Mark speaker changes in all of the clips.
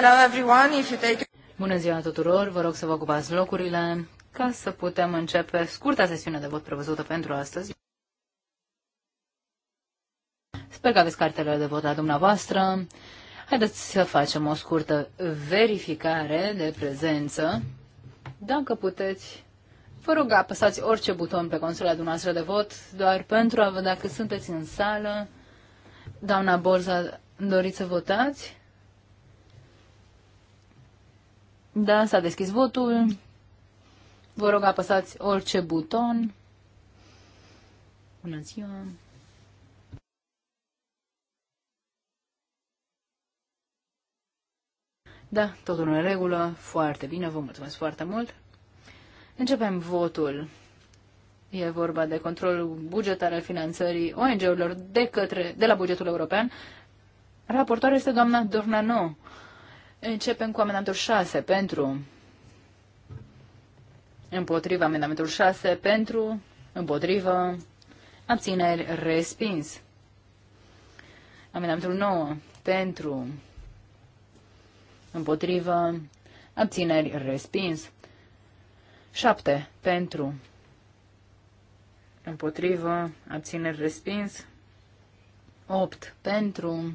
Speaker 1: Hello everyone, if you take... Bună ziua tuturor, vă rog să vă ocupați locurile ca să putem începe scurta sesiune de vot prevăzută pentru astăzi. Sper că aveți cartele de vot la dumneavoastră. Haideți să facem o scurtă verificare de prezență. Dacă puteți, vă rog apăsați orice buton pe consola dumneavoastră de vot, doar pentru a vedea că sunteți în sală. Doamna Borza, doriți să votați? Da, s-a deschis votul. Vă rog apăsați orice buton. Bună ziua! Da, totul în regulă, foarte bine, vă mulțumesc foarte mult. Începem votul. E vorba de controlul bugetar al finanțării ONG-urilor de, către, de la bugetul european. Raportoarea este doamna Dornano. Începem cu amendamentul 6 pentru împotriva amendamentul 6 pentru împotrivă abțineri respins. Amendamentul 9 pentru împotrivă abțineri respins. 7 pentru împotrivă abțineri respins. 8 pentru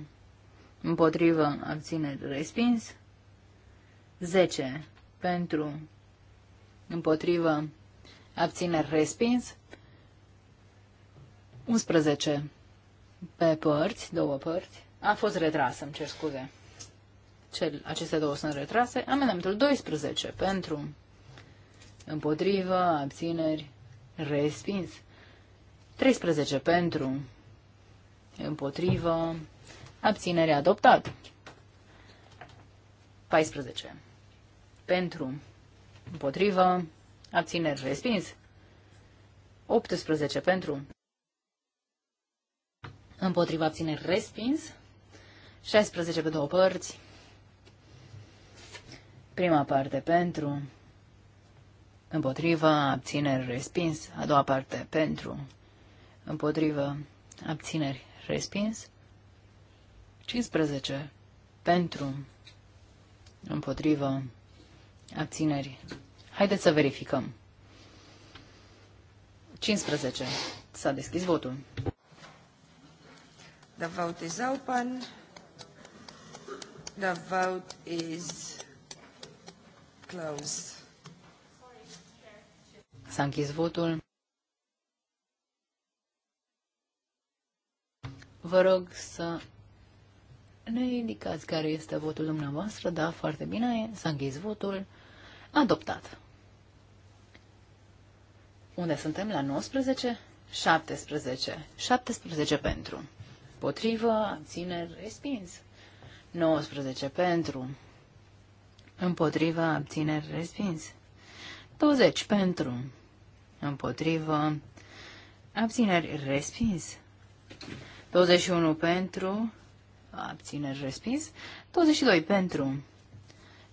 Speaker 1: împotrivă, abțineri, respins. 10 pentru, împotrivă, abțineri, respins. 11 pe părți, două părți. A fost retras, îmi cer scuze. Cel, aceste două sunt retrase. Amendamentul 12 pentru, împotrivă, abțineri, respins. 13 pentru, împotrivă, Abținere adoptat. 14. Pentru. Împotrivă. Abțineri respins. 18 pentru. Împotriva abțineri respins. 16 pe două părți. Prima parte pentru. Împotriva abțineri respins. A doua parte pentru. Împotriva abțineri respins. 15. Pentru. Împotrivă. Abțineri. Haideți să verificăm. 15. S-a deschis votul. The vote is open. The vote is closed. S-a închis votul. Vă rog să ne indicați care este votul dumneavoastră. Da, foarte bine. S-a închis votul. Adoptat. Unde suntem? La 19? 17. 17 pentru. Potrivă, abțineri, respins. 19 pentru. Împotrivă, abțineri, respins. 20 pentru. Împotrivă, abțineri, respins. 21 pentru abțineri respins, 22 pentru,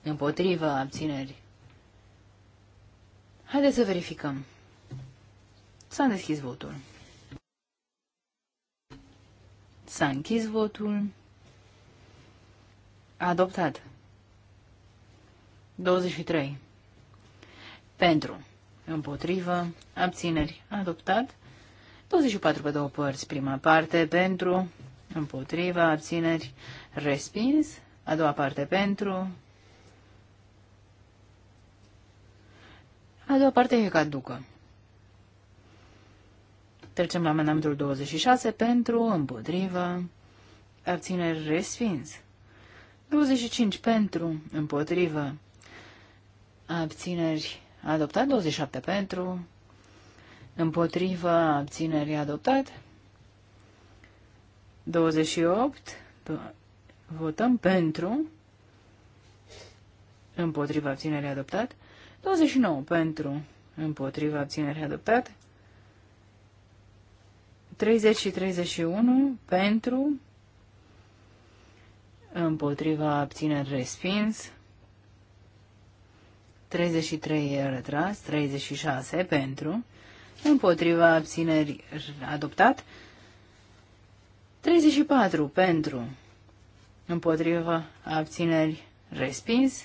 Speaker 1: împotrivă, abțineri. Haideți să verificăm. S-a deschis votul. S-a închis votul. Adoptat. 23. Pentru. Împotrivă. Abțineri. Adoptat. 24 pe două părți. Prima parte. Pentru împotriva, abțineri, respins. A doua parte pentru. A doua parte e caducă. Trecem la amendamentul 26 pentru, împotrivă, abțineri, respins. 25 pentru, împotrivă, abțineri, adoptat. 27 pentru, împotrivă, abțineri, adoptat. 28. Votăm pentru. Împotriva abținerii adoptat. 29 pentru. Împotriva abținerii adoptat. 30 și 31 pentru. Împotriva abținerii respins. 33 e retras, 36 pentru, împotriva abțineri adoptat, 34 pentru, împotrivă, abțineri, respins.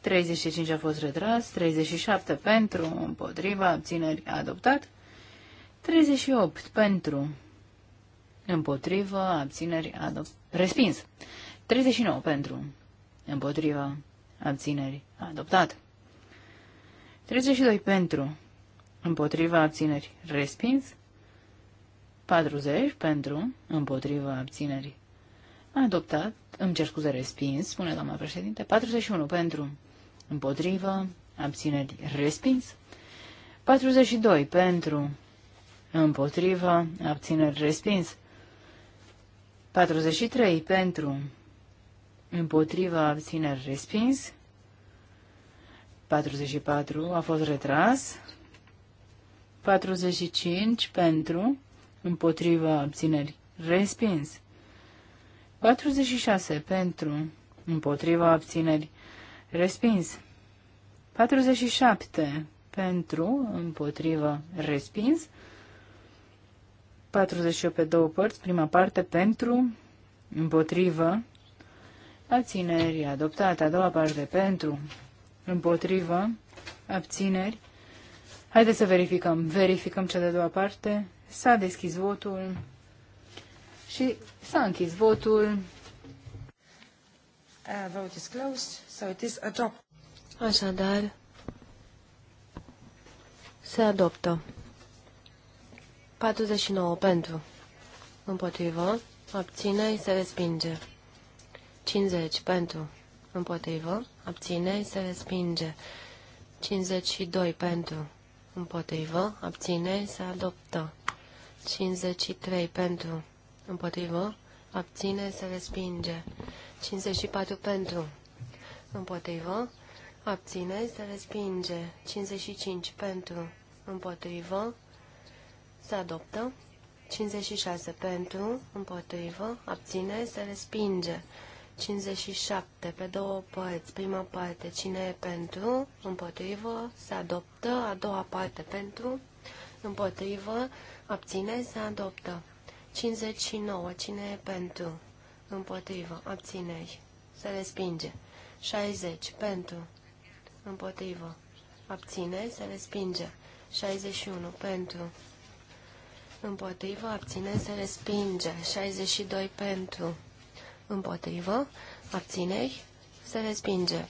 Speaker 1: 35 a fost retras, 37 pentru, împotriva, abțineri, adoptat. 38 pentru, împotrivă, abțineri, adoptat. Respins. 39 pentru, împotriva, abțineri, adoptat. 32 pentru, împotriva, abțineri, respins. 40 pentru, împotrivă, abțineri. Adoptat, îmi cer scuze, respins, spune doamna președinte. 41 pentru, împotrivă, abțineri, respins. 42 pentru, împotrivă, abțineri, respins. 43 pentru, împotrivă, abțineri, respins. 44 a fost retras. 45 pentru, împotrivă, abțineri, respins. 46 pentru, împotrivă, abțineri, respins. 47 pentru, împotrivă, respins. 48 pe două părți, prima parte pentru, împotrivă, abțineri, adoptată, a doua parte pentru, împotrivă, abțineri. Haideți să verificăm. Verificăm cea de-a doua parte. S-a deschis votul și s-a închis votul. Uh, vote
Speaker 2: is closed, so it is adopted. Așadar, se adoptă. 49 pentru. Împotrivă. Abține se respinge. 50 pentru. Împotrivă. Abține se respinge. 52 pentru. Împotrivă. Abține se adoptă. 53 pentru, împotrivă, abține, se respinge. 54 pentru, împotrivă, abține, se respinge. 55 pentru, împotrivă, se adoptă. 56 pentru, împotrivă, abține, se respinge. 57 pe două părți. Prima parte, cine e pentru, împotrivă, se adoptă. A doua parte, pentru, împotrivă, Abține, se adoptă. 59. Cine e pentru? Împotrivă. Abținei. Se respinge. 60. Pentru. Împotrivă. Abțineri. Se respinge. 61. Pentru. Împotrivă. Abțineri. Se respinge. 62. Pentru. Împotrivă. Abținei. Se respinge.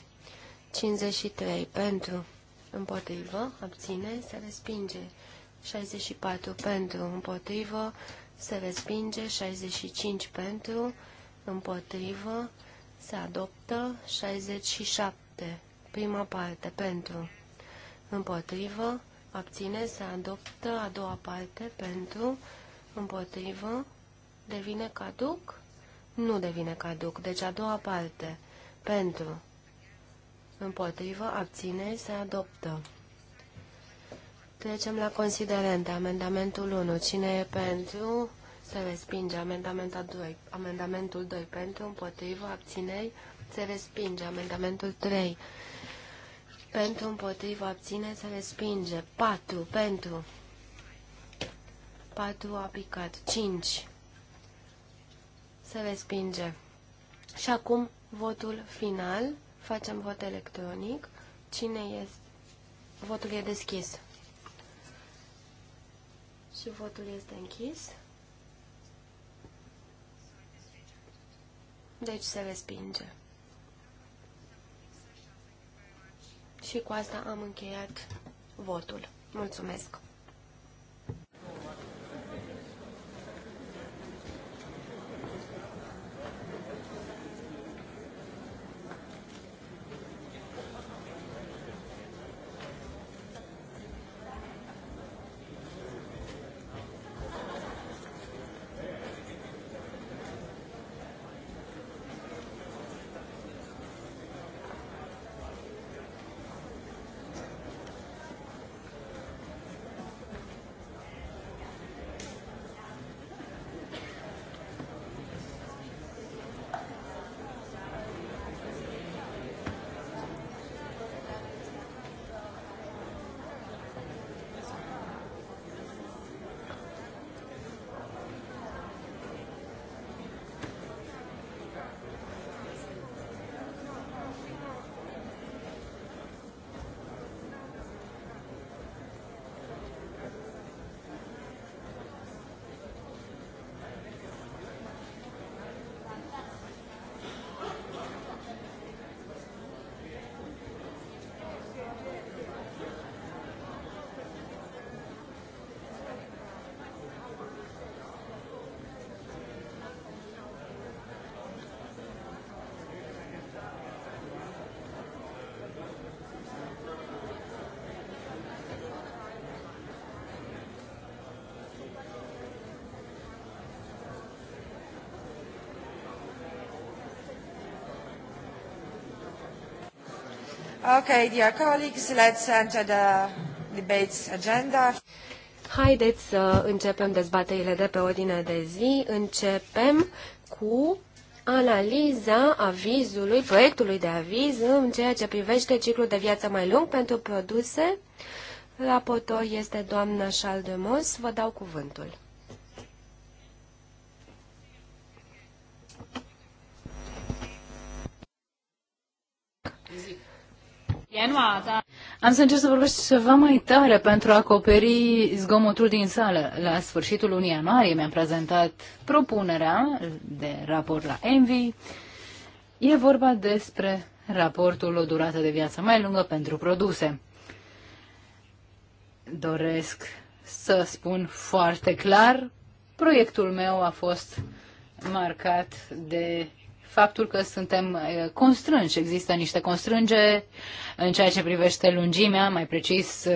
Speaker 2: 53. Pentru. Împotrivă. Abțineri. Se respinge. 64 pentru, împotrivă, se respinge, 65 pentru, împotrivă, se adoptă, 67, prima parte, pentru, împotrivă, abține, se adoptă, a doua parte, pentru, împotrivă, devine caduc, nu devine caduc, deci a doua parte, pentru, împotrivă, abține, se adoptă. Trecem la considerente. Amendamentul 1. Cine e pentru? Se respinge. Amendamentul 2. Amendamentul 2. Pentru, împotrivă, Abținei? Se respinge. Amendamentul 3. Pentru, împotrivă, abține, se respinge. 4. Pentru. 4 A picat. 5. Se respinge. Și acum votul final. Facem vot electronic. Cine este? Votul e deschis. Și votul este închis. Deci se respinge. Și cu asta am încheiat votul. Mulțumesc! Okay, dear colleagues, let's enter the debates agenda. Haideți să începem dezbaterile de pe ordine de zi. Începem cu analiza avizului, proiectului de aviz în ceea ce privește ciclul de viață mai lung pentru produse. Raportor este doamna Charles de Mos. Vă dau cuvântul.
Speaker 1: Am să încerc să vorbesc ceva mai tare pentru a acoperi zgomotul din sală. La sfârșitul lunii ianuarie mi-am prezentat propunerea de raport la Envy. E vorba despre raportul o durată de viață mai lungă pentru produse. Doresc să spun foarte clar, proiectul meu a fost marcat de faptul că suntem constrânși, există niște constrângeri în ceea ce privește lungimea, mai precis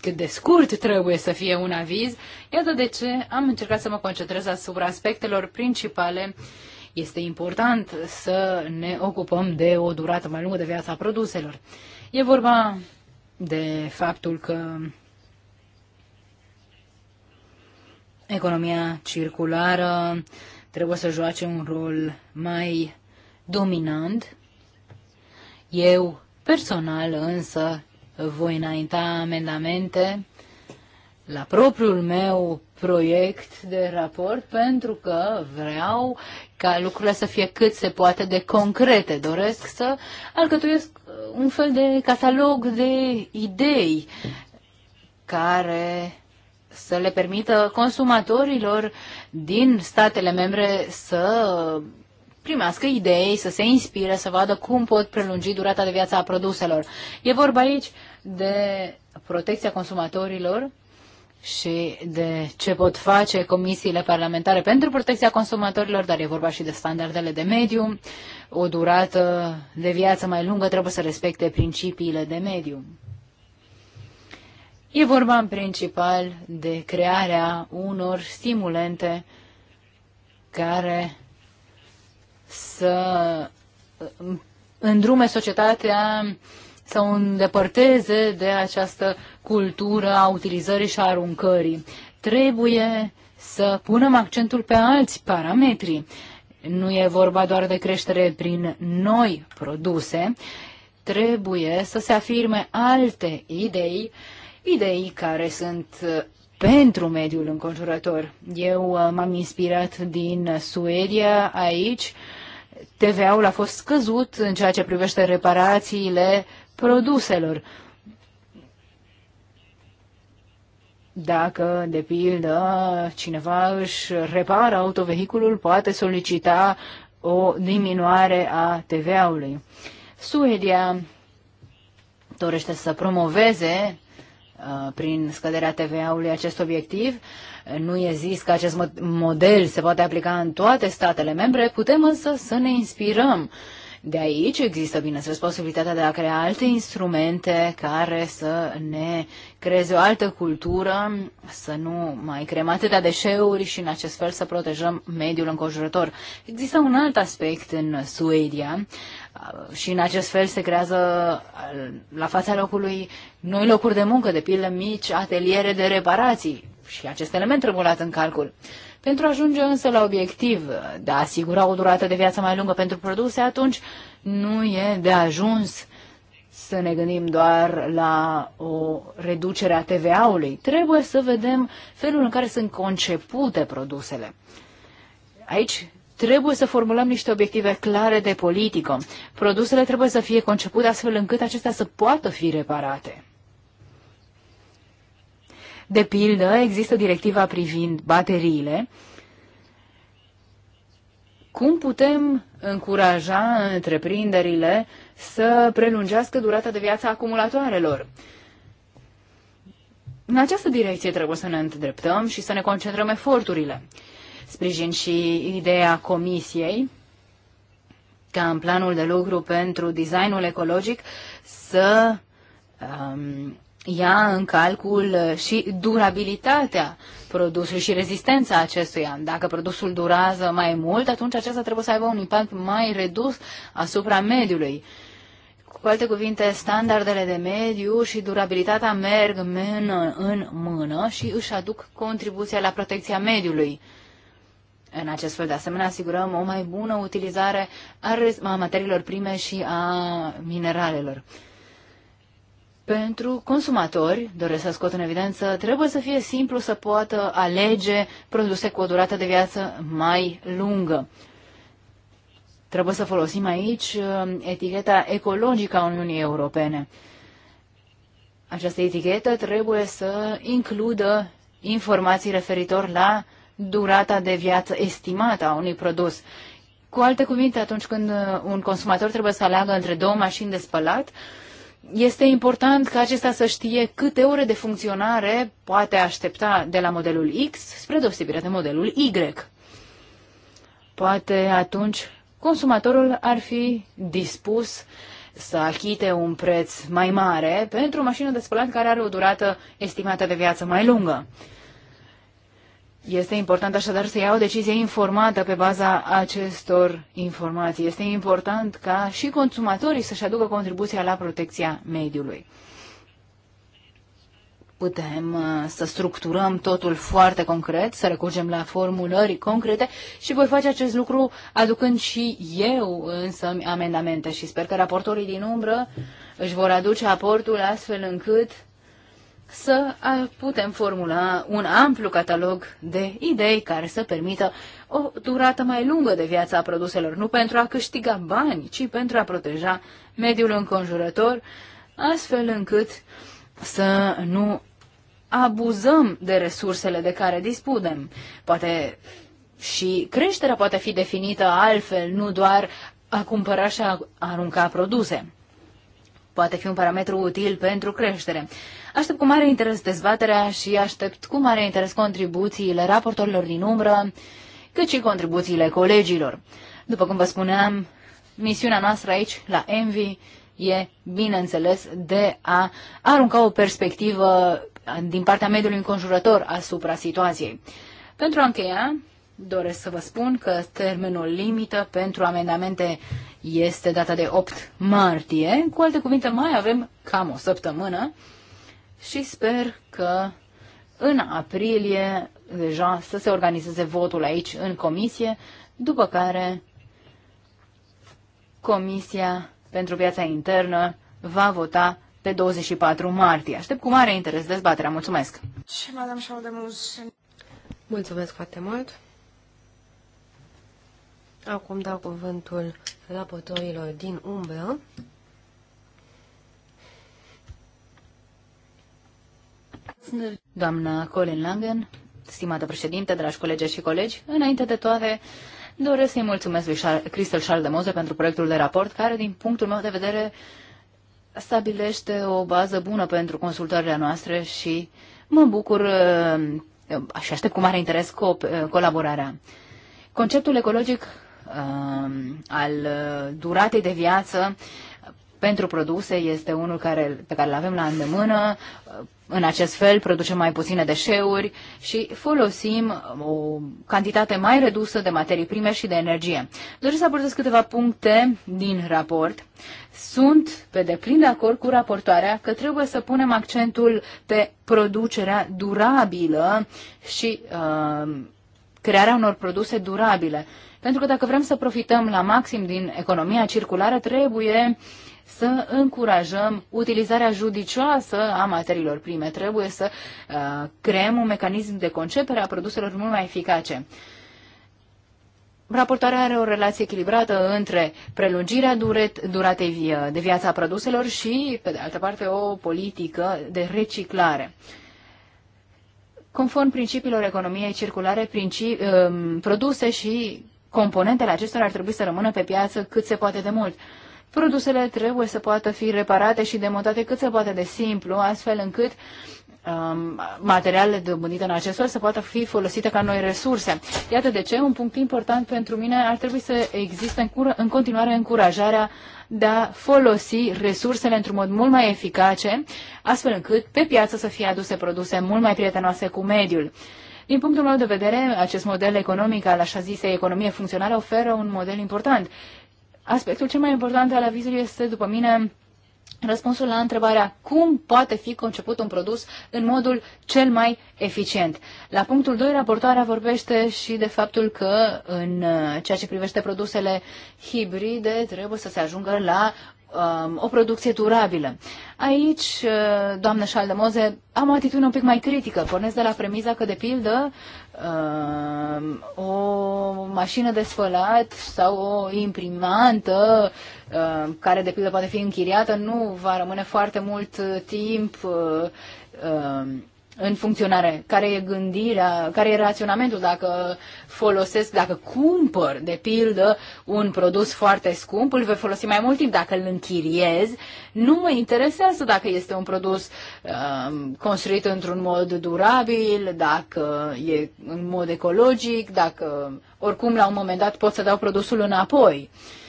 Speaker 1: cât de scurt trebuie să fie un aviz. Iată de ce am încercat să mă concentrez asupra aspectelor principale. Este important să ne ocupăm de o durată mai lungă de viața produselor. E vorba de faptul că economia circulară trebuie să joace un rol mai dominant. Eu personal însă voi înainta amendamente la propriul meu proiect de raport pentru că vreau ca lucrurile să fie cât se poate de concrete. Doresc să alcătuiesc un fel de catalog de idei care să le permită consumatorilor din statele membre să primească idei, să se inspire, să vadă cum pot prelungi durata de viață a produselor. E vorba aici de protecția consumatorilor și de ce pot face comisiile parlamentare pentru protecția consumatorilor, dar e vorba și de standardele de mediu. O durată de viață mai lungă trebuie să respecte principiile de mediu. E vorba în principal de crearea unor stimulente care să îndrume societatea să o îndepărteze de această cultură a utilizării și a aruncării. Trebuie să punem accentul pe alți parametri. Nu e vorba doar de creștere prin noi produse, trebuie să se afirme alte idei idei care sunt uh, pentru mediul înconjurător. Eu uh, m-am inspirat din Suedia aici. TVA-ul a fost scăzut în ceea ce privește reparațiile produselor. Dacă, de pildă, cineva își repară autovehiculul, poate solicita o diminuare a TVA-ului. Suedia dorește să promoveze Uh, prin scăderea TVA-ului acest obiectiv. Nu e zis că acest model se poate aplica în toate statele membre, putem însă să ne inspirăm uh, de aici există, bineînțeles, posibilitatea de a crea alte instrumente care să ne creeze o altă cultură, să nu mai creăm atâtea deșeuri și în acest fel să protejăm mediul înconjurător. Există un alt aspect în Suedia uh, și în acest fel se creează uh, la fața locului noi locuri de muncă, de pildă mici ateliere de reparații și acest element trebuie luat în calcul. Pentru a ajunge însă la obiectiv de a asigura o durată de viață mai lungă pentru produse, atunci nu e de ajuns să ne gândim doar la o reducere a TVA-ului. Trebuie să vedem felul în care sunt concepute produsele. Aici trebuie să formulăm niște obiective clare de politică. Produsele trebuie să fie concepute astfel încât acestea să poată fi reparate. De pildă, există directiva privind bateriile. Cum putem încuraja întreprinderile să prelungească durata de viață a acumulatoarelor? În această direcție trebuie să ne îndreptăm și să ne concentrăm eforturile. Sprijin și ideea Comisiei ca în planul de lucru pentru designul ecologic să um, ia în calcul uh, și durabilitatea produsului și rezistența acestuia. Dacă produsul durează mai mult, atunci acesta trebuie să aibă un impact mai redus asupra mediului. Cu alte cuvinte, standardele de mediu și durabilitatea merg mână în mână și își aduc contribuția la protecția mediului. În acest fel, de asemenea, asigurăm o mai bună utilizare a materiilor prime și a mineralelor pentru consumatori, doresc să scot în evidență, trebuie să fie simplu să poată alege produse cu o durată de viață mai lungă. Trebuie să folosim aici uh, eticheta ecologică a Uniunii Europene. Această etichetă trebuie să includă informații referitor la durata de viață estimată a unui produs. Cu alte cuvinte, atunci când uh, un consumator trebuie să aleagă între două mașini de spălat, uh, este important ca acesta să știe câte ore de funcționare poate aștepta de la modelul X spre deosebire de modelul Y. Poate atunci consumatorul ar fi dispus să achite un preț mai mare pentru o mașină de spălat care are o durată estimată de viață mai lungă. Este important așadar să ia o decizie informată pe baza acestor informații. Este important ca și consumatorii să-și aducă contribuția la protecția mediului. Putem uh, să structurăm totul foarte concret, să recurgem la formulări concrete și voi face acest lucru aducând și eu însă amendamente și sper că raportorii din umbră își vor aduce aportul astfel încât să putem formula un amplu catalog de idei care să permită o durată mai lungă de viață a produselor, nu pentru a câștiga bani, ci pentru a proteja mediul înconjurător, astfel încât să nu abuzăm de resursele de care dispunem. Poate și creșterea poate fi definită altfel, nu doar a cumpăra și a arunca produse. Poate fi un parametru util pentru creștere. Aștept cu mare interes dezbaterea și aștept cu mare interes contribuțiile raportorilor din umbră, cât și contribuțiile colegilor. După cum vă spuneam, misiunea noastră aici, la Envy, e, bineînțeles, de a arunca o perspectivă din partea mediului înconjurător asupra situației. Pentru a încheia, doresc să vă spun că termenul limită pentru amendamente este data de 8 martie. Cu alte cuvinte, mai avem cam o săptămână și sper că în aprilie deja să se organizeze votul aici în comisie, după care Comisia pentru Piața Internă va vota pe 24 martie. Aștept cu mare interes dezbaterea. Mulțumesc! Și, Mulțumesc foarte mult!
Speaker 2: Acum dau cuvântul raportorilor din umbră.
Speaker 1: Doamna Colin Langen, stimată președinte, dragi colegi și colegi, înainte de toate, doresc să-i mulțumesc lui Cristel Charles de Moze pentru proiectul de raport, care, din punctul meu de vedere, stabilește o bază bună pentru consultările noastre și mă bucur uh, și aștept cu mare interes uh, colaborarea. Conceptul ecologic uh, al duratei de viață pentru produse este unul care, pe care îl avem la îndemână. În acest fel producem mai puține deșeuri și folosim o cantitate mai redusă de materii prime și de energie. Doresc să abordez câteva puncte din raport. Sunt pe deplin de acord cu raportoarea că trebuie să punem accentul pe producerea durabilă și uh, crearea unor produse durabile. Pentru că dacă vrem să profităm la maxim din economia circulară, trebuie să încurajăm utilizarea judicioasă a materiilor prime. Trebuie să uh, creăm un mecanism de concepere a produselor mult mai eficace. Raportarea are o relație echilibrată între prelungirea duret, duratei de viață a produselor și, pe de altă parte, o politică de reciclare. Conform principiilor economiei circulare, principi, um, produse și componentele acestora ar trebui să rămână pe piață cât se poate de mult produsele trebuie să poată fi reparate și demontate cât se poate de simplu, astfel încât um, materialele dobândite în acest fel să poată fi folosite ca noi resurse. Iată de ce un punct important pentru mine ar trebui să existe în, în continuare încurajarea de a folosi resursele într-un mod mult mai eficace, astfel încât pe piață să fie aduse produse mult mai prietenoase cu mediul. Din punctul meu de vedere, acest model economic al așa zisei economie funcțională oferă un model important. Aspectul cel mai important al avizului este, după mine, răspunsul la întrebarea cum poate fi conceput un produs în modul cel mai eficient. La punctul 2, raportoarea vorbește și de faptul că în uh, ceea ce privește produsele hibride trebuie să se ajungă la um, o producție durabilă. Aici, uh, doamnă Șaldemoze, am o atitudine un pic mai critică. Pornesc de la premiza că, de pildă, uh, o mașină de spălat sau o imprimantă uh, care de pildă poate fi închiriată nu va rămâne foarte mult uh, timp uh, uh, în funcționare, care e gândirea, care e raționamentul dacă folosesc, dacă cumpăr, de pildă, un produs foarte scump, îl voi folosi mai mult timp dacă îl închiriez. Nu mă interesează dacă este un produs uh, construit într-un mod durabil, dacă e în mod ecologic, dacă oricum la un moment dat pot să dau produsul înapoi. Uh,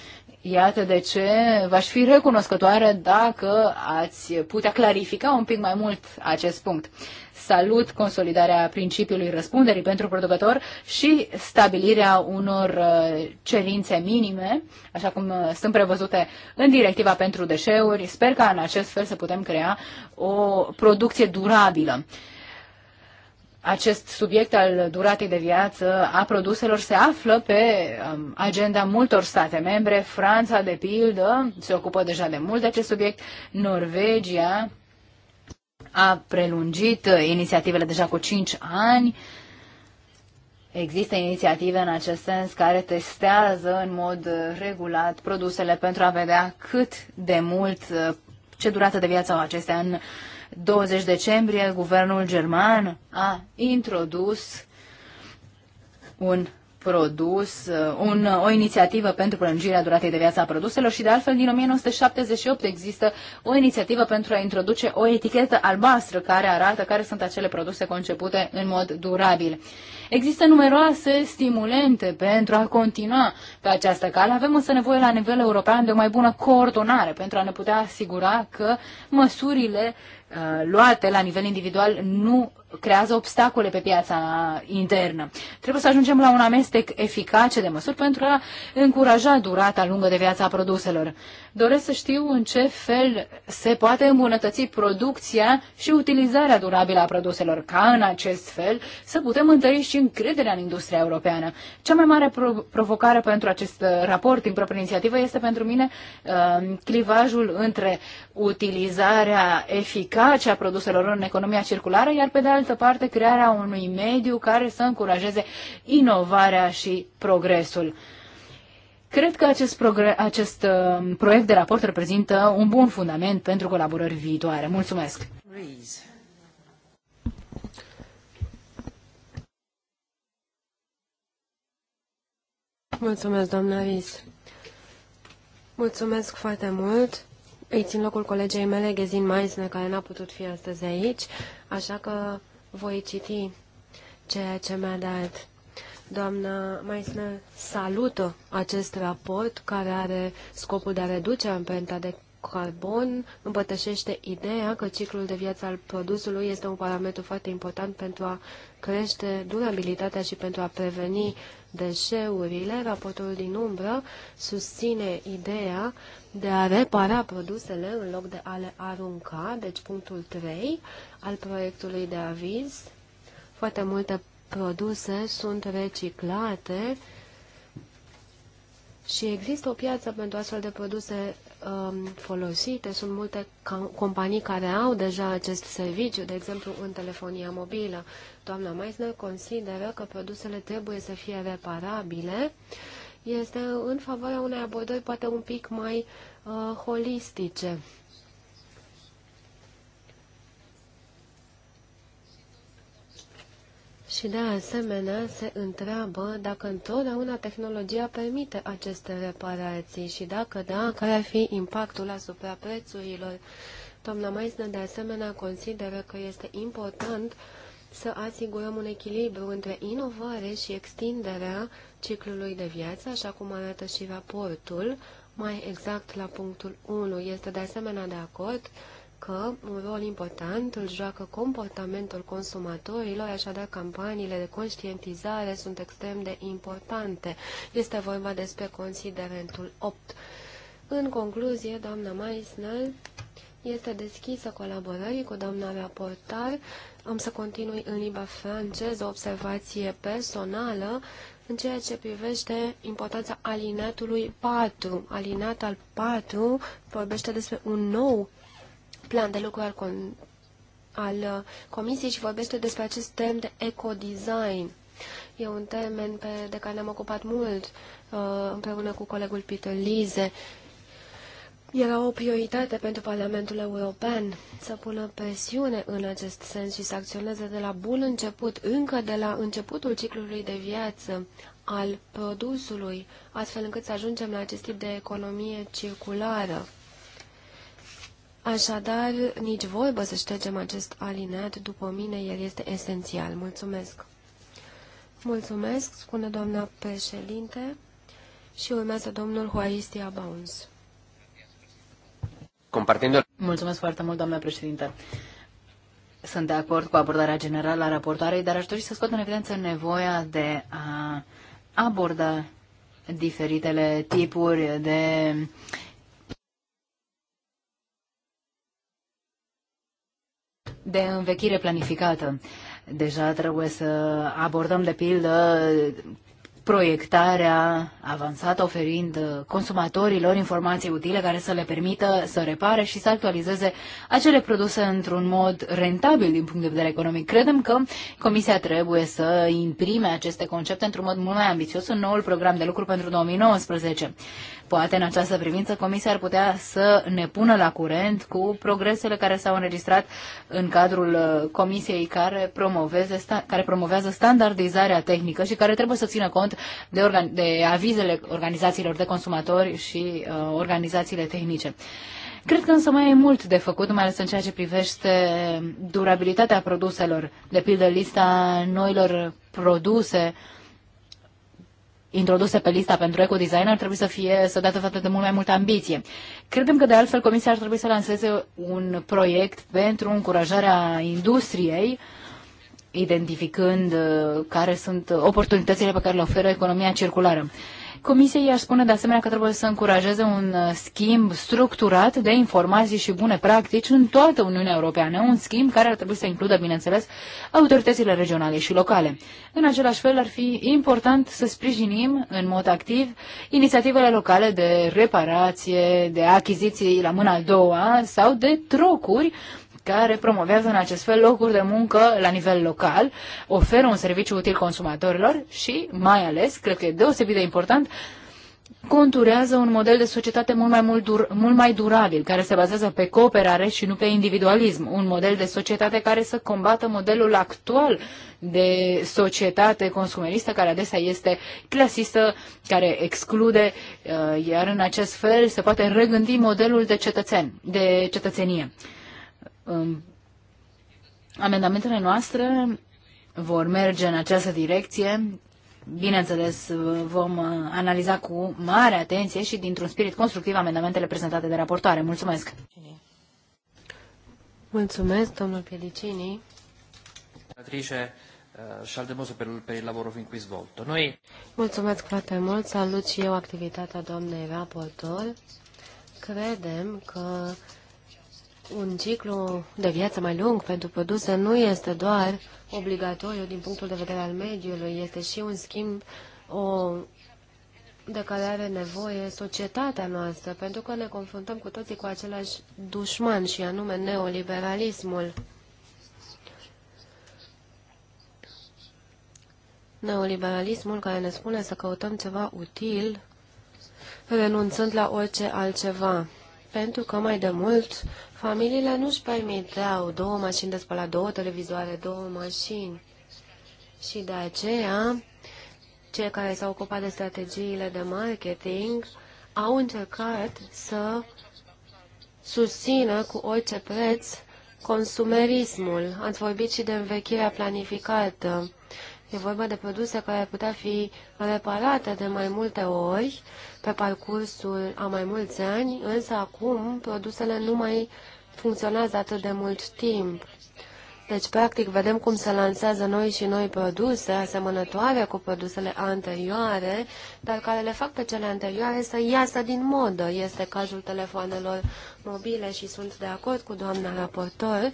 Speaker 1: Iată de ce v-aș fi recunoscătoare dacă ați putea clarifica un pic mai mult acest punct. Salut consolidarea principiului răspunderii pentru producător și stabilirea unor uh, cerințe minime, așa cum uh, sunt prevăzute în directiva pentru deșeuri. Sper că în acest fel să putem crea o producție durabilă acest subiect al duratei de viață a produselor se află pe um, agenda multor state membre. Franța, de pildă, se ocupă deja de mult de acest subiect. Norvegia a prelungit inițiativele deja cu 5 ani. Există inițiative în acest sens care testează în mod regulat produsele pentru a vedea cât de mult, ce durată de viață au acestea în uh, 20 decembrie, guvernul german a introdus un produs, uh, un, uh, o inițiativă pentru prelungirea duratei de viață a produselor și de altfel din 1978 există o inițiativă pentru a introduce o etichetă albastră care arată care sunt acele produse concepute în mod durabil. Există numeroase stimulente pentru a continua pe această cale. Avem însă nevoie la nivel european de o mai bună coordonare pentru a ne putea asigura că măsurile Uh, luate la nivel individual nu creează obstacole pe piața internă. Trebuie să ajungem la un amestec eficace de măsuri pentru a încuraja durata lungă de viață a produselor. Doresc să știu în ce fel se poate îmbunătăți producția și utilizarea durabilă a produselor, ca în acest fel să putem întări și încrederea în industria europeană. Cea mai mare pro- provocare pentru acest uh, raport din proprie inițiativă este pentru mine uh, clivajul între utilizarea eficace a produselor în economia circulară, iar pe de altă parte crearea unui mediu care să încurajeze inovarea și progresul. Cred că acest, acest uh, proiect de raport reprezintă un bun fundament pentru colaborări viitoare. Mulțumesc!
Speaker 2: Mulțumesc, doamna Riz. Mulțumesc foarte mult. Îi țin locul colegei mele, Ghezin Maisne, care n-a putut fi astăzi aici, așa că voi citi ceea ce mi-a dat. Doamna Meisner salută acest raport care are scopul de a reduce amprenta de carbon împărtășește ideea că ciclul de viață al produsului este un parametru foarte important pentru a crește durabilitatea și pentru a preveni deșeurile. Raportul din umbră susține ideea de a repara produsele în loc de a le arunca, deci punctul 3 al proiectului de aviz. Foarte multe produse sunt reciclate și există o piață pentru astfel de produse Um, folosite. Sunt multe companii care au deja acest serviciu, de exemplu în telefonia mobilă. Doamna Meisner consideră că produsele trebuie să fie reparabile. Este în favoarea unei abordări poate un pic mai uh, holistice. Și de asemenea se întreabă dacă întotdeauna tehnologia permite aceste reparații și dacă da, care ar fi impactul asupra prețurilor. Doamna Meisner de asemenea consideră că este important să asigurăm un echilibru între inovare și extinderea ciclului de viață, așa cum arată și raportul, mai exact la punctul 1. Este de asemenea de acord că un rol important îl joacă comportamentul consumatorilor, așadar campaniile de conștientizare sunt extrem de importante. Este vorba despre considerentul 8. În concluzie, doamna Maisnel este deschisă colaborării cu doamna raportar. Am să continui în limba franceză o observație personală în ceea ce privește importanța alinatului 4. Alinat al 4 vorbește despre un nou plan de lucru al, com al uh, comisiei și vorbește despre acest termen de ecodesign. E un termen pe, de care ne-am ocupat mult uh, împreună cu colegul Peter Lise. Era o prioritate pentru Parlamentul European să pună presiune în acest sens și să acționeze de la bun început, încă de la începutul ciclului de viață al produsului, astfel încât să ajungem la acest tip de economie circulară. Așadar, nici vorbă să ștergem acest alineat, după mine el este esențial. Mulțumesc! Mulțumesc, spune doamna președinte
Speaker 1: și urmează domnul Huaristia Bounds. Mulțumesc foarte mult, doamna președinte. Sunt de acord cu abordarea generală a raportoarei, dar aș dori să scot în evidență nevoia de a aborda diferitele tipuri de uh, de învechire planificată. Deja trebuie să abordăm, de pildă, proiectarea avansată, oferind consumatorilor informații utile care să le permită să repare și să actualizeze acele produse într-un mod rentabil din punct de vedere economic. Credem că Comisia trebuie să imprime aceste concepte într-un mod mult mai ambițios în noul program de lucru pentru 2019. Poate în această privință Comisia ar putea să ne pună la curent cu progresele care s-au înregistrat în cadrul Comisiei care, care promovează standardizarea tehnică și care trebuie să țină cont de, organ- de avizele organizațiilor de consumatori și uh, organizațiile tehnice. Cred că însă mai e mult de făcut, mai ales în ceea ce privește durabilitatea produselor, de pildă lista noilor produse introduse pe lista pentru ecodesign ar trebui să fie să dată față de mult mai multă ambiție. Credem că de altfel Comisia ar trebui să lanseze un proiect pentru încurajarea industriei uh, identificând uh, care sunt uh, oportunitățile pe care le oferă economia circulară. Comisia i-aș spune de asemenea că trebuie să încurajeze un uh, schimb structurat de informații și bune practici în toată Uniunea Europeană, un schimb care ar trebui să includă, bineînțeles, autoritățile regionale și locale. În același fel, ar fi important să sprijinim în mod activ inițiativele locale de reparație, de achiziții la mâna a doua sau de trocuri care promovează în acest fel locuri de muncă la nivel local, oferă un serviciu util consumatorilor și, mai ales, cred că e deosebit de important, conturează un model de societate mult mai, mult, dur, mult mai durabil, care se bazează pe cooperare și nu pe individualism, un model de societate care să combată modelul actual de societate consumeristă, care adesea este clasistă, care exclude, uh, iar în acest fel se poate regândi modelul de cetățen, de cetățenie. Um, amendamentele noastre vor merge în această direcție. Bineînțeles, vom uh, analiza cu mare atenție și dintr-un spirit constructiv amendamentele prezentate de raportoare. Mulțumesc!
Speaker 2: Mulțumesc, domnul Piedicini.
Speaker 1: Patrice, uh, și al pe, Noi...
Speaker 2: Mulțumesc foarte mult, salut și eu activitatea doamnei raportor. Credem că un ciclu de viață mai lung pentru produse nu este doar obligatoriu din punctul de vedere al mediului, este și un schimb o, de care are nevoie societatea noastră, pentru că ne confruntăm cu toții cu același dușman și anume neoliberalismul. Neoliberalismul care ne spune să căutăm ceva util, renunțând la orice altceva pentru că mai de mult Familiile nu-și permiteau două mașini de spălat, două televizoare, două mașini. Și de aceea, cei care s-au ocupat de strategiile de marketing au încercat să susțină cu orice preț consumerismul. Ați vorbit și de învechirea planificată. E vorba de produse care ar putea fi reparate de mai multe ori pe parcursul a mai mulți ani, însă acum produsele nu mai funcționează atât de mult timp. Deci, practic, vedem cum se lansează noi și noi produse asemănătoare cu produsele anterioare, dar care le fac pe cele anterioare să iasă din modă. Este cazul telefoanelor mobile și sunt de acord cu doamna raportor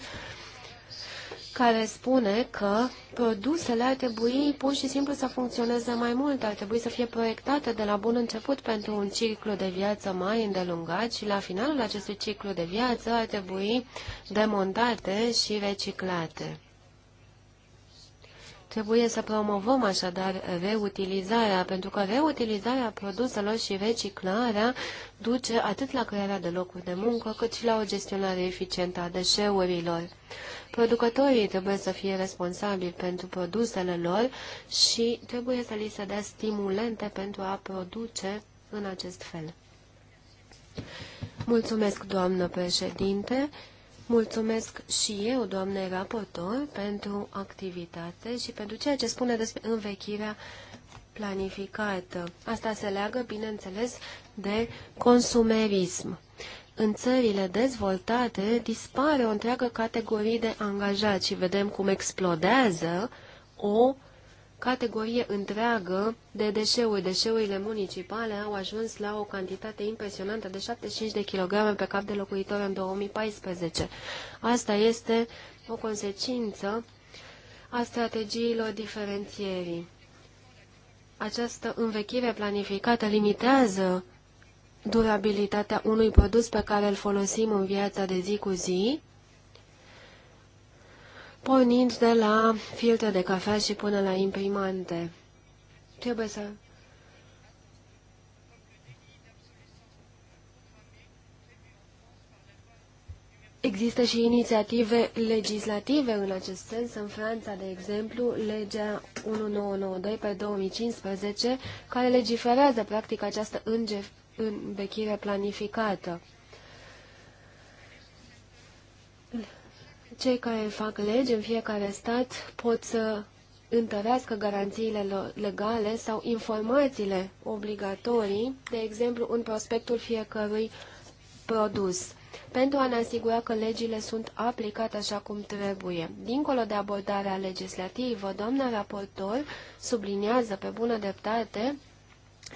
Speaker 2: care spune că produsele ar trebui pur și simplu să funcționeze mai mult, ar trebui să fie proiectate de la bun început pentru un ciclu de viață mai îndelungat și la finalul acestui ciclu de viață ar trebui demontate și reciclate. Trebuie să promovăm așadar reutilizarea, pentru că reutilizarea produselor și reciclarea duce atât la crearea de locuri de muncă, cât și la o gestionare eficientă a deșeurilor. Producătorii trebuie să fie responsabili pentru produsele lor și trebuie să li se dea stimulente pentru a produce în acest fel. Mulțumesc, doamnă președinte. Mulțumesc și eu, doamne raportor, pentru activitate și pentru ceea ce spune despre învechirea planificată. Asta se leagă, bineînțeles, de consumerism. În țările dezvoltate dispare o întreagă categorie de angajați și vedem cum explodează o categorie întreagă de deșeuri. Deșeurile municipale au ajuns la o cantitate impresionantă de 75 de kg pe cap de locuitor în 2014. Asta este o consecință a strategiilor diferențierii. Această învechire planificată limitează durabilitatea unui produs pe care îl folosim în viața de zi cu zi pornind de la filtre de cafea și până la imprimante. Trebuie să Există și inițiative legislative în acest sens. În Franța, de exemplu, legea 1992 pe 2015, care legiferează practic această înge învechire planificată. cei care fac legi în fiecare stat pot să întărească garanțiile legale sau informațiile obligatorii, de exemplu în prospectul fiecărui produs, pentru a ne asigura că legile sunt aplicate așa cum trebuie. Dincolo de abordarea legislativă, doamna raportor subliniază pe bună dreptate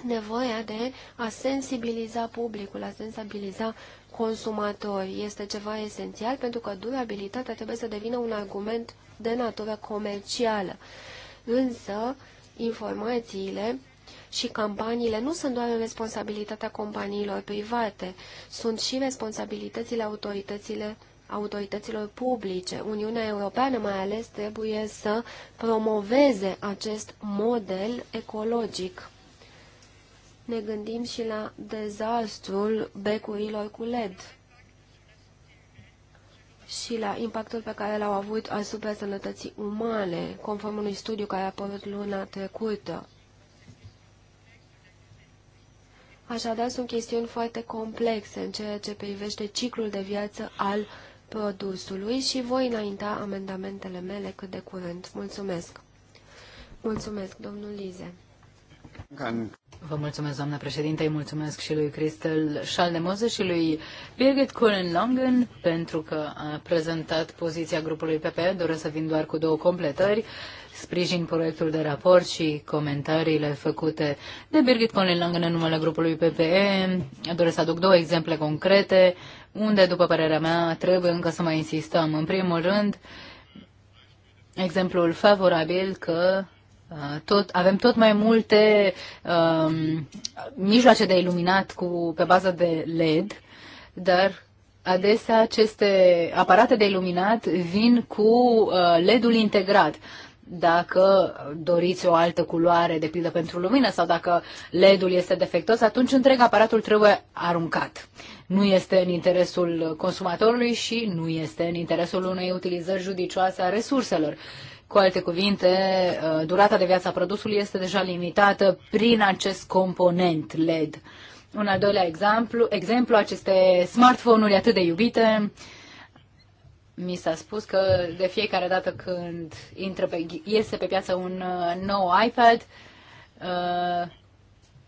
Speaker 2: nevoia de a sensibiliza publicul, a sensibiliza consumatori este ceva esențial pentru că durabilitatea trebuie să devină un argument de natură comercială. Însă, informațiile și campaniile nu sunt doar responsabilitatea companiilor private, sunt și responsabilitățile autoritățile autorităților publice. Uniunea Europeană mai ales trebuie să promoveze acest model ecologic ne gândim și la dezastrul becurilor cu LED și la impactul pe care l-au avut asupra sănătății umane, conform unui studiu care a apărut luna trecută. Așadar, sunt chestiuni foarte complexe în ceea ce privește ciclul de viață al produsului și voi înainta amendamentele mele cât de curând. Mulțumesc! Mulțumesc, domnul Lize!
Speaker 1: Vă mulțumesc, doamnă președinte, îi mulțumesc și lui Cristel Schaldemose și lui Birgit Colin Longen pentru că a prezentat poziția grupului PPE. Doresc să vin doar cu două completări. Sprijin proiectul de raport și comentariile făcute de Birgit Colin Longen în numele grupului PPE. Doresc să aduc două exemple concrete unde, după părerea mea, trebuie încă să mai insistăm. În primul rând, exemplul favorabil că Uh, tot, avem tot mai multe um, mijloace de iluminat cu, pe bază de LED, dar adesea aceste aparate de iluminat vin cu uh, LED-ul integrat. Dacă doriți o altă culoare, de pildă pentru lumină, sau dacă LED-ul este defectos, atunci întreg aparatul trebuie aruncat. Nu este în interesul consumatorului și nu este în interesul unei utilizări judicioase a resurselor. Cu alte cuvinte, uh, durata de viață a produsului este deja limitată prin acest component LED. Un al doilea exemplu, exemplu aceste smartphone-uri atât de iubite, mi s-a spus că de fiecare dată când intră pe, iese pe piață un uh, nou iPad, uh,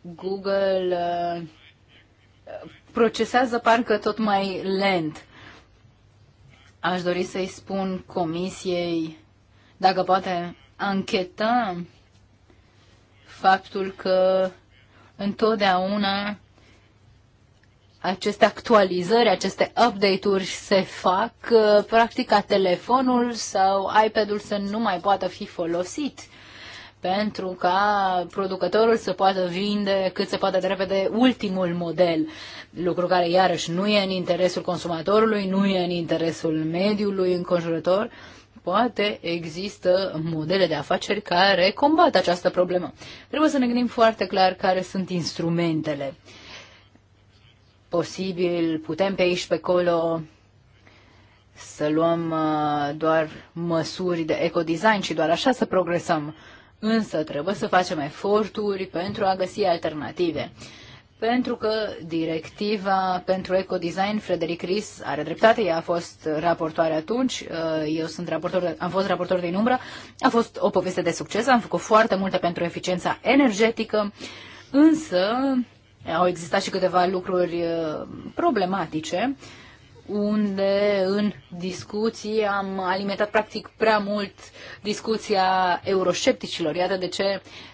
Speaker 1: Google uh, procesează parcă tot mai lent. Aș dori să-i spun comisiei dacă poate ancheta faptul că întotdeauna aceste actualizări, aceste update-uri se fac uh, practic ca telefonul sau iPad-ul să nu mai poată fi folosit pentru ca producătorul să poată vinde cât se poate de repede ultimul model, lucru care iarăși nu e în interesul consumatorului, nu e în interesul mediului înconjurător, poate există modele de afaceri care combat această problemă. Trebuie să ne gândim foarte clar care sunt instrumentele. Posibil, putem pe aici, pe acolo, să luăm uh, doar măsuri de ecodesign și doar așa să progresăm însă trebuie să facem eforturi pentru a găsi alternative. Pentru că directiva pentru ecodesign, Frederic Ries are dreptate, ea a fost raportoare atunci, uh, eu sunt raportor, am fost raportor din umbră, a fost o poveste de succes, am făcut foarte multe pentru eficiența energetică, însă au existat și câteva lucruri uh, problematice unde în discuții am alimentat practic prea mult discuția euroscepticilor. Iată de ce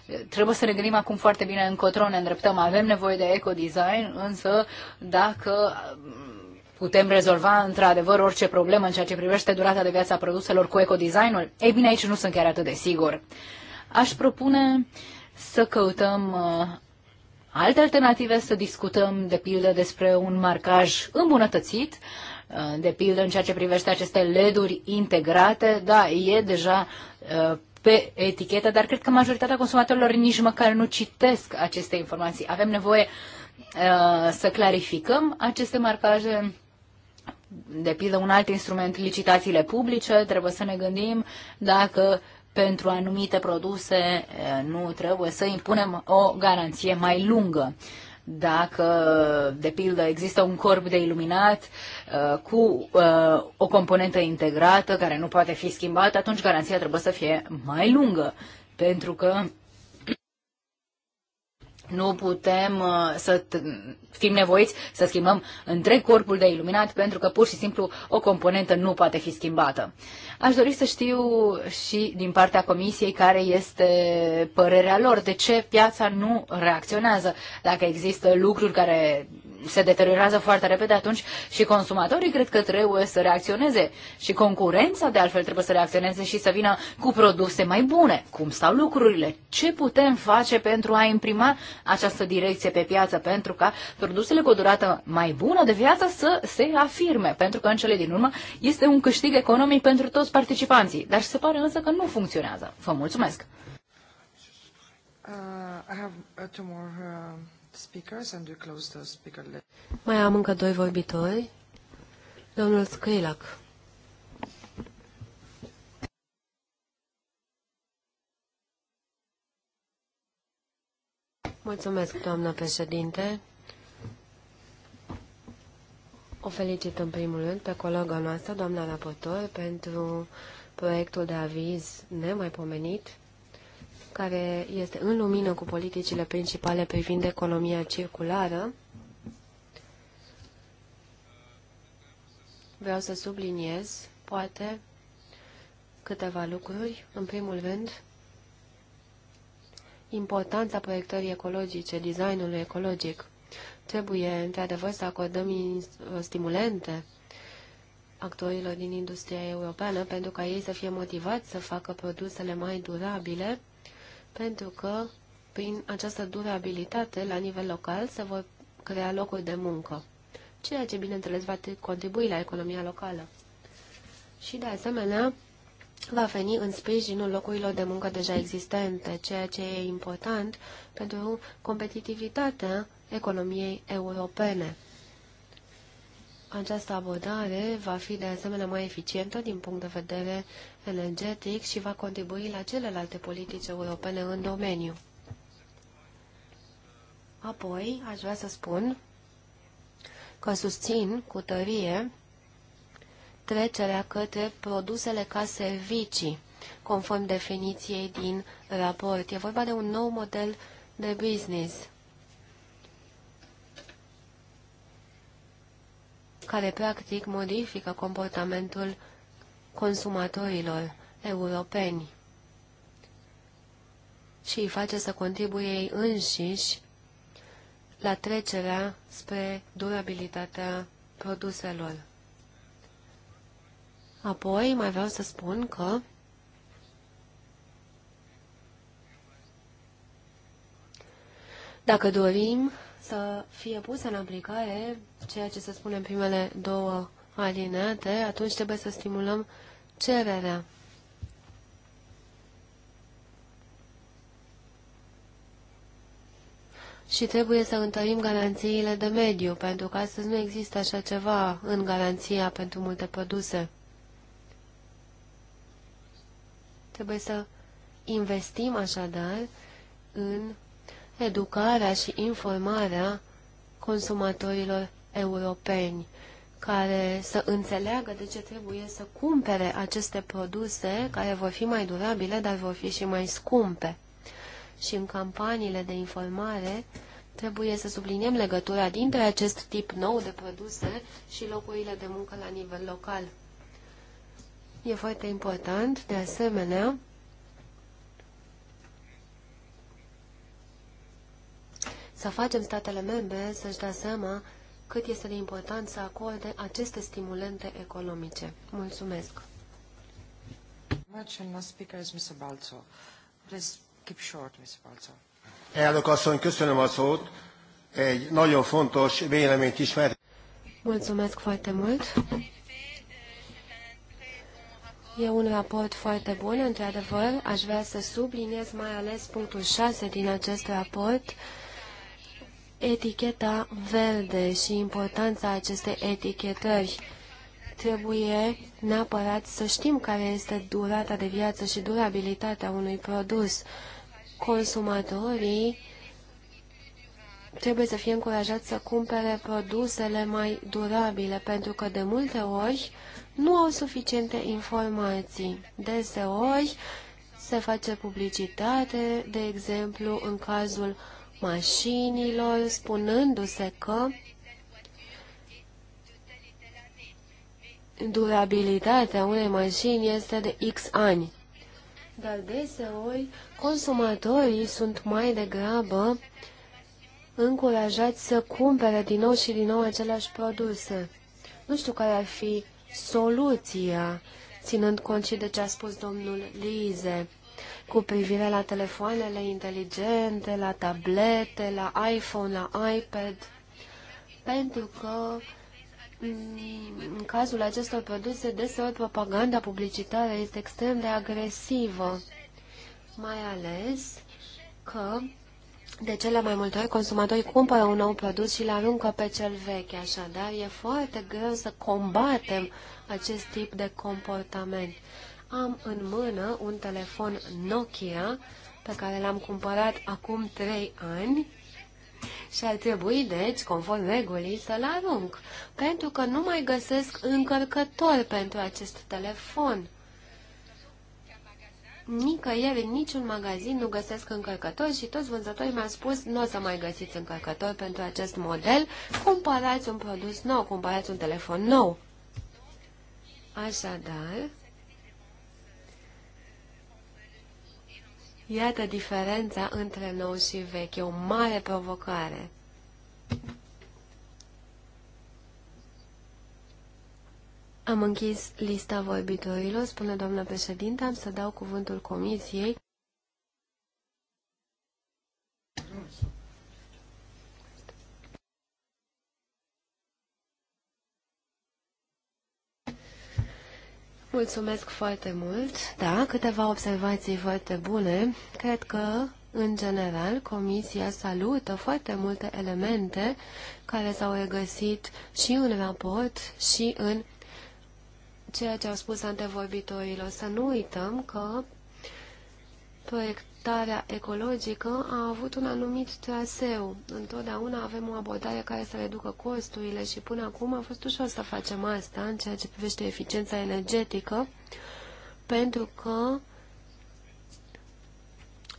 Speaker 1: eh, trebuie să ne gândim acum foarte bine încotro ne îndreptăm. Avem nevoie de ecodesign, însă dacă mm, putem rezolva într-adevăr orice problemă în ceea ce privește durata de viață a produselor cu ecodesignul? Ei bine, aici nu sunt chiar atât de sigur. Aș propune să căutăm eh, alte alternative, să discutăm, de pildă, despre un marcaj îmbunătățit, uh, de pildă în ceea ce privește aceste LED-uri integrate, da, e deja uh, pe etichetă, dar cred că majoritatea consumatorilor nici măcar nu citesc aceste informații. Avem nevoie uh, să clarificăm aceste marcaje, de pildă un alt instrument, licitațiile publice, trebuie să ne gândim dacă pentru anumite produse nu trebuie să impunem o garanție mai lungă. Dacă, de pildă, există un corp de iluminat cu o componentă integrată care nu poate fi schimbată, atunci garanția trebuie să fie mai lungă, pentru că nu putem uh, să fim nevoiți să schimbăm întreg corpul de iluminat pentru că pur și simplu o componentă nu poate fi schimbată. Aș dori să știu și din partea comisiei care este părerea lor, de ce piața nu reacționează, dacă există lucruri care se deteriorează foarte repede atunci și consumatorii cred că trebuie să reacționeze și concurența de altfel trebuie să reacționeze și să vină cu produse mai bune. Cum stau lucrurile? Ce putem face pentru a imprima această direcție pe piață pentru ca produsele cu o durată mai bună de viață să se afirme? Pentru că în cele din urmă este un câștig economic pentru toți participanții, dar se pare însă că nu funcționează. Vă mulțumesc!
Speaker 2: Uh, I have uh, two more uh, speakers and we close the speaker list. Mai am încă doi vorbitori. Domnul Scrilac. Mulțumesc, doamnă președinte. O felicit în primul rând pe colega noastră, doamna raportor, pentru proiectul de aviz nemaipomenit care este în lumină cu politicile principale privind economia circulară, vreau să subliniez, poate, câteva lucruri. În primul rând, importanța proiectării ecologice, designului ecologic. Trebuie, într-adevăr, să acordăm stimulente actorilor din industria europeană pentru ca ei să fie motivați să facă produsele mai durabile pentru că prin această durabilitate la nivel local se vor crea locuri de muncă, ceea ce, bineînțeles, va contribui la economia locală. Și, de asemenea, va veni în sprijinul locurilor de muncă deja existente, ceea ce e important pentru competitivitatea economiei europene. Această abordare va fi de asemenea mai eficientă din punct de vedere energetic și va contribui la celelalte politici europene în domeniu. Apoi, aș vrea să spun că susțin cu tărie trecerea către produsele ca servicii, conform definiției din raport. E vorba de un nou model de business care practic modifică comportamentul consumatorilor europeni și îi face să contribuie ei înșiși la trecerea spre durabilitatea produselor. Apoi, mai vreau să spun că dacă dorim să fie pusă în aplicare ceea ce se spune în primele două alineate, atunci trebuie să stimulăm cererea. Și trebuie să întărim garanțiile de mediu, pentru că astăzi nu există așa ceva în garanția pentru multe produse. Trebuie să investim așadar în educarea și informarea consumatorilor europeni care să înțeleagă de ce trebuie să cumpere aceste produse care vor fi mai durabile, dar vor fi și mai scumpe. Și în campaniile de informare trebuie să subliniem legătura dintre acest tip nou de produse și locurile de muncă la nivel local. E foarte important, de asemenea, să facem statele membre să-și dea seama cât este de important să acorde aceste stimulente economice. Mulțumesc! Elnök asszony, köszönöm a szót. Egy nagyon fontos véleményt ismert. Mulțumesc foarte mult. E un raport foarte bun, într-adevăr. Aș vrea să subliniez mai ales punctul 6 din acest raport, eticheta verde și importanța acestei etichetări. Trebuie neapărat să știm care este durata de viață și durabilitatea unui produs. Consumatorii trebuie să fie încurajați să cumpere produsele mai durabile, pentru că de multe ori nu au suficiente informații. Deseori se face publicitate, de exemplu, în cazul mașinilor, spunându-se că durabilitatea unei mașini este de X ani. Dar deseori, consumatorii sunt mai degrabă încurajați să cumpere din nou și din nou aceleași produse. Nu știu care ar fi soluția, ținând cont și de ce a spus domnul Lize cu privire la telefoanele inteligente, la tablete, la iPhone, la iPad, pentru că mm, în cazul acestor produse, deseori propaganda publicitară este extrem de agresivă, mai ales că de cele mai multe ori consumatorii cumpără un nou produs și îl aruncă pe cel vechi, așadar e foarte greu să combatem acest tip de comportament am în mână un telefon Nokia pe care l-am cumpărat acum 3 ani și ar trebui, deci, conform regulii, să-l arunc, pentru că nu mai găsesc încărcător pentru acest telefon. Nicăieri, în niciun magazin nu găsesc încărcători și toți vânzătorii mi-au spus nu o să mai găsiți încărcători pentru acest model, cumpărați un produs nou, cumpărați un telefon nou. Așadar, Iată diferența între nou și vechi. E o mare provocare. Am închis lista vorbitorilor, spune doamna președinte, am să dau cuvântul comisiei. Mulțumesc foarte mult. Da, câteva observații foarte bune. Cred că, în general, Comisia salută foarte multe elemente care s-au regăsit și în raport și în ceea ce au spus antevorbitorilor. Să nu uităm că proiect adaptarea ecologică a avut un anumit traseu. Întotdeauna avem o abordare care să reducă costurile și până acum a fost ușor să facem asta în ceea ce privește eficiența energetică, pentru că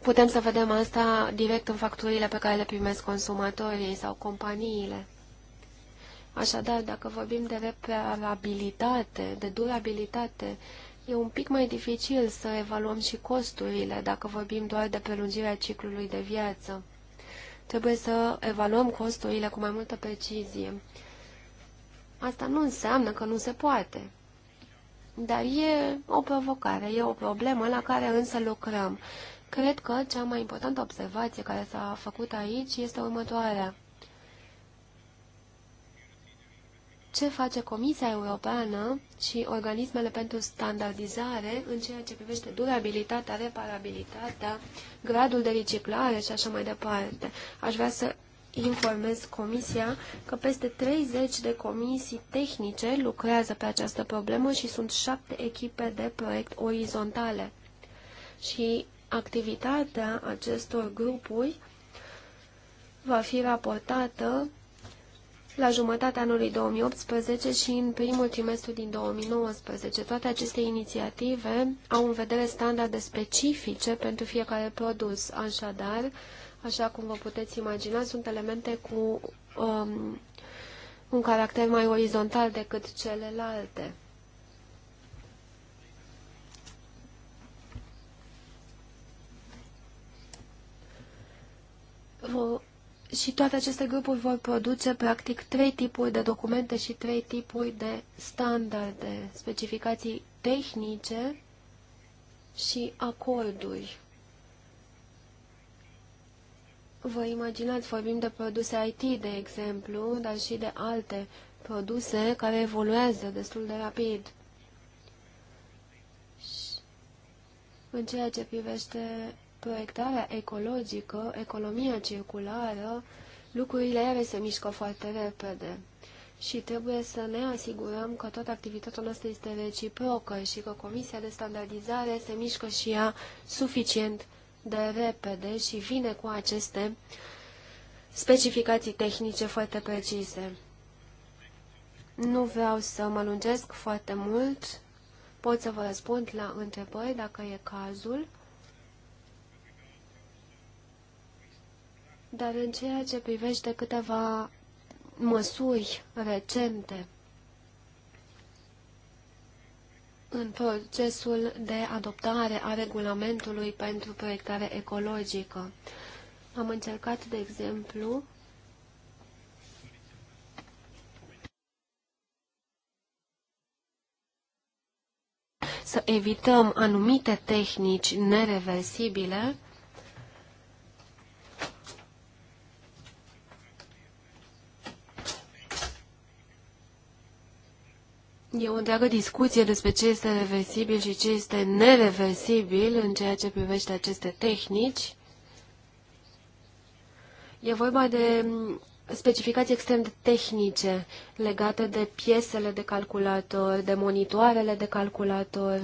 Speaker 2: putem să vedem asta direct în facturile pe care le primesc consumatorii sau companiile. Așadar, dacă vorbim de reparabilitate, de durabilitate, E un pic mai dificil să evaluăm și costurile dacă vorbim doar de prelungirea ciclului de viață. Trebuie să evaluăm costurile cu mai multă precizie. Asta nu înseamnă că nu se poate. Dar e o provocare, e o problemă la care însă lucrăm. Cred că cea mai importantă observație care s-a făcut aici este următoarea. ce face Comisia Europeană și organismele pentru standardizare în ceea ce privește durabilitatea, reparabilitatea, gradul de reciclare și așa mai departe. Aș vrea să informez Comisia că peste 30 de comisii tehnice lucrează pe această problemă și sunt șapte echipe de proiect orizontale. Și activitatea acestor grupuri va fi raportată la jumătatea anului 2018 și în primul trimestru din 2019. Toate aceste inițiative au în vedere standarde specifice pentru fiecare produs. Așadar, așa cum vă puteți imagina, sunt elemente cu um, un caracter mai orizontal decât celelalte. Vă și toate aceste grupuri vor produce practic trei tipuri de documente și trei tipuri de standarde, specificații tehnice și acorduri. Vă imaginați, vorbim de produse IT, de exemplu, dar și de alte produse care evoluează destul de rapid. Și în ceea ce privește proiectarea ecologică, economia circulară, lucrurile are se mișcă foarte repede. Și trebuie să ne asigurăm că toată activitatea noastră este reciprocă și că Comisia de Standardizare se mișcă și ea suficient de repede și vine cu aceste specificații tehnice foarte precise. Nu vreau să mă lungesc foarte mult. Pot să vă răspund la întrebări dacă e cazul. Dar în ceea ce privește câteva măsuri recente în procesul de adoptare a regulamentului pentru proiectare ecologică, am încercat, de exemplu, să evităm anumite tehnici nereversibile E o întreagă discuție despre ce este reversibil și ce este nereversibil în ceea ce privește aceste tehnici. E vorba de specificații extrem de tehnice legate de piesele de calculator, de monitoarele de calculator.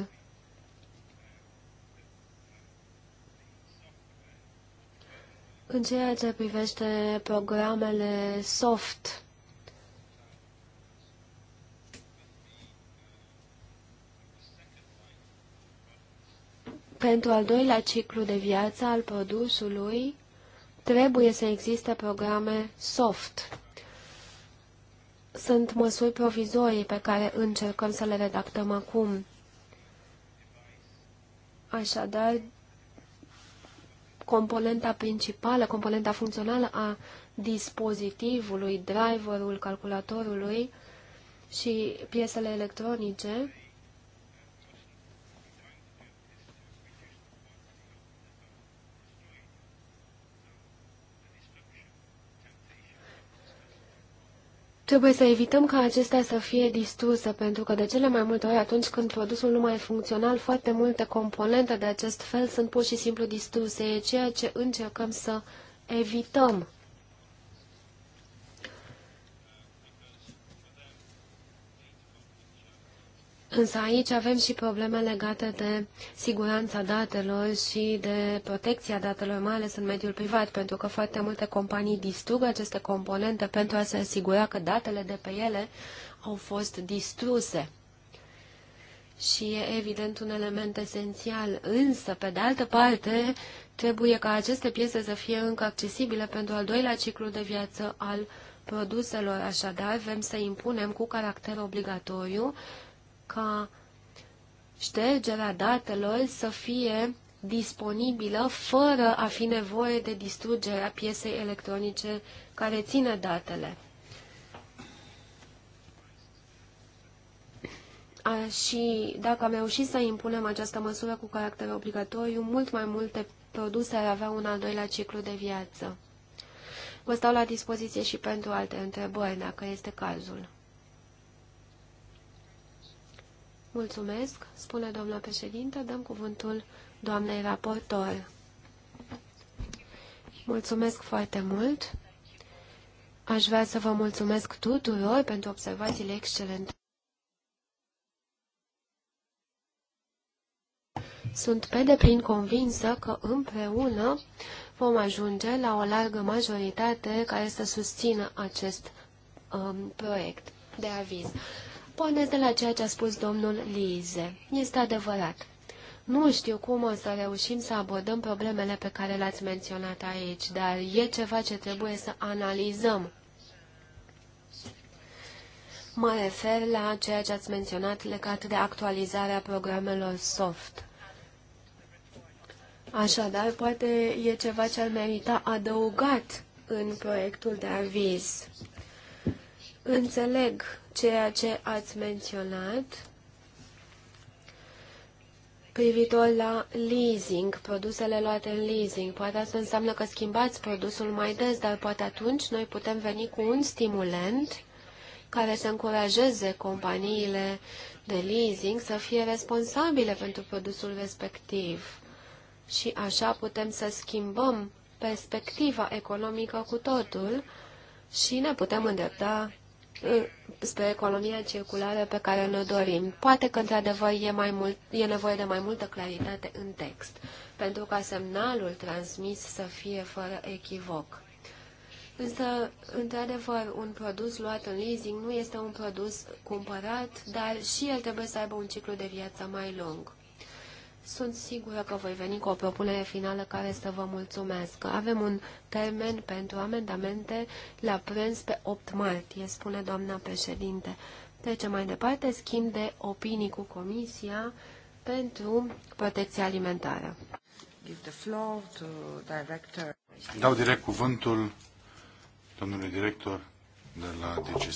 Speaker 2: În ceea ce privește programele soft, Pentru al doilea ciclu de viață al produsului, trebuie să existe programe soft. Sunt măsuri provizorii pe care încercăm să le redactăm acum. Așadar, componenta principală, componenta funcțională a dispozitivului, driverul calculatorului și piesele electronice Trebuie să evităm ca acestea să fie distruse, pentru că de cele mai multe ori, atunci când produsul nu mai e funcțional, foarte multe componente de acest fel sunt pur și simplu distruse. E ceea ce încercăm să evităm. Însă aici avem și probleme legate de siguranța datelor și de protecția datelor, mai ales în mediul privat, pentru că foarte multe companii distrug aceste componente pentru a se asigura că datele de pe ele au fost distruse. Și e evident un element esențial, însă, pe de altă parte, trebuie ca aceste piese să fie încă accesibile pentru al doilea ciclu de viață al produselor. Așadar, vrem să impunem cu caracter obligatoriu ca ștergerea datelor să fie disponibilă fără a fi nevoie de distrugerea piesei electronice care ține datele. A, și dacă am reușit să impunem această măsură cu caracter obligatoriu, mult mai multe produse ar avea un al doilea ciclu de viață. Vă stau la dispoziție și pentru alte întrebări, dacă este cazul. Mulțumesc, spune doamna președinte, dăm cuvântul doamnei raportor. Mulțumesc foarte mult. Aș vrea să vă mulțumesc tuturor pentru observațiile excelente. Sunt pe deplin convinsă că împreună vom ajunge la o largă majoritate care să susțină acest um, proiect de aviz. Pornesc de la ceea ce a spus domnul Lize. Este adevărat. Nu știu cum o să reușim să abordăm problemele pe care le-ați menționat aici, dar e ceva ce trebuie să analizăm. Mă refer la ceea ce ați menționat legat de actualizarea programelor soft. Așadar, poate e ceva ce ar merita adăugat în proiectul de aviz. Înțeleg ceea ce ați menționat privitor la leasing, produsele luate în leasing. Poate asta înseamnă că schimbați produsul mai des, dar poate atunci noi putem veni cu un stimulent care să încurajeze companiile de leasing să fie responsabile pentru produsul respectiv. Și așa putem să schimbăm perspectiva economică cu totul și ne putem îndrepta spre economia circulară pe care ne dorim. Poate că, într-adevăr, e, e nevoie de mai multă claritate în text, pentru ca semnalul transmis să fie fără echivoc. Însă, într-adevăr, un produs luat în leasing nu este un produs cumpărat, dar și el trebuie să aibă un ciclu de viață mai lung. Sunt sigură că voi veni cu o propunere finală care să vă mulțumesc. Avem un termen pentru amendamente la prânz pe 8 martie, spune doamna președinte. Trecem mai departe, schimb de opinii cu Comisia pentru protecția alimentară. Dau direct
Speaker 3: cuvântul domnului director de la DG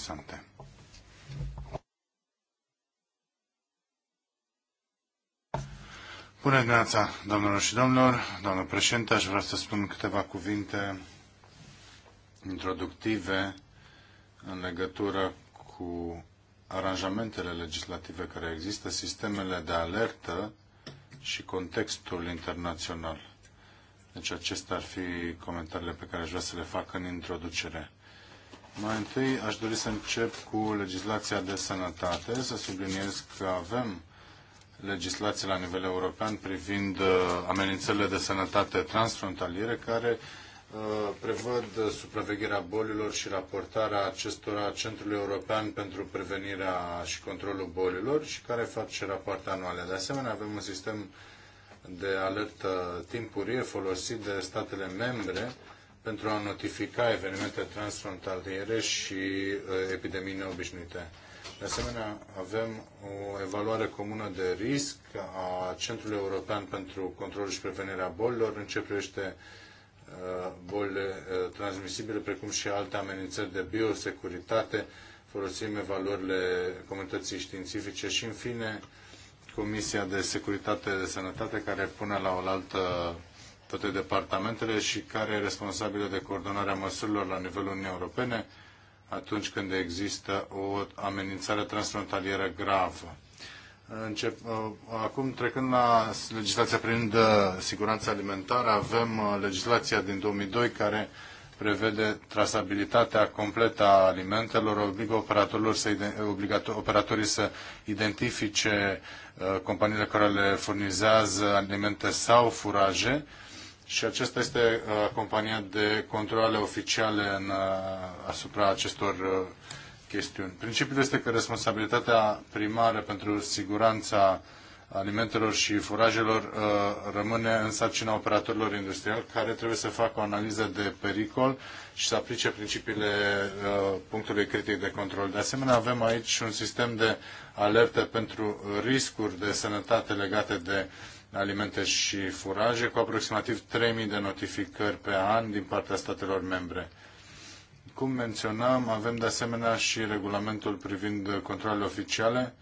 Speaker 3: Bună dimineața, domnilor și domnilor. Doamnă președinte, aș vrea să spun câteva cuvinte introductive în legătură cu aranjamentele legislative care există, sistemele de alertă și contextul internațional. Deci acestea ar fi comentariile pe care aș vrea să le fac în introducere. Mai întâi aș dori să încep cu legislația de sănătate, să subliniez că avem legislație la nivel european privind uh, amenințările de sănătate transfrontaliere care uh, prevăd supravegherea bolilor și raportarea acestora Centrului European pentru prevenirea și controlul bolilor și care face rapoarte anuale. De asemenea, avem un sistem de alertă timpurie folosit de statele membre pentru a notifica evenimente transfrontaliere și uh, epidemii neobișnuite. De asemenea, avem o evaluare comună de risc a Centrului European pentru Controlul și Prevenirea Bolilor în ce privește uh, bolile uh, transmisibile, precum și alte amenințări de biosecuritate. Folosim evaluările comunității științifice și, în fine, Comisia de Securitate de Sănătate, care pune la oaltă toate departamentele și care e responsabilă de coordonarea măsurilor la nivelul Uniunii Europene atunci când există o amenințare transfrontalieră gravă. Încep, uh, acum, trecând la legislația privind uh, siguranța alimentară, avem uh, legislația din 2002 care prevede trasabilitatea completă a alimentelor, obligă operatorilor să, operatorii să identifice companiile care le furnizează alimente sau furaje și aceasta este uh, compania de controle oficiale în, uh, asupra acestor uh, chestiuni. Principiul este că responsabilitatea primară pentru siguranța alimentelor și furajelor rămâne în sarcina operatorilor industriali care trebuie să facă o analiză de pericol și să aplice principiile punctului critic de control. De asemenea, avem aici un sistem de alertă pentru riscuri de sănătate legate de alimente și furaje, cu aproximativ 3.000 de notificări pe an din partea statelor membre. Cum menționam, avem de asemenea și regulamentul privind controlele oficiale,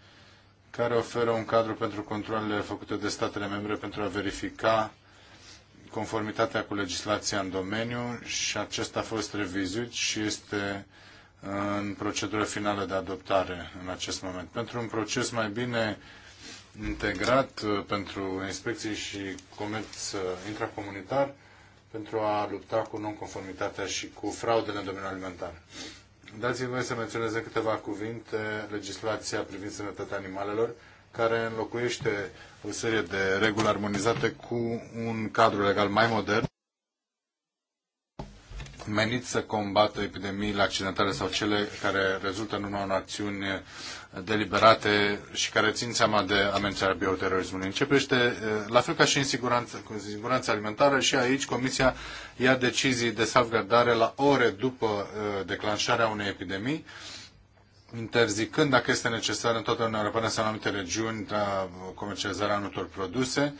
Speaker 3: care oferă un cadru pentru controlele făcute de statele membre pentru a verifica conformitatea cu legislația în domeniu și acesta a fost revizuit și este în procedură finală de adoptare în acest moment. Pentru un proces mai bine integrat uh, pentru inspecții și comerț uh, intracomunitar pentru a lupta cu nonconformitatea și cu fraudele în domeniul alimentar. Dați-mi să menționez în câteva cuvinte legislația privind sănătatea animalelor, care înlocuiește o serie de reguli armonizate cu un cadru legal mai modern menit să combată epidemiile accidentale sau cele care rezultă în urma unor acțiuni deliberate și care țin seama de amenințarea bioterorismului. Începește, la fel ca și în siguranță, cu siguranța alimentară, și aici Comisia ia decizii de salvgardare la ore după uh, declanșarea unei epidemii, interzicând, dacă este necesar, în toată Uniunea Europeană sau în anumite regiuni, uh, comercializarea anumitor produse,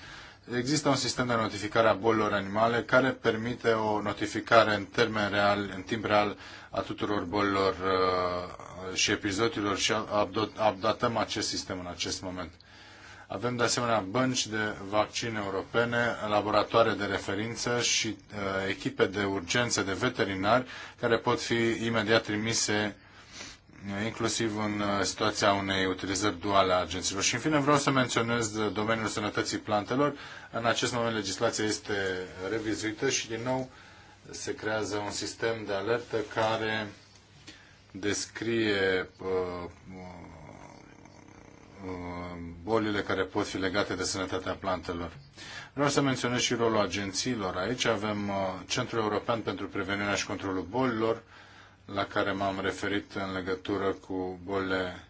Speaker 3: Există un sistem de notificare a bolilor animale care permite o notificare în termen real, în timp real, a tuturor bolilor uh, și episodilor și updatăm acest sistem în acest moment. Avem de asemenea bănci de vaccine europene, laboratoare de referință și uh, echipe de urgență de veterinari care pot fi imediat trimise inclusiv în uh, situația unei utilizări duale a agenților. Și în fine vreau să menționez uh, domeniul sănătății plantelor. În acest moment legislația este revizuită și din nou se creează un sistem de alertă care descrie uh, uh, bolile care pot fi legate de sănătatea plantelor. Vreau să menționez și rolul agențiilor. Aici avem uh, Centrul European pentru Prevenirea și Controlul Bolilor, la care m-am referit în legătură cu bolile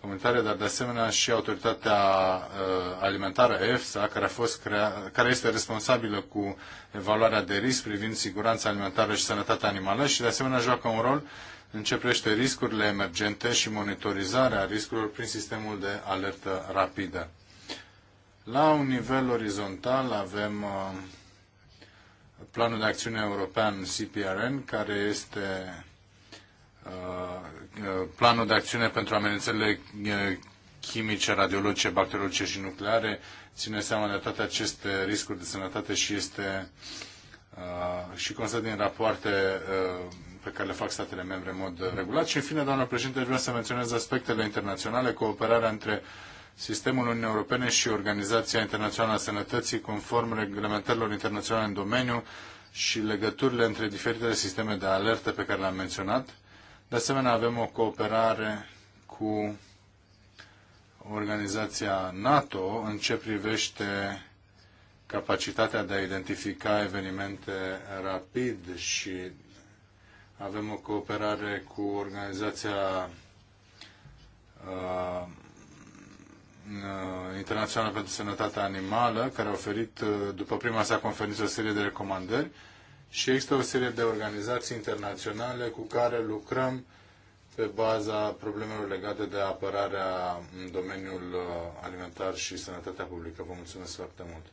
Speaker 3: comunitare, dar de asemenea și autoritatea uh, alimentară EFSA, care, a fost crea- care este responsabilă cu evaluarea de risc privind siguranța alimentară și sănătatea animală și de asemenea joacă un rol în ce privește riscurile emergente și monitorizarea riscurilor prin sistemul de alertă rapidă. La un nivel orizontal avem uh, planul de acțiune european CPRN, care este Uh, uh, planul de acțiune pentru amenințările uh, chimice, radiologice, bacteriologice și nucleare ține seama de toate aceste riscuri de sănătate și este și constat din rapoarte pe care le fac statele membre în mod regulat. Și în fine, doamnă președinte, vreau să menționez aspectele internaționale, cooperarea între sistemul Uniunii Europene și Organizația Internațională a Sănătății, conform reglementărilor internaționale în domeniu și legăturile între diferitele sisteme de alertă pe care le-am menționat de asemenea, avem o cooperare cu organizația NATO în ce privește capacitatea de a identifica evenimente rapid și avem o cooperare cu organizația uh, uh Internațională pentru Sănătatea Animală, care a oferit, uh, după prima sa conferință, o serie de recomandări și există o serie de organizații internaționale cu care lucrăm pe baza problemelor legate de apărarea în domeniul uh, alimentar și sănătatea publică. Vă mulțumesc foarte mult.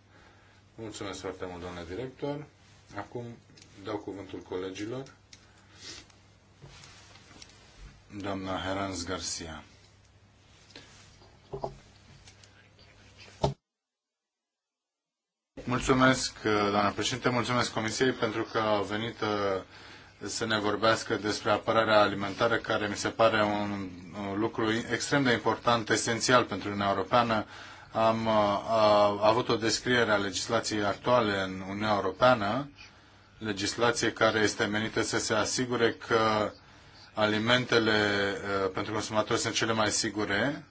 Speaker 3: Mulțumesc foarte mult, domnule director. Acum dau cuvântul colegilor. Doamna Heranz Garcia. Mulțumesc, uh, doamna președinte, mulțumesc Comisiei pentru că a venit uh, să ne vorbească despre apărarea alimentară, care mi se pare un lucru extrem de important, esențial pentru Uniunea Europeană. Am uh, a, avut o descriere a legislației actuale în Uniunea Europeană, legislație care este menită să se asigure că alimentele pentru consumatori sunt cele mai sigure,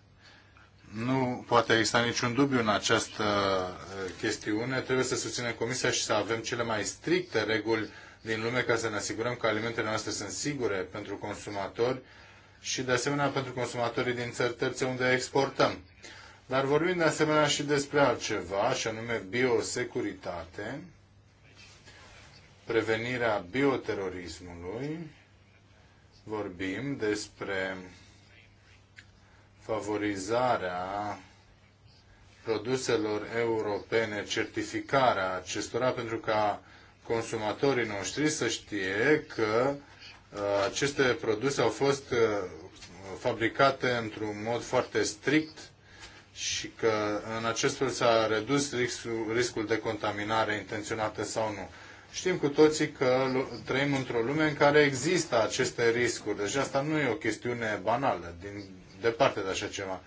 Speaker 3: nu poate exista niciun dubiu în această uh, chestiune. Trebuie să susținem Comisia și să avem cele mai stricte reguli din lume ca să ne asigurăm că alimentele noastre sunt sigure pentru consumatori și de asemenea pentru consumatorii din țări terțe unde exportăm. Dar vorbim de asemenea și despre altceva, și anume biosecuritate, prevenirea bioterorismului, vorbim despre favorizarea produselor europene, certificarea acestora, pentru ca consumatorii noștri să știe că uh, aceste produse au fost uh, fabricate într-un mod foarte strict și că în acest fel s-a redus riscul, riscul de contaminare intenționată sau nu. Știm cu toții că trăim într-o lume în care există aceste riscuri, deci asta nu e o chestiune banală. Din departe de așa ceva.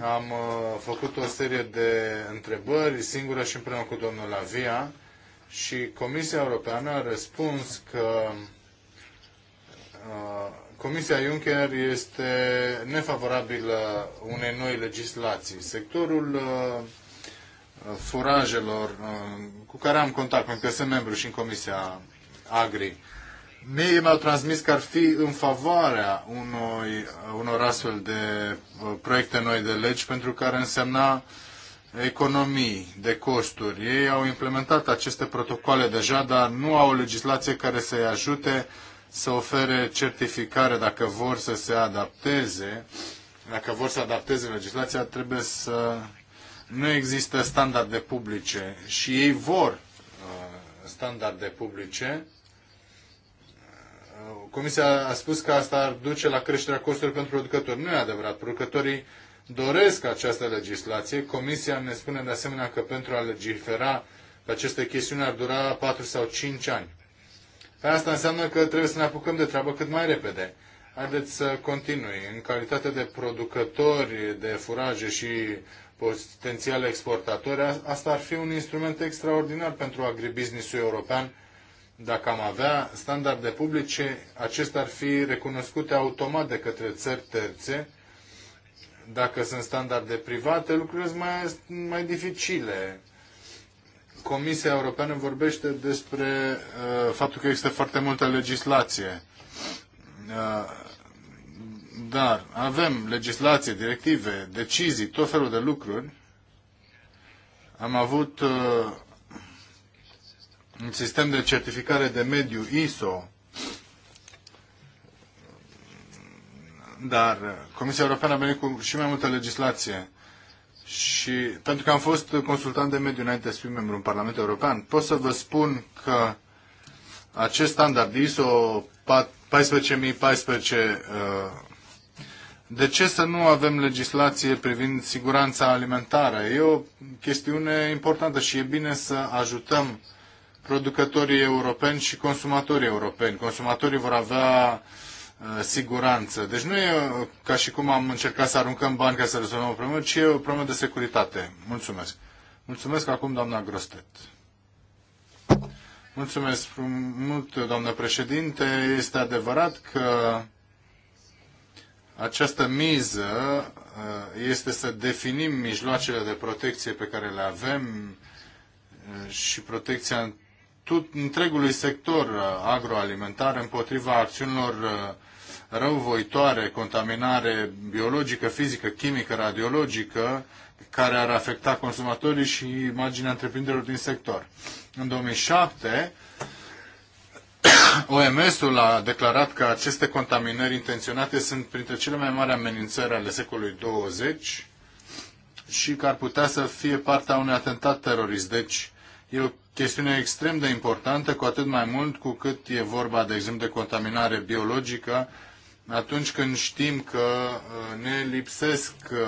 Speaker 3: Am uh, făcut o serie de întrebări singură și împreună cu domnul Lavia și Comisia Europeană a răspuns că uh, Comisia Juncker este nefavorabilă unei noi legislații. Sectorul uh, furajelor cu care am contact, pentru că sunt membru și în Comisia Agri, Mie mi-au transmis că ar fi în favoarea unui, unor astfel de uh, proiecte noi de legi pentru care însemna economii de costuri. Ei au implementat aceste protocoale deja, dar nu au o legislație care să-i ajute să ofere certificare dacă vor să se adapteze. Dacă vor să adapteze legislația, trebuie să nu există standarde publice și ei vor uh, standarde publice Comisia a spus că asta ar duce la creșterea costurilor pentru producători. Nu e adevărat. Producătorii doresc această legislație. Comisia ne spune de asemenea că pentru a legifera pe aceste chestiuni ar dura 4 sau 5 ani. asta înseamnă că trebuie să ne apucăm de treabă cât mai repede. Haideți să continui. În calitate de producători de furaje și potențial exportatori, asta ar fi un instrument extraordinar pentru agribusiness european dacă am avea standarde publice, acestea ar fi recunoscute automat de către țări terțe. Dacă sunt standarde private, lucrurile sunt mai, mai dificile. Comisia Europeană vorbește despre uh, faptul că există foarte multă legislație. Uh, dar avem legislație, directive, decizii, tot felul de lucruri. Am avut uh, un sistem de certificare de mediu ISO, dar Comisia Europeană a venit cu și mai multă legislație. Și pentru că am fost consultant de mediu înainte să fiu membru în Parlamentul European, pot să vă spun că acest standard ISO 14014 uh, de ce să nu avem legislație privind siguranța alimentară? E o chestiune importantă și e bine să ajutăm producătorii europeni și consumatorii europeni. Consumatorii vor avea uh, siguranță. Deci nu e uh, ca și cum am încercat să aruncăm bani ca să rezolvăm o problemă, ci e o problemă de securitate. Mulțumesc. Mulțumesc acum, doamna Grostet. Mulțumesc mult, doamnă președinte. Este adevărat că această miză uh, este să definim mijloacele de protecție pe care le avem și protecția întregului sector uh, agroalimentar împotriva acțiunilor uh, răuvoitoare, contaminare biologică, fizică, chimică, radiologică, care ar afecta consumatorii și imaginea întreprinderilor din sector. În 2007, OMS-ul a declarat că aceste contaminări intenționate sunt printre cele mai mari amenințări ale secolului 20 și că ar putea să fie partea unui atentat terorist. Deci, eu chestiune extrem de importantă, cu atât mai mult cu cât e vorba, de exemplu, de contaminare biologică, atunci când știm că uh, ne lipsesc uh,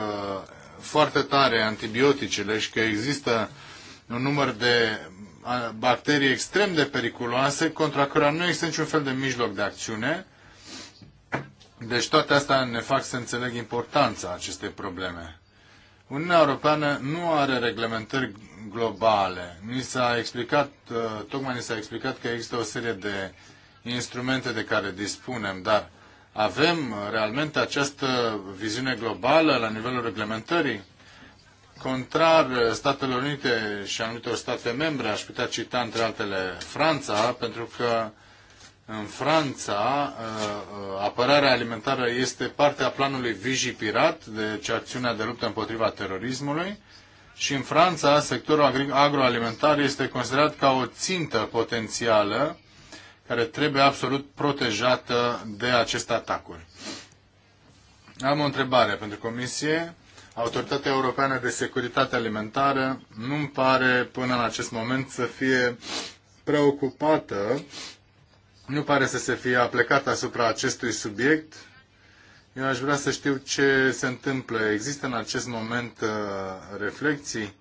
Speaker 3: foarte tare antibioticele și că există un număr de uh, bacterii extrem de periculoase, contra cărora nu există niciun fel de mijloc de acțiune. Deci toate astea ne fac să înțeleg importanța acestei probleme. Uniunea Europeană nu are reglementări globale. Ni s-a explicat, uh, tocmai ni s-a explicat că există o serie de instrumente de care dispunem, dar avem realmente această viziune globală la nivelul reglementării? Contrar Statelor Unite și anumitor state membre, aș putea cita între altele Franța, pentru că în Franța, uh, uh, apărarea alimentară este parte a planului Vigipirat deci acțiunea de luptă împotriva terorismului. Și în Franța, sectorul agroalimentar este considerat ca o țintă potențială care trebuie absolut protejată de aceste atacuri. Am o întrebare pentru Comisie. Autoritatea Europeană de Securitate Alimentară nu-mi pare până în acest moment să fie preocupată nu pare să se fie aplecat asupra acestui subiect. Eu aș vrea să știu ce se întâmplă. Există în acest moment uh, reflexii?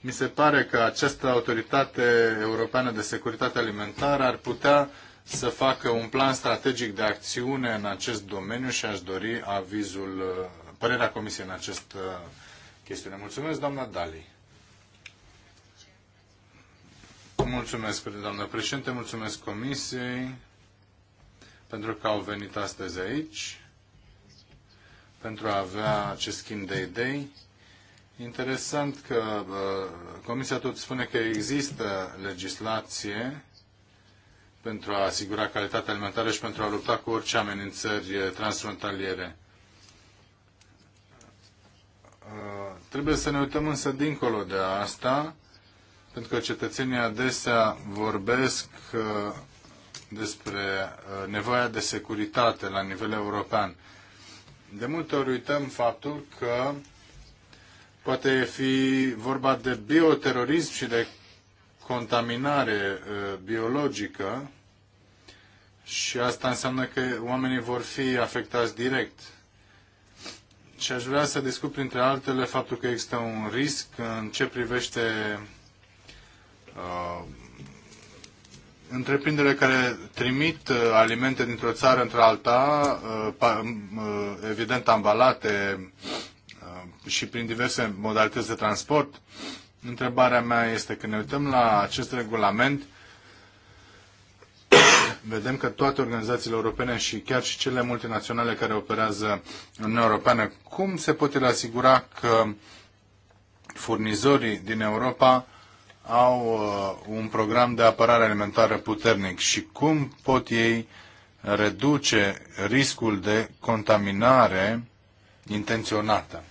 Speaker 3: Mi se pare că această autoritate europeană de securitate alimentară ar putea să facă un plan strategic de acțiune în acest domeniu și aș dori avizul, uh, părerea Comisiei în această uh, chestiune. Mulțumesc, doamna Dali. Mulțumesc, doamnă președinte, mulțumesc comisiei pentru că au venit astăzi aici, pentru a avea acest schimb de idei. Interesant că Comisia tot spune că există legislație pentru a asigura calitatea alimentară și pentru a lupta cu orice amenințări transfrontaliere. Trebuie să ne uităm însă dincolo de asta pentru că cetățenii adesea vorbesc uh, despre uh, nevoia de securitate la nivel european. De multe ori uităm faptul că poate fi vorba de bioterorism și de contaminare uh, biologică și asta înseamnă că oamenii vor fi afectați direct. Și aș vrea să discut printre altele faptul că există un risc în ce privește uh, întreprinderile care trimit uh, alimente dintr-o țară într-alta, uh, uh, evident ambalate și prin diverse modalități de transport, întrebarea mea este că ne uităm la acest regulament, vedem că toate organizațiile europene și chiar și cele multinaționale care operează în Uniunea Europeană, cum se pot asigura că furnizorii din Europa au uh, un program de apărare alimentară puternic și cum pot ei reduce riscul de contaminare intenționată.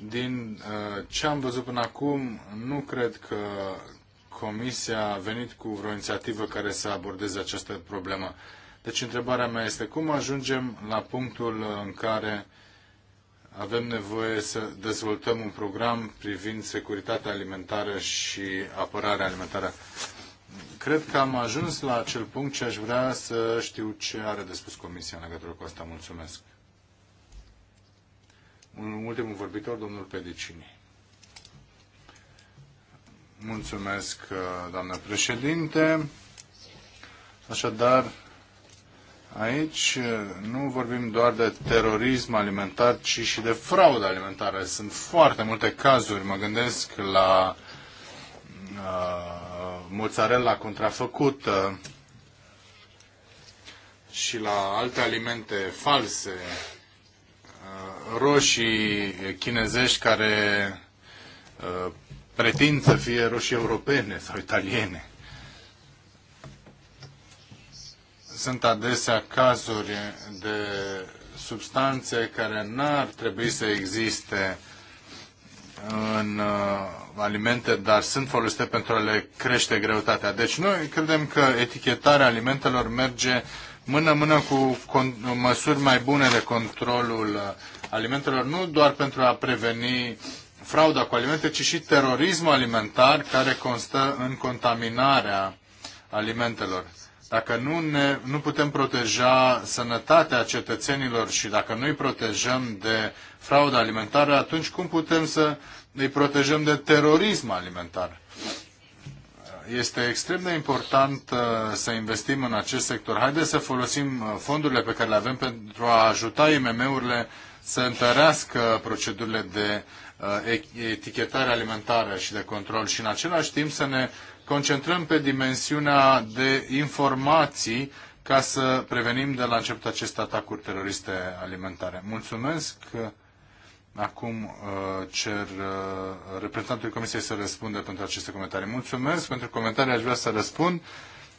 Speaker 3: Din uh, ce am văzut până acum, nu cred că Comisia a venit cu vreo inițiativă care să abordeze această problemă. Deci întrebarea mea este cum ajungem la punctul în care uh, avem nevoie să dezvoltăm un program privind securitatea alimentară și apărarea alimentară. Cred că am ajuns la acel punct și aș vrea să știu ce are de spus Comisia în legătură cu asta. Mulțumesc. Un ultimul vorbitor, domnul Pedicini. Mulțumesc, doamnă președinte. Așadar, Aici eh, nu vorbim doar de terorism alimentar, ci și de fraudă alimentară. Sunt foarte multe cazuri. Mă gândesc la uh, mozzarella contrafăcută și la alte alimente false, uh, roșii chinezești care uh, pretind să fie roșii europene sau italiene. sunt adesea cazuri de substanțe care n-ar trebui să existe în uh, alimente, dar sunt folosite pentru a le crește greutatea. Deci noi credem că etichetarea alimentelor merge mână-mână cu măsuri mai bune de controlul alimentelor, nu doar pentru a preveni frauda cu alimente, ci și terorismul alimentar care constă în contaminarea alimentelor. Dacă nu, ne, nu putem proteja sănătatea cetățenilor și dacă nu îi protejăm de fraudă alimentară, atunci cum putem să îi protejăm de terorism alimentar? Este extrem de important uh, să investim în acest sector. Haideți să folosim uh, fondurile pe care le avem pentru a ajuta IMM-urile să întărească procedurile de uh, etichetare alimentară și de control și în același timp să ne concentrăm pe dimensiunea de informații ca să prevenim de la început aceste atacuri teroriste alimentare. Mulțumesc. Acum uh, cer uh, reprezentantului Comisiei să răspundă pentru aceste comentarii. Mulțumesc pentru comentarii, aș vrea să răspund.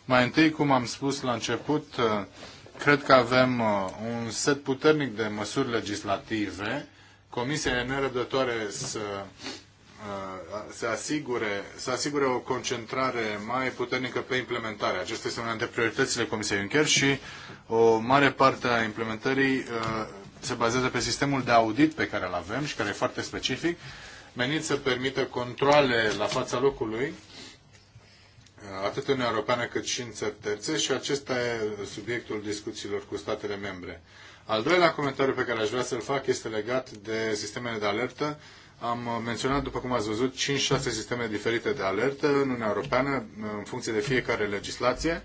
Speaker 3: Mai întâi, cum am spus la început, uh, cred că avem un set puternic de măsuri legislative. Comisia e nerăbdătoare să se asigure, să asigure o concentrare mai puternică pe implementare. Acesta este una dintre prioritățile Comisiei Juncker și o mare parte a implementării se bazează pe sistemul de audit pe care îl avem și care e foarte specific, menit să permită controle la fața locului, atât în Uniunea Europeană cât și în țări terțe și acesta e subiectul discuțiilor cu statele membre. Al doilea comentariu pe care aș vrea să-l fac este legat de sistemele de alertă am uh, menționat, după cum ați văzut, 5-6 sisteme diferite de alertă în Uniunea Europeană, uh, în funcție de fiecare legislație.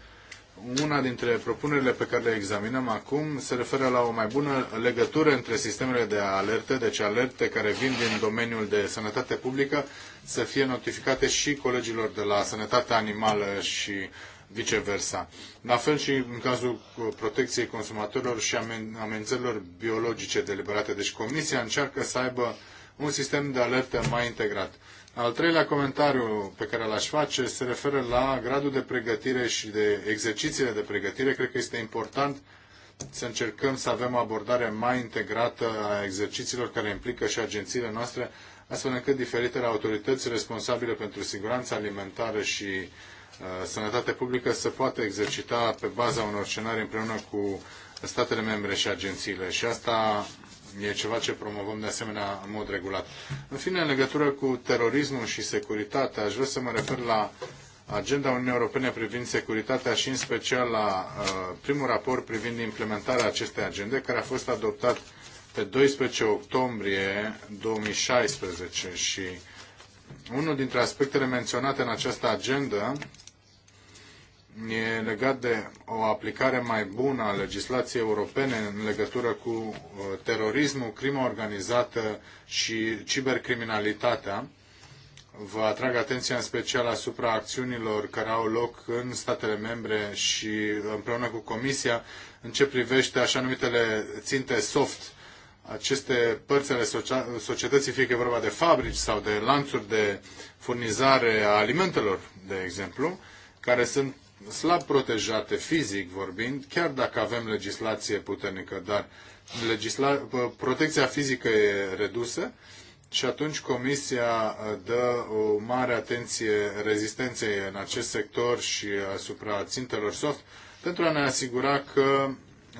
Speaker 3: Una dintre propunerile pe care le examinăm acum se referă la o mai bună legătură între sistemele de alerte, deci alerte care vin din domeniul de sănătate publică, să fie notificate și colegilor de la sănătatea animală și viceversa. La fel și în cazul uh, protecției consumatorilor și amenințărilor biologice deliberate. Deci Comisia încearcă să aibă un sistem de alertă mai integrat. Al treilea comentariu pe care l-aș face se referă la gradul de pregătire și de exercițiile de pregătire. Cred că este important să încercăm să avem o abordare mai integrată a exercițiilor care implică și agențiile noastre, astfel încât diferitele autorități responsabile pentru siguranța alimentară și uh, sănătate publică să poată exercita pe baza unor scenarii împreună cu statele membre și agențiile. Și asta e ceva ce promovăm de asemenea în mod regulat. În fine, în legătură cu terorismul și securitatea, aș vrea să mă refer la agenda Uniunii Europene privind securitatea și în special la uh, primul raport privind implementarea acestei agende, care a fost adoptat pe 12 octombrie 2016 și unul dintre aspectele menționate în această agendă e legat de o aplicare mai bună a legislației europene în legătură cu uh, terorismul, crima organizată și cibercriminalitatea. Vă atrag atenția în special asupra acțiunilor care au loc în statele membre și împreună cu Comisia în ce privește așa numitele ținte soft, aceste părți ale societății, fie că e vorba de fabrici sau de lanțuri de furnizare a alimentelor, de exemplu, care sunt slab protejate fizic vorbind, chiar dacă avem legislație puternică, dar legisla... protecția fizică e redusă și atunci Comisia uh, dă o mare atenție rezistenței în acest sector și asupra țintelor soft pentru a ne asigura că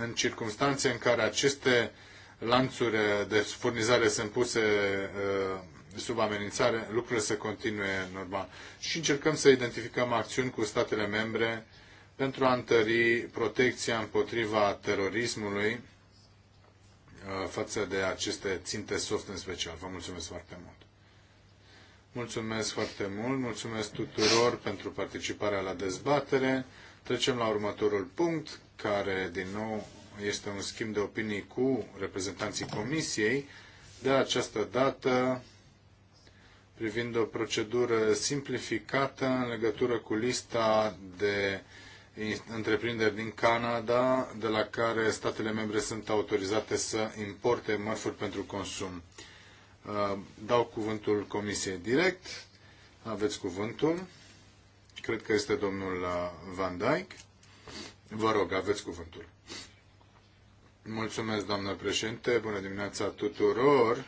Speaker 3: în circunstanțe în care aceste lanțuri de furnizare sunt puse uh, sub amenințare, lucrurile să continue normal. Și încercăm să identificăm acțiuni cu statele membre pentru a întări protecția împotriva terorismului uh, față de aceste ținte soft în special. Vă mulțumesc foarte mult! Mulțumesc foarte mult, mulțumesc tuturor pentru participarea la dezbatere. Trecem la următorul punct, care din nou este un schimb de opinii cu reprezentanții Comisiei. De această dată privind o procedură simplificată în legătură cu lista de întreprinderi din Canada, de la care statele membre sunt autorizate să importe mărfuri pentru consum. Uh, dau cuvântul Comisiei direct. Aveți cuvântul. Cred că este domnul uh, Van Dijk. Vă rog, aveți cuvântul. Mulțumesc, doamnă președinte. Bună dimineața tuturor.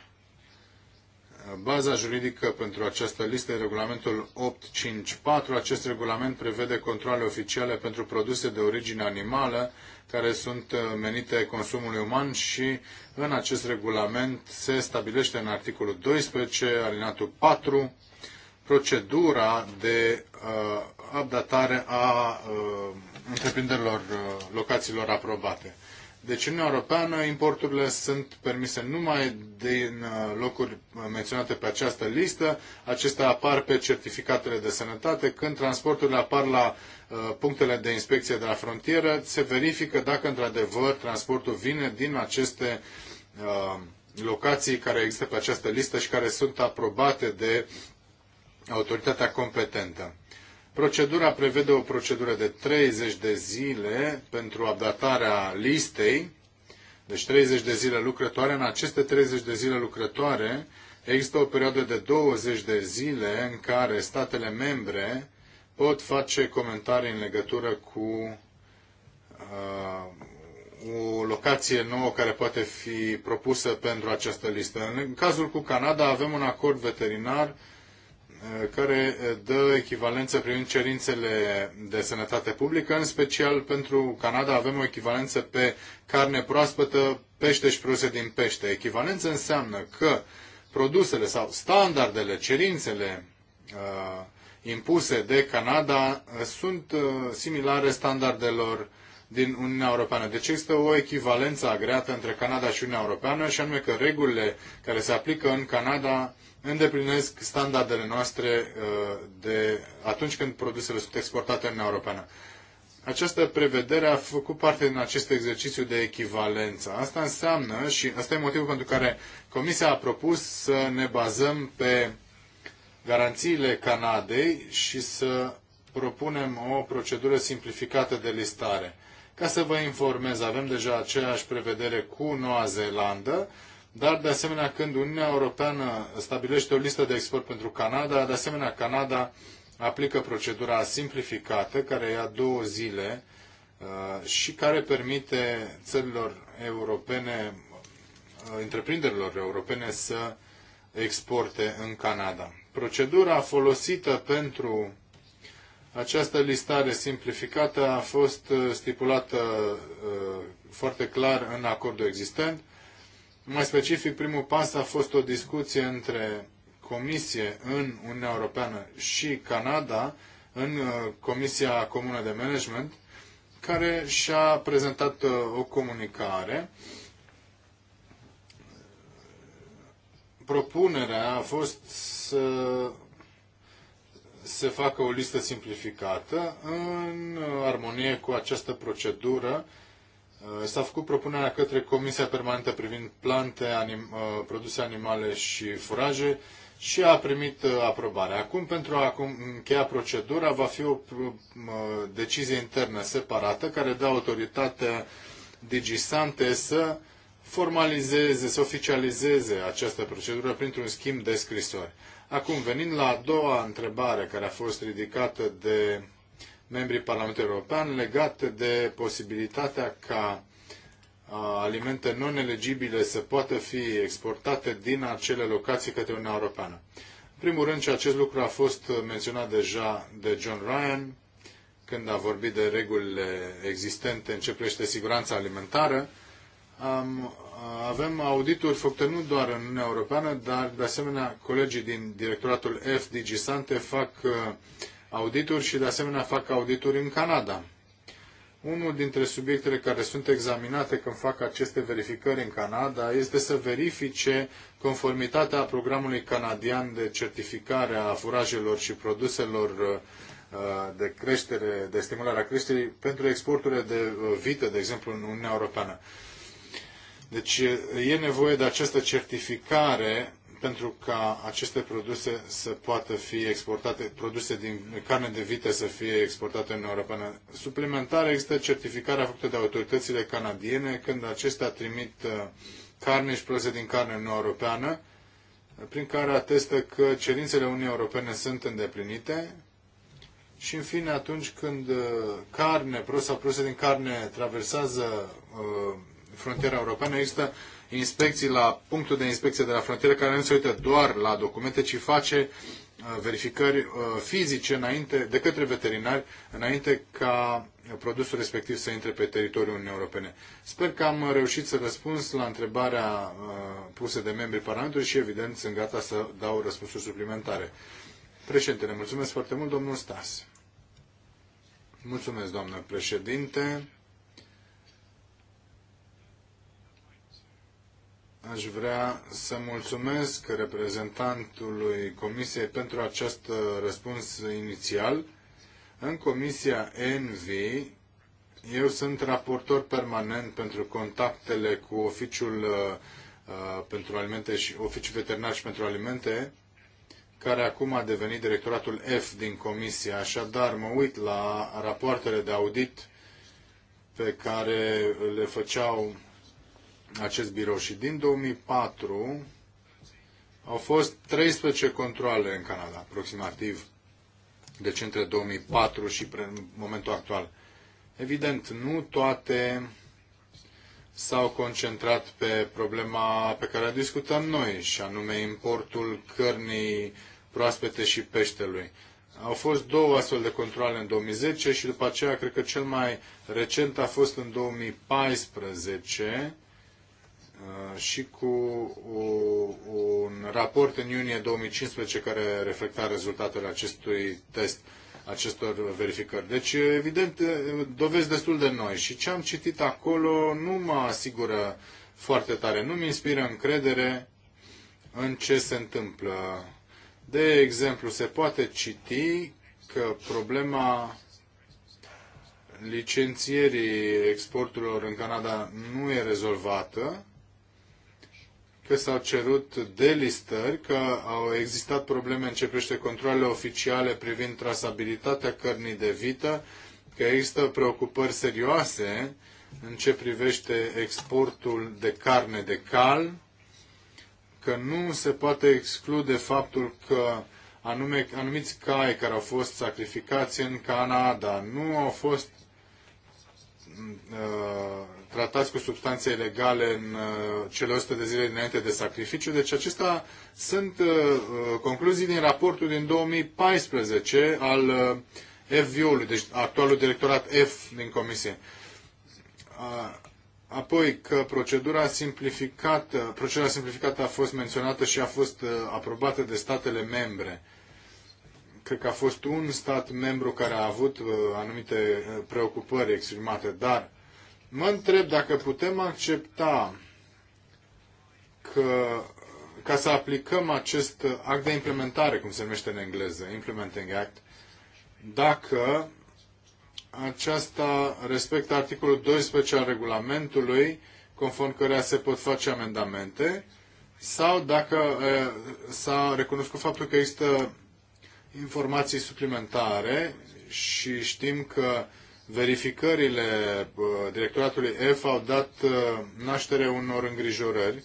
Speaker 3: Baza juridică pentru această listă e regulamentul 854. Acest regulament prevede controle oficiale pentru produse de origine animală care sunt uh, menite consumului uman și în acest regulament se stabilește în articolul 12, alinatul 4, procedura de uh, updatare a uh, întreprinderilor uh, locațiilor aprobate. Deci, în Uniunea Europeană, importurile sunt permise numai din uh, locuri menționate pe această listă. Acestea apar pe certificatele de sănătate. Când transporturile apar la uh, punctele de inspecție de la frontieră, se verifică dacă, într-adevăr, transportul vine din aceste uh, locații care există pe această listă și care sunt aprobate de autoritatea competentă. Procedura prevede o procedură de 30 de zile pentru adaptarea listei, deci 30 de zile lucrătoare. În aceste 30 de zile lucrătoare există o perioadă de 20 de zile în care statele membre pot face comentarii în legătură cu uh, o locație nouă care poate fi propusă pentru această listă. În cazul cu Canada avem un acord veterinar Eh, care eh, dă echivalență privind cerințele de sănătate publică, în special pentru Canada avem o echivalență pe carne proaspătă, pește și produse din pește. Echivalență înseamnă că produsele sau standardele, cerințele uh, impuse de Canada sunt uh, similare standardelor din Uniunea Europeană. Deci există o echivalență agreată între Canada și Uniunea Europeană și anume că regulile care se aplică în Canada îndeplinesc standardele noastre uh, de atunci când produsele sunt exportate în Europeană. Această prevedere a făcut parte din acest exercițiu de echivalență. Asta înseamnă, și asta e motivul pentru care Comisia a propus să ne bazăm pe garanțiile Canadei și să propunem o procedură simplificată de listare. Ca să vă informez, avem deja aceeași prevedere cu Noua Zeelandă dar de asemenea când Uniunea Europeană stabilește o listă de export pentru Canada, de asemenea Canada aplică procedura simplificată care ia două zile uh, și care permite țărilor europene, uh, întreprinderilor europene să exporte în Canada. Procedura folosită pentru această listare simplificată a fost uh, stipulată foarte clar în acordul existent mai specific, primul pas a fost o discuție între Comisie în Uniunea Europeană și Canada, în uh, Comisia Comună de Management, care și-a prezentat uh, o comunicare. Propunerea a fost să se facă o listă simplificată în uh, armonie cu această procedură Uh, s-a făcut propunerea către Comisia Permanentă privind plante, anim, uh, produse animale și furaje și a primit uh, aprobarea. Acum, pentru a încheia procedura, va fi o decizie internă separată care dă autoritatea digisante să formalizeze, să oficializeze această procedură printr-un schimb de scrisori. Acum, venind la a doua întrebare care a fost ridicată de membrii Parlamentului European legat de posibilitatea ca alimente non-elegibile să poată fi exportate din acele locații către Uniunea Europeană. În primul rând, și acest lucru a fost menționat deja de John Ryan când a vorbit de regulile existente în ce privește siguranța alimentară. Am, avem audituri făcute nu doar în Uniunea Europeană, dar de asemenea colegii din directoratul FDG. Sante fac uh, audituri și de asemenea fac audituri în Canada. Unul dintre subiectele care sunt examinate când fac aceste verificări în Canada este să verifice conformitatea programului canadian de certificare a furajelor și produselor uh, de creștere, de stimularea creșterii pentru exporturile de uh, vită, de exemplu, în Uniunea Europeană. Deci e nevoie de această certificare pentru ca aceste produse să poată fi exportate, produse din carne de vită să fie exportate în Europeană. Suplimentar există certificarea făcută de autoritățile canadiene când acestea trimit uh, carne și produse din carne în Europeană, prin care atestă că cerințele Uniunii Europene sunt îndeplinite și, în fine, atunci când uh, carne, produse sau produse din carne traversează uh, frontiera europeană, există inspecții la punctul de inspecție de la frontieră, care nu se uită doar la documente, ci face uh, verificări uh, fizice înainte, de către veterinari înainte ca produsul respectiv să intre pe teritoriul Uniunii Europene. Sper că am reușit să răspuns la întrebarea uh, pusă de membrii Parlamentului și, evident, sunt gata să dau răspunsuri suplimentare. Președintele, mulțumesc foarte mult, domnul Stas. Mulțumesc, doamnă președinte. Aș vrea să mulțumesc reprezentantului Comisiei pentru acest uh, răspuns inițial. În Comisia ENVI, eu sunt raportor permanent pentru contactele cu oficiul uh, uh, pentru alimente și oficiul veterinar și pentru alimente, care acum a devenit directoratul F din Comisie. Așadar, mă uit la rapoartele de audit pe care le făceau acest birou și din 2004 au fost 13 controle în Canada, aproximativ, deci între 2004 și momentul actual. Evident, nu toate s-au concentrat pe problema pe care o discutăm noi, și anume importul cărnii proaspete și peștelui. Au fost două astfel de controle în 2010 și după aceea cred că cel mai recent a fost în 2014 Uh, și cu un raport în iunie 2015 care reflecta rezultatele acestui test, acestor verificări. Deci, evident, uh, dovezi destul de noi și ce am citit acolo nu mă asigură foarte tare, nu mi inspiră încredere în ce se întâmplă. De exemplu, se poate citi că problema licențierii exporturilor în Canada nu e rezolvată că s-au cerut delistări, că au existat probleme în ce privește controlele oficiale privind trasabilitatea cărnii de vită, că există preocupări serioase în ce privește exportul de carne de cal, că nu se poate exclude faptul că anume, anumiți cai care au fost sacrificați în Canada nu au fost Uh, tratați cu substanțe ilegale în uh, cele 100 de zile dinainte de sacrificiu. Deci acestea sunt uh, concluzii din raportul din 2014 al fvo ului deci actualul directorat F din Comisie. Apoi că procedura simplificată, procedura simplificată a fost menționată și a fost aprobată de statele membre. Cred că a fost un stat membru care a avut uh, anumite uh, preocupări exprimate, dar mă întreb dacă putem accepta că ca să aplicăm acest act de implementare, cum se numește în engleză, Implementing Act, dacă aceasta respectă articolul 12 al regulamentului, conform cărea se pot face amendamente, sau dacă uh, s-a recunoscut faptul că există informații suplimentare și știm că verificările directoratului F au dat naștere unor îngrijorări.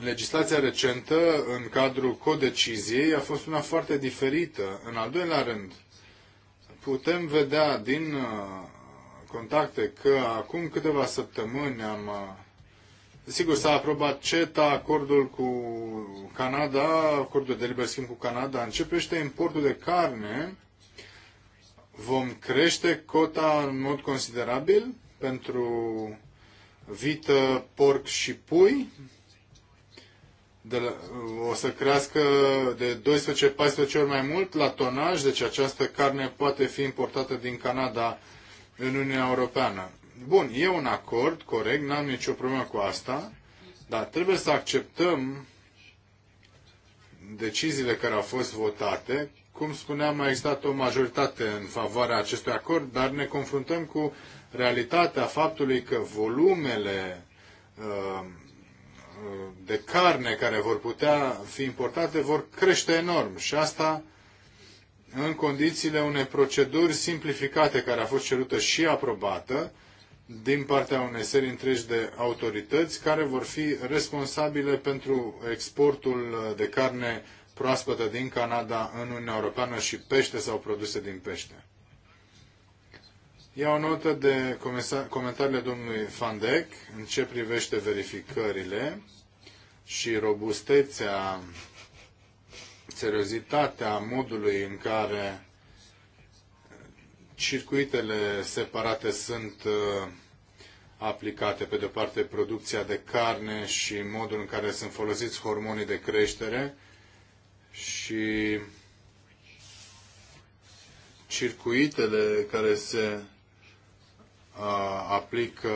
Speaker 3: Legislația recentă în cadrul codeciziei a fost una foarte diferită. În al doilea rând, putem vedea din uh, contacte că acum câteva săptămâni am uh, Sigur, s-a aprobat CETA, acordul cu Canada, acordul de liber schimb cu Canada. Începește importul de carne. Vom crește cota în mod considerabil pentru vită, porc și pui. De la, o să crească de 12-14 ori mai mult la tonaj, deci această carne poate fi importată din Canada în Uniunea Europeană. Bun, e un acord, corect, n-am nicio problemă cu asta, dar trebuie să acceptăm deciziile care au fost votate. Cum spuneam, a existat o majoritate în favoarea acestui acord, dar ne confruntăm cu realitatea faptului că volumele uh, uh, de carne care vor putea fi importate vor crește enorm și asta în condițiile unei proceduri simplificate care a fost cerută și aprobată din partea unei serii întregi de autorități care vor fi responsabile pentru exportul de carne proaspătă din Canada în Uniunea Europeană și pește sau produse din pește. Iau notă de comentariile domnului Dijk în ce privește verificările și robustețea, seriozitatea modului în care circuitele separate sunt uh, aplicate, pe de-o parte producția de carne și modul în care sunt folosiți hormonii de creștere și circuitele care se aplică,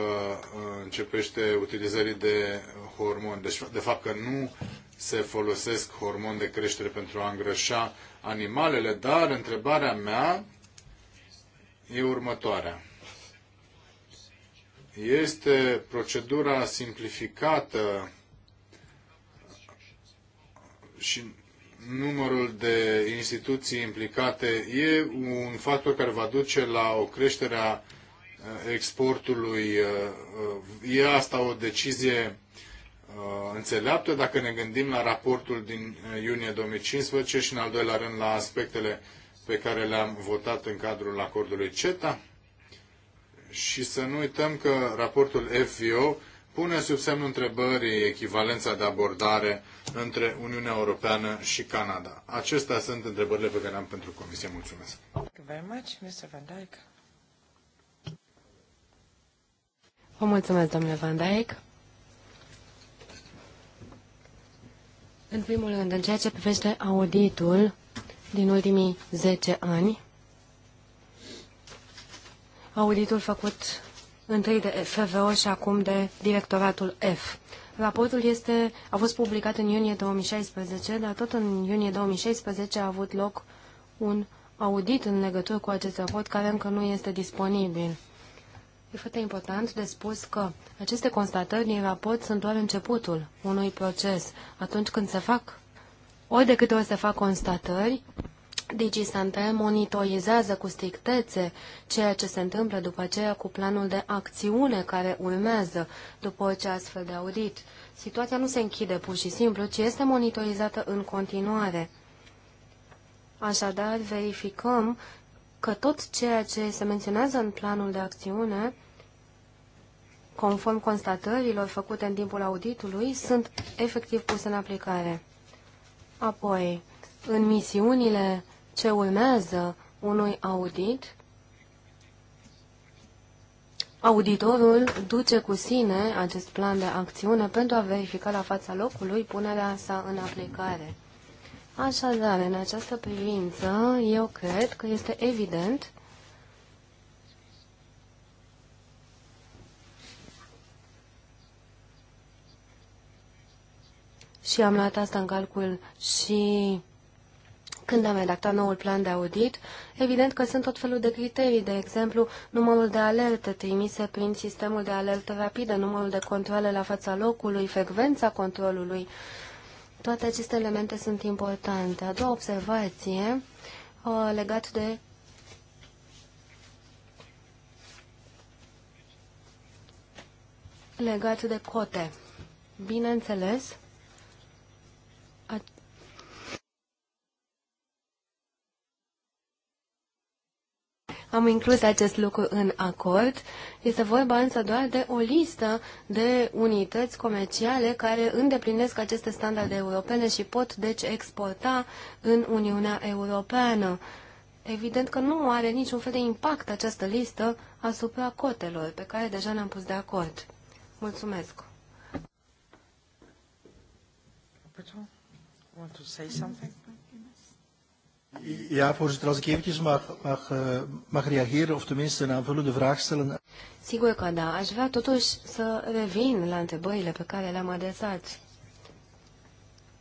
Speaker 3: începește utilizării de hormoni. Deci, de fapt că nu se folosesc hormoni de creștere pentru a îngrășa animalele, dar întrebarea mea e următoarea este procedura simplificată și numărul de instituții implicate e un factor care va duce la o creștere a exportului. E asta o decizie înțeleaptă dacă ne gândim la raportul din iunie 2015 și în al doilea rând la aspectele pe care le-am votat în cadrul acordului CETA și să nu uităm că raportul FVO pune sub semnul întrebării echivalența de abordare între Uniunea Europeană și Canada. Acestea sunt întrebările pe care am pentru Comisie. Mulțumesc.
Speaker 2: Vă mulțumesc, domnule Van Dijk. În primul rând, în ceea ce privește auditul din ultimii 10 ani, auditul făcut întâi de FVO și acum de directoratul F. Raportul este, a fost publicat în iunie 2016, dar tot în iunie 2016 a avut loc un audit în legătură cu acest raport care încă nu este disponibil. E foarte important de spus că aceste constatări din raport sunt doar începutul unui proces. Atunci când se fac, ori de câte ori se fac constatări, DigiSante monitorizează cu strictețe ceea ce se întâmplă după aceea cu planul de acțiune care urmează după orice astfel de audit. Situația nu se închide pur și simplu, ci este monitorizată în continuare. Așadar, verificăm că tot ceea ce se menționează în planul de acțiune, conform constatărilor făcute în timpul auditului, sunt efectiv puse în aplicare. Apoi, în misiunile ce urmează unui audit, auditorul duce cu sine acest plan de acțiune pentru a verifica la fața locului punerea sa în aplicare. Așadar, în această privință, eu cred că este evident și am luat asta în calcul și când am redactat noul plan de audit, evident că sunt tot felul de criterii, de exemplu, numărul de alerte trimise prin sistemul de alertă rapidă, numărul de controle la fața locului, frecvența controlului. Toate aceste elemente sunt importante. A doua observație uh, legat de legat de cote. Bineînțeles, Am inclus acest lucru în acord. Este vorba însă doar de o listă de unități comerciale care îndeplinesc aceste standarde europene și pot deci exporta în Uniunea Europeană. Evident că nu are niciun fel de impact această listă asupra cotelor pe care deja ne-am pus de acord. Mulțumesc! Want to say something?
Speaker 3: Ja, voorzitter, als ik eventjes mag, mag, uh, mag reageren of tenminste een aanvullende vraag stellen.
Speaker 2: Sigur că da, aș vrea totuși să revin la întrebările pe care le-am adresat.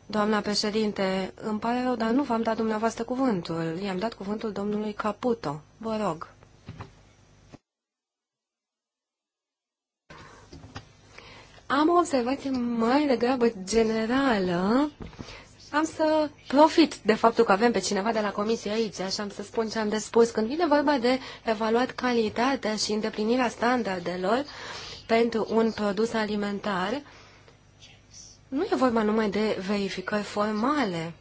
Speaker 2: Doamna președinte, îmi pare rău, dar nu v-am dat dumneavoastră cuvântul. I-am dat cuvântul domnului Caputo. Vă rog. Am o observație mai degrabă generală am să profit de faptul că avem pe cineva de la comisie aici, așa am să spun ce am de spus. Când vine vorba de evaluat calitatea și îndeplinirea standardelor pentru un produs alimentar, nu e vorba numai de verificări formale.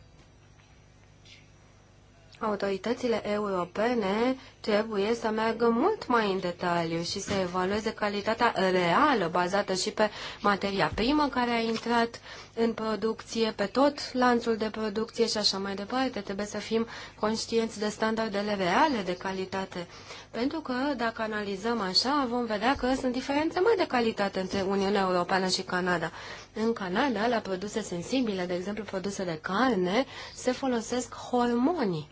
Speaker 2: Autoritățile europene trebuie să meargă mult mai în detaliu și să evalueze calitatea reală bazată și pe materia primă care a intrat în producție, pe tot lanțul de producție și așa mai departe. Trebuie să fim conștienți de standardele reale de calitate. Pentru că dacă analizăm așa, vom vedea că sunt diferențe mai de calitate între Uniunea Europeană și Canada. În Canada, la produse sensibile, de exemplu produse de carne, se folosesc hormonii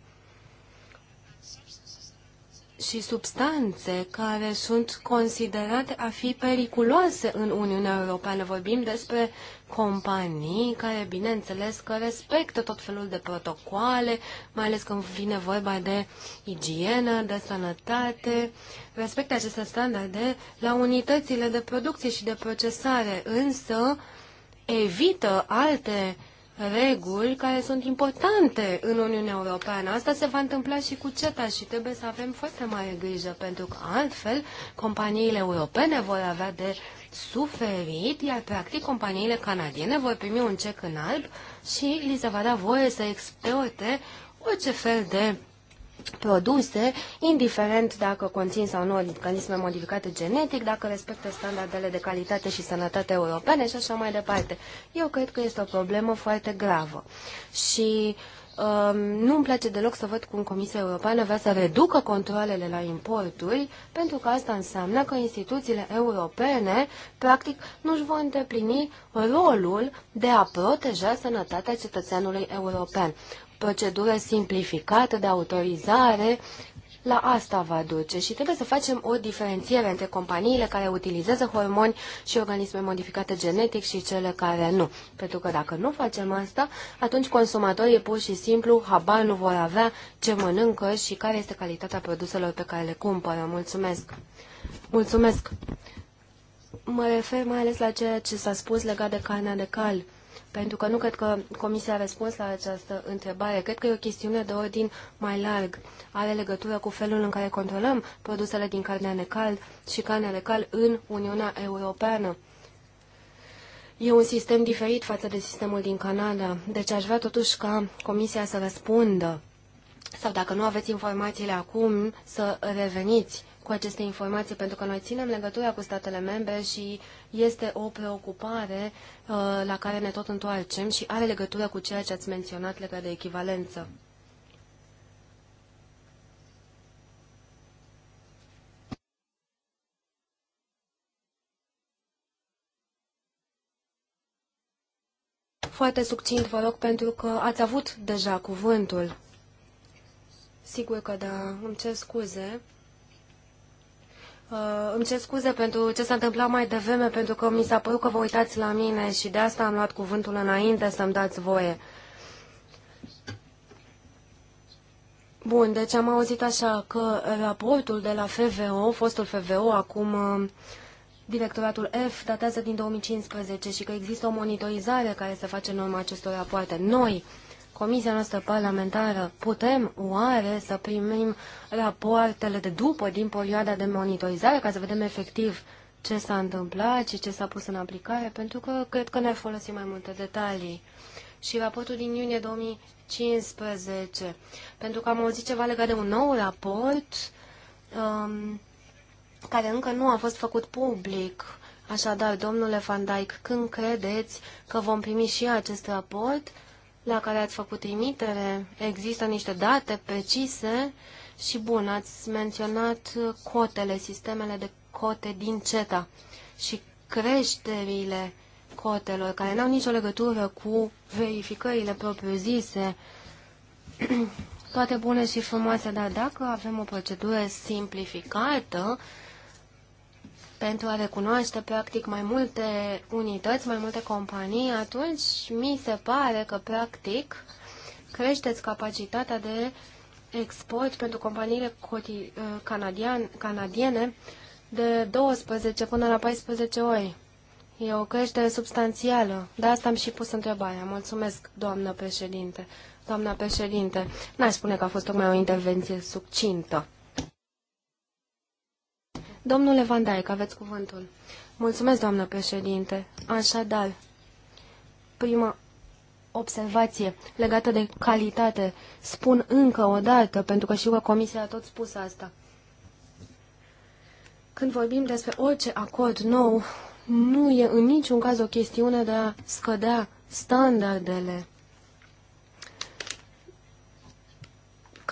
Speaker 2: și substanțe care sunt considerate a fi periculoase în Uniunea Europeană. Vorbim despre companii care, bineînțeles, că respectă tot felul de protocoale, mai ales când vine vorba de igienă, de sănătate, respectă aceste standarde la unitățile de producție și de procesare, însă evită alte uh, reguli care sunt importante în Uniunea Europeană. Asta se va întâmpla și cu CETA și trebuie să avem foarte mare grijă, pentru că altfel companiile europene vor avea de suferit, iar practic companiile canadiene vor primi un cec în alb și li se va da voie să exporte orice fel de produse, indiferent dacă conțin sau nu organisme modificate genetic, dacă respectă standardele de calitate și sănătate europene și așa mai departe. Eu cred că este o problemă foarte gravă. Și um, nu îmi place deloc să văd cum Comisia Europeană vrea să reducă controlele la importuri, pentru că asta înseamnă că instituțiile europene, practic, nu își vor îndeplini rolul de a proteja sănătatea cetățeanului european procedură simplificată de autorizare, la asta va duce și trebuie să facem o diferențiere între companiile care utilizează hormoni și organisme modificate genetic și cele care nu. Pentru că dacă nu facem asta, atunci consumatorii pur și simplu habar nu vor avea ce mănâncă și care este calitatea produselor pe care le cumpără. Mulțumesc! Mulțumesc! Mă refer mai ales la ceea ce s-a spus legat de carnea de cal pentru că nu cred că Comisia a răspuns la această întrebare. Cred că e o chestiune de ordin mai larg. Are legătură cu felul în care controlăm produsele din carne necal și carne necal în Uniunea Europeană. E un sistem diferit față de sistemul din Canada, deci aș vrea totuși ca Comisia să răspundă sau dacă nu aveți informațiile acum, să reveniți cu aceste informații, pentru că noi ținem legătura cu statele membre și este o preocupare uh, la care ne tot întoarcem și are legătură cu ceea ce ați menționat legat de echivalență. Foarte succint, vă rog, pentru că ați avut deja cuvântul. Sigur că da, îmi cer scuze. Uh, îmi cer scuze pentru ce s-a întâmplat mai devreme, pentru că mi s-a părut că vă uitați la mine și de asta am luat cuvântul înainte să-mi dați voie. Bun, deci am auzit așa că raportul de la FVO, fostul FVO, acum uh, directoratul F, datează din 2015 și că există o monitorizare care se face în urma acestor rapoarte. Noi, Comisia noastră parlamentară, putem oare să primim rapoartele de după, din perioada de monitorizare, ca să vedem efectiv ce s-a întâmplat și ce s-a pus în aplicare, pentru că cred că ne-ar folosi mai multe detalii. Și raportul din iunie 2015, pentru că am auzit ceva legat de un nou raport um, care încă nu a fost făcut public. Așadar, domnule Van Dijk, când credeți că vom primi și acest raport la care ați făcut trimitere, există niște date precise și, bun, ați menționat cotele, sistemele de cote din CETA și creșterile cotelor, care n-au nicio legătură cu verificările propriu-zise, toate bune și frumoase, dar dacă avem o procedură simplificată, pentru a recunoaște practic mai multe unități, mai multe companii, atunci mi se pare că practic creșteți capacitatea de export pentru companiile uh, canadian, canadiene de 12 până la 14 ori. E o creștere substanțială. De asta am și pus întrebarea. Mulțumesc, doamnă președinte. Doamna președinte, n-aș spune că a fost tocmai o intervenție succintă. Domnule Van Dijk, aveți cuvântul. Mulțumesc, doamnă președinte. Așadar, prima observație legată de calitate. Spun încă o dată, pentru că știu că Comisia a tot spus asta. Când vorbim despre orice acord nou, nu e în niciun caz o chestiune de a scădea standardele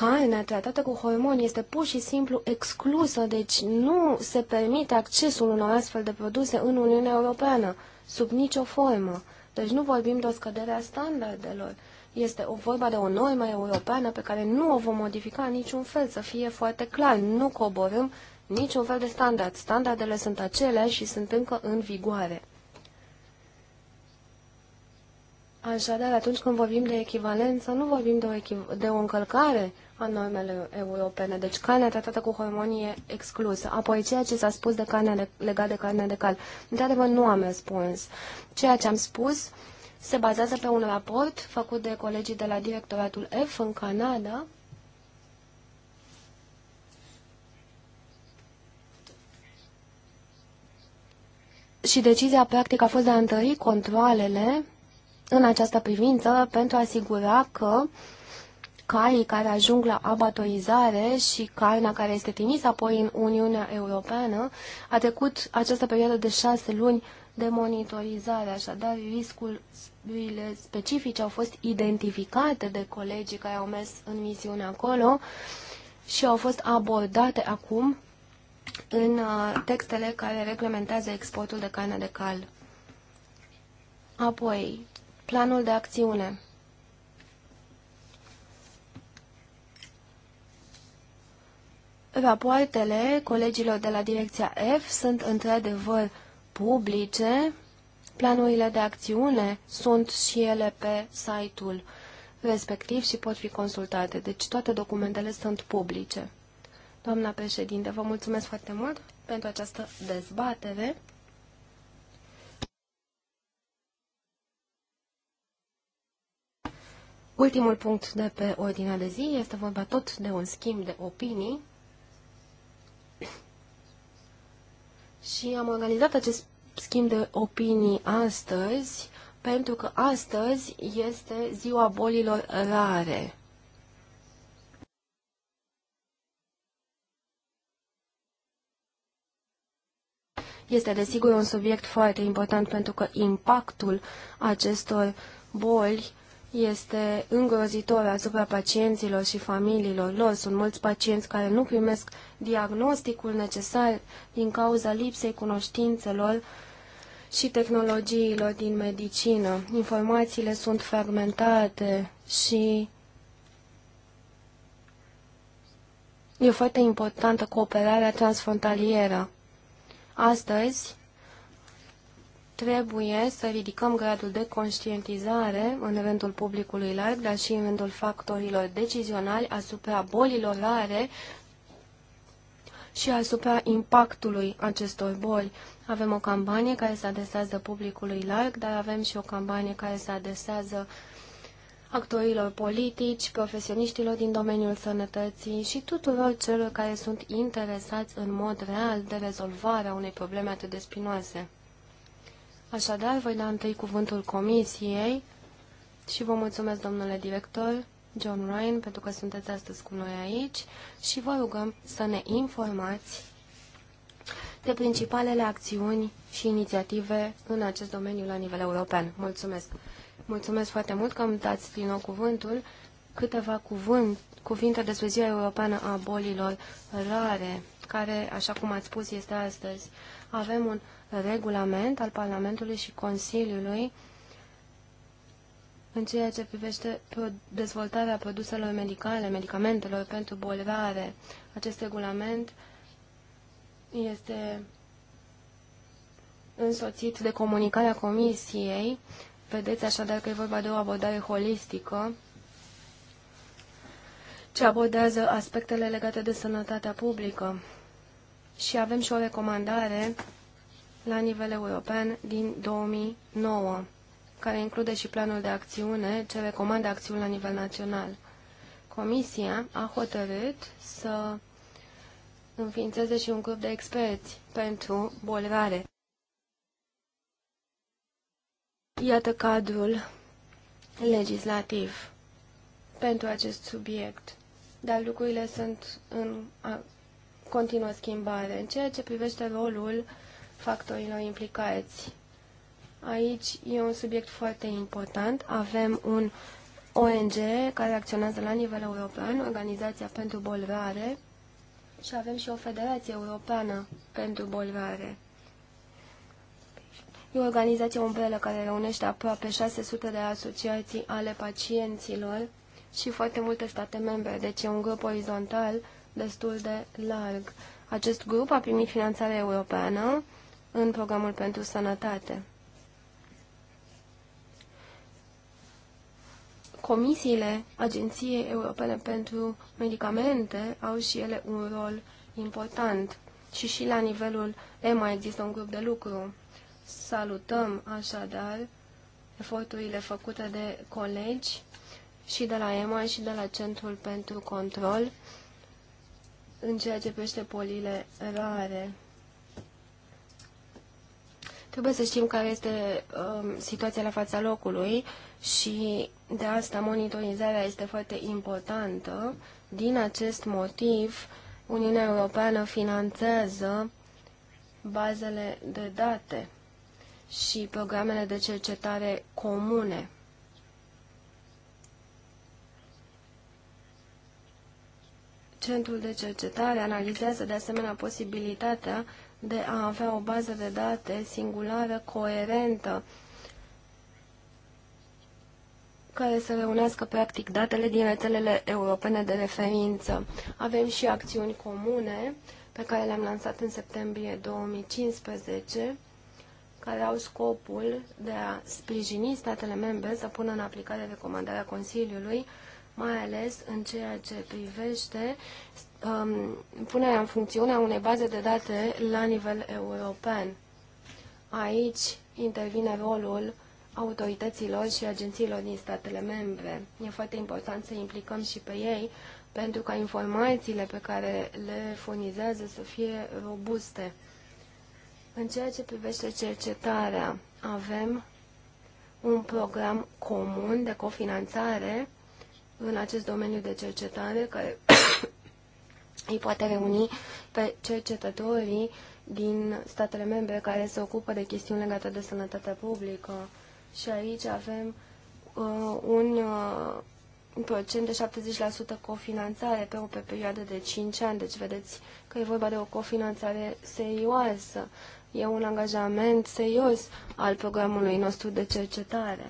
Speaker 2: carnea tratată cu hormoni este pur și simplu exclusă, deci nu se permite accesul unor astfel de produse în Uniunea Europeană, sub nicio formă. Deci nu vorbim de o scădere a standardelor. Este o vorba de o normă europeană pe care nu o vom modifica în niciun fel, să fie foarte clar. Nu coborâm niciun fel de standard. Standardele sunt aceleași și sunt încă în vigoare. Așadar, atunci când vorbim de echivalență, nu vorbim de o, de o încălcare a normele europene. Deci carnea tratată cu hormoni e exclusă. Apoi ceea ce s-a spus de carne de, legat de carne de cal. Într-adevăr, nu am răspuns. Ceea ce am spus se bazează pe un raport făcut de colegii de la directoratul F în Canada, și decizia practică a fost de a întări controlele în această privință pentru a asigura că uh, caii care ajung la abatoizare și carnea care este trimisă apoi în Uniunea Europeană, a trecut această perioadă de șase luni de monitorizare, așadar riscurile specifice au fost identificate de colegii care au mers în misiune acolo și au fost abordate acum în uh, textele care reglementează exportul de carne de cal. Apoi, planul de acțiune. Rapoartele colegilor de la Direcția F sunt într-adevăr publice, planurile de acțiune sunt și ele pe site-ul respectiv și pot fi consultate, deci toate documentele sunt publice. Doamna președinte, vă mulțumesc foarte mult pentru această dezbatere. Ultimul punct de pe ordinea de zi este vorba tot de un schimb de opinii Și am organizat acest schimb de opinii astăzi, pentru că astăzi este ziua bolilor rare. Este desigur un subiect foarte important pentru că impactul acestor boli este îngrozitor asupra pacienților și familiilor lor. Sunt mulți pacienți care nu primesc diagnosticul necesar din cauza lipsei cunoștințelor și tehnologiilor din medicină. Informațiile sunt fragmentate și e foarte importantă cooperarea transfrontalieră. Astăzi, trebuie să ridicăm gradul de conștientizare în rândul publicului larg, dar și în rândul factorilor decizionali asupra bolilor rare și asupra impactului acestor boli. Avem o campanie care se adresează publicului larg, dar avem și o campanie care se adresează actorilor politici, profesioniștilor din domeniul sănătății și tuturor celor care sunt interesați în mod real de rezolvarea unei probleme atât de spinoase. Așadar, voi da întâi cuvântul comisiei și vă mulțumesc, domnule director John Ryan, pentru că sunteți astăzi cu noi aici și vă rugăm să ne informați de principalele acțiuni și inițiative în acest domeniu la nivel european. Mulțumesc! Mulțumesc foarte mult că îmi dați din nou cuvântul. Câteva cuvânt, cuvinte despre Ziua Europeană a Bolilor Rare, care, așa cum ați spus, este astăzi. Avem un regulament al Parlamentului și Consiliului în ceea ce privește dezvoltarea produselor medicale, medicamentelor pentru boli Acest regulament este însoțit de comunicarea Comisiei. Vedeți așadar că e vorba de o abordare holistică ce abordează aspectele legate de sănătatea publică. Și avem și o recomandare la nivel european din 2009, care include și planul de acțiune ce recomandă acțiuni la nivel național. Comisia a hotărât să înființeze și un grup de experți pentru boli rare. Iată cadrul legislativ pentru acest subiect, dar lucrurile sunt în continuă schimbare. În ceea ce privește rolul uh, factorilor implicați. Aici e un subiect foarte important. Avem un ONG care acționează la nivel european, Organizația pentru Bolvare, și avem și o Federație Europeană pentru Bolvare. E o organizație umbrelă care reunește aproape 600 de asociații ale pacienților și foarte multe state membre, deci e un grup orizontal destul de larg. Acest grup a primit finanțare europeană în programul pentru sănătate. Comisiile Agenției Europene pentru Medicamente au și ele un rol important și și la nivelul EMA există un grup de lucru. Salutăm așadar eforturile făcute de colegi și de la EMA și de la Centrul pentru Control în ceea ce privește polile rare. Trebuie să știm care este uh, situația la fața locului și de asta monitorizarea este foarte importantă. Din acest motiv, Uniunea Europeană finanțează bazele de date și programele de cercetare comune. Centrul de cercetare analizează de asemenea posibilitatea de a avea o bază de date singulară, coerentă, care să reunească practic datele din rețelele europene de referință. Avem și acțiuni comune pe care le-am lansat în septembrie 2015, care au scopul de a sprijini statele membre să pună în aplicare recomandarea Consiliului, mai ales în ceea ce privește um, punerea în funcțiune a unei baze de date la nivel european. Aici intervine rolul autorităților și agențiilor din statele membre. E foarte important să implicăm și pe ei pentru ca informațiile pe care le furnizează să fie robuste. În ceea ce privește cercetarea, avem un program comun de cofinanțare în acest domeniu de cercetare care îi poate reuni pe cercetătorii din statele membre care se ocupă de chestiuni legate de sănătatea publică. Și aici avem uh, un uh, procent de 70% cofinanțare pe o pe perioadă de 5 ani. Deci vedeți că e vorba de o cofinanțare serioasă. E un angajament serios al programului nostru de cercetare.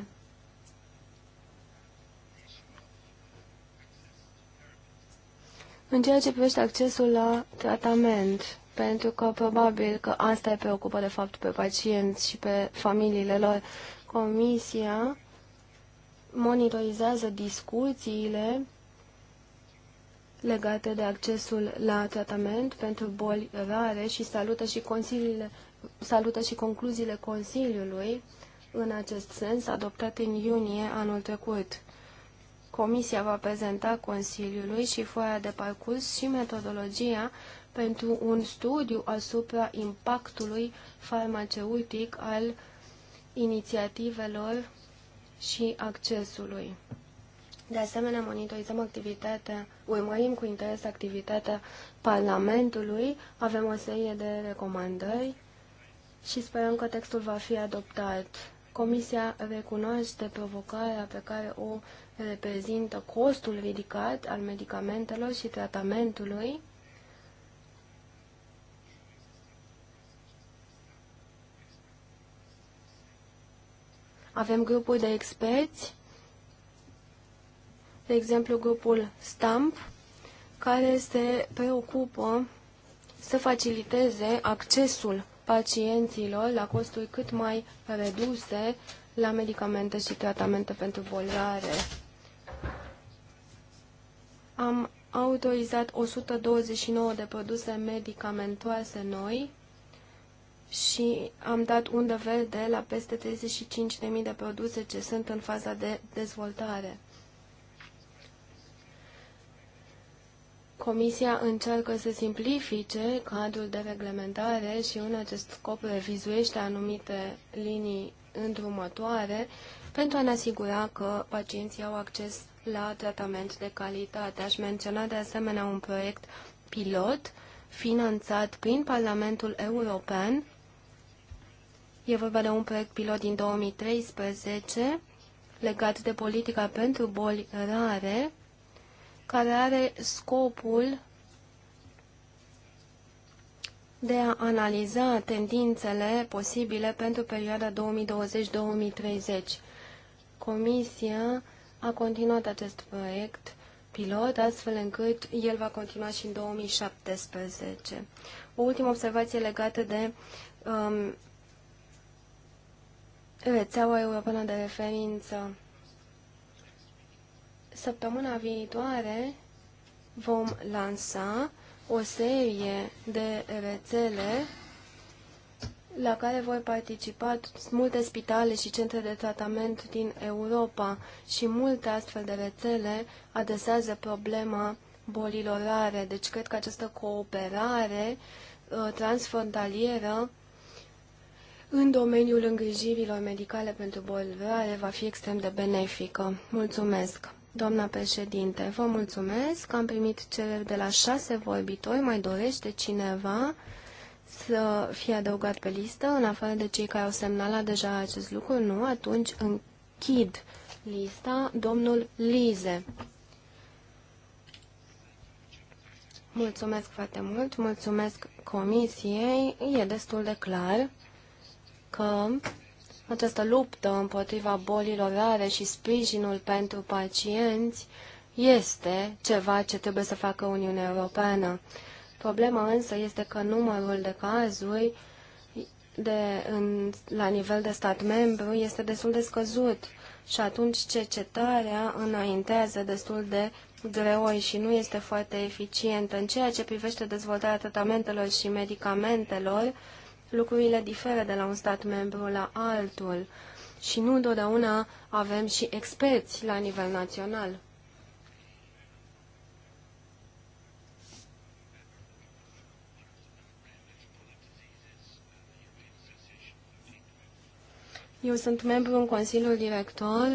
Speaker 2: În ceea ce privește accesul la tratament, pentru că probabil că asta îi preocupă de fapt pe pacienți și pe familiile lor, Comisia monitorizează discuțiile legate de accesul la tratament pentru boli rare și salută și, consiliile, salută și concluziile Consiliului în acest sens adoptate în iunie anul trecut. Comisia va prezenta Consiliului și foaia de parcurs și metodologia pentru un studiu asupra impactului farmaceutic al inițiativelor și accesului. De asemenea, monitorizăm activitatea, urmărim cu interes activitatea Parlamentului, avem o serie de recomandări și sperăm că textul va fi adoptat. Comisia recunoaște provocarea pe care o reprezintă costul ridicat al medicamentelor și tratamentului Avem grupuri de experți, de exemplu grupul STAMP, care se preocupă să faciliteze accesul pacienților la costuri cât mai reduse la medicamente și tratamente pentru bolare am autorizat 129 de produse medicamentoase noi și am dat undă verde la peste 35.000 de produse ce sunt în faza de dezvoltare. Comisia încearcă să simplifice cadrul de reglementare și în acest scop revizuiește anumite linii îndrumătoare pentru a ne asigura că pacienții au acces la tratament de calitate. Aș menționa de asemenea un proiect pilot finanțat prin Parlamentul European. E vorba de un proiect pilot din 2013 legat de politica pentru boli rare, care are scopul de a analiza tendințele posibile pentru perioada 2020-2030. Comisia a continuat acest proiect pilot, astfel încât el va continua și în 2017. O ultimă observație legată de um, rețeaua europeană de referință. Săptămâna viitoare vom lansa o serie de rețele la care voi participa multe spitale și centre de tratament din Europa și multe astfel de rețele adresează problema bolilor rare. Deci cred că această cooperare uh, transfrontalieră în domeniul îngrijirilor medicale pentru boli rare va fi extrem de benefică. Mulțumesc! Doamna președinte, vă mulțumesc. Am primit cereri de la șase vorbitori. Mai dorește cineva? să fie adăugat pe listă, în afară de cei care au semnalat deja acest lucru, nu, atunci închid lista domnul Lize. Mulțumesc foarte mult, mulțumesc comisiei. E destul de clar că această luptă împotriva bolilor rare și sprijinul pentru pacienți este ceva ce trebuie să facă Uniunea Europeană. Problema însă este că numărul de cazuri de, în, la nivel de stat membru este destul de scăzut și atunci cercetarea înaintează destul de greoi și nu este foarte eficientă. În ceea ce privește dezvoltarea tratamentelor și medicamentelor, lucrurile diferă de la un stat membru la altul și nu întotdeauna avem și experți la nivel național. Eu sunt membru în Consiliul Director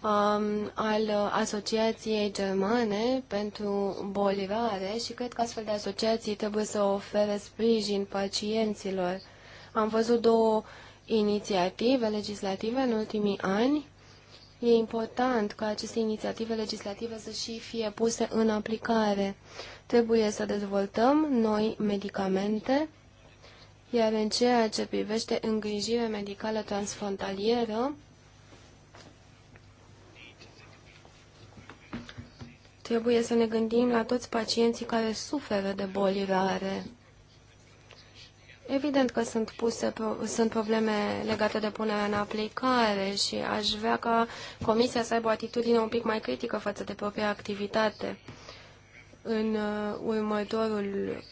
Speaker 2: um, al Asociației Germane pentru Bolivare și cred că astfel de asociații trebuie să ofere sprijin pacienților. Am văzut două inițiative legislative în ultimii ani. E important ca aceste inițiative legislative să și fie puse în aplicare. Trebuie să dezvoltăm noi medicamente iar în ceea ce privește îngrijire medicală transfrontalieră, trebuie să ne gândim la toți pacienții care suferă de boli rare. Evident că sunt, puse, sunt probleme legate de punerea în aplicare și aș vrea ca Comisia să aibă o atitudine un pic mai critică față de propria activitate. În uh, următorul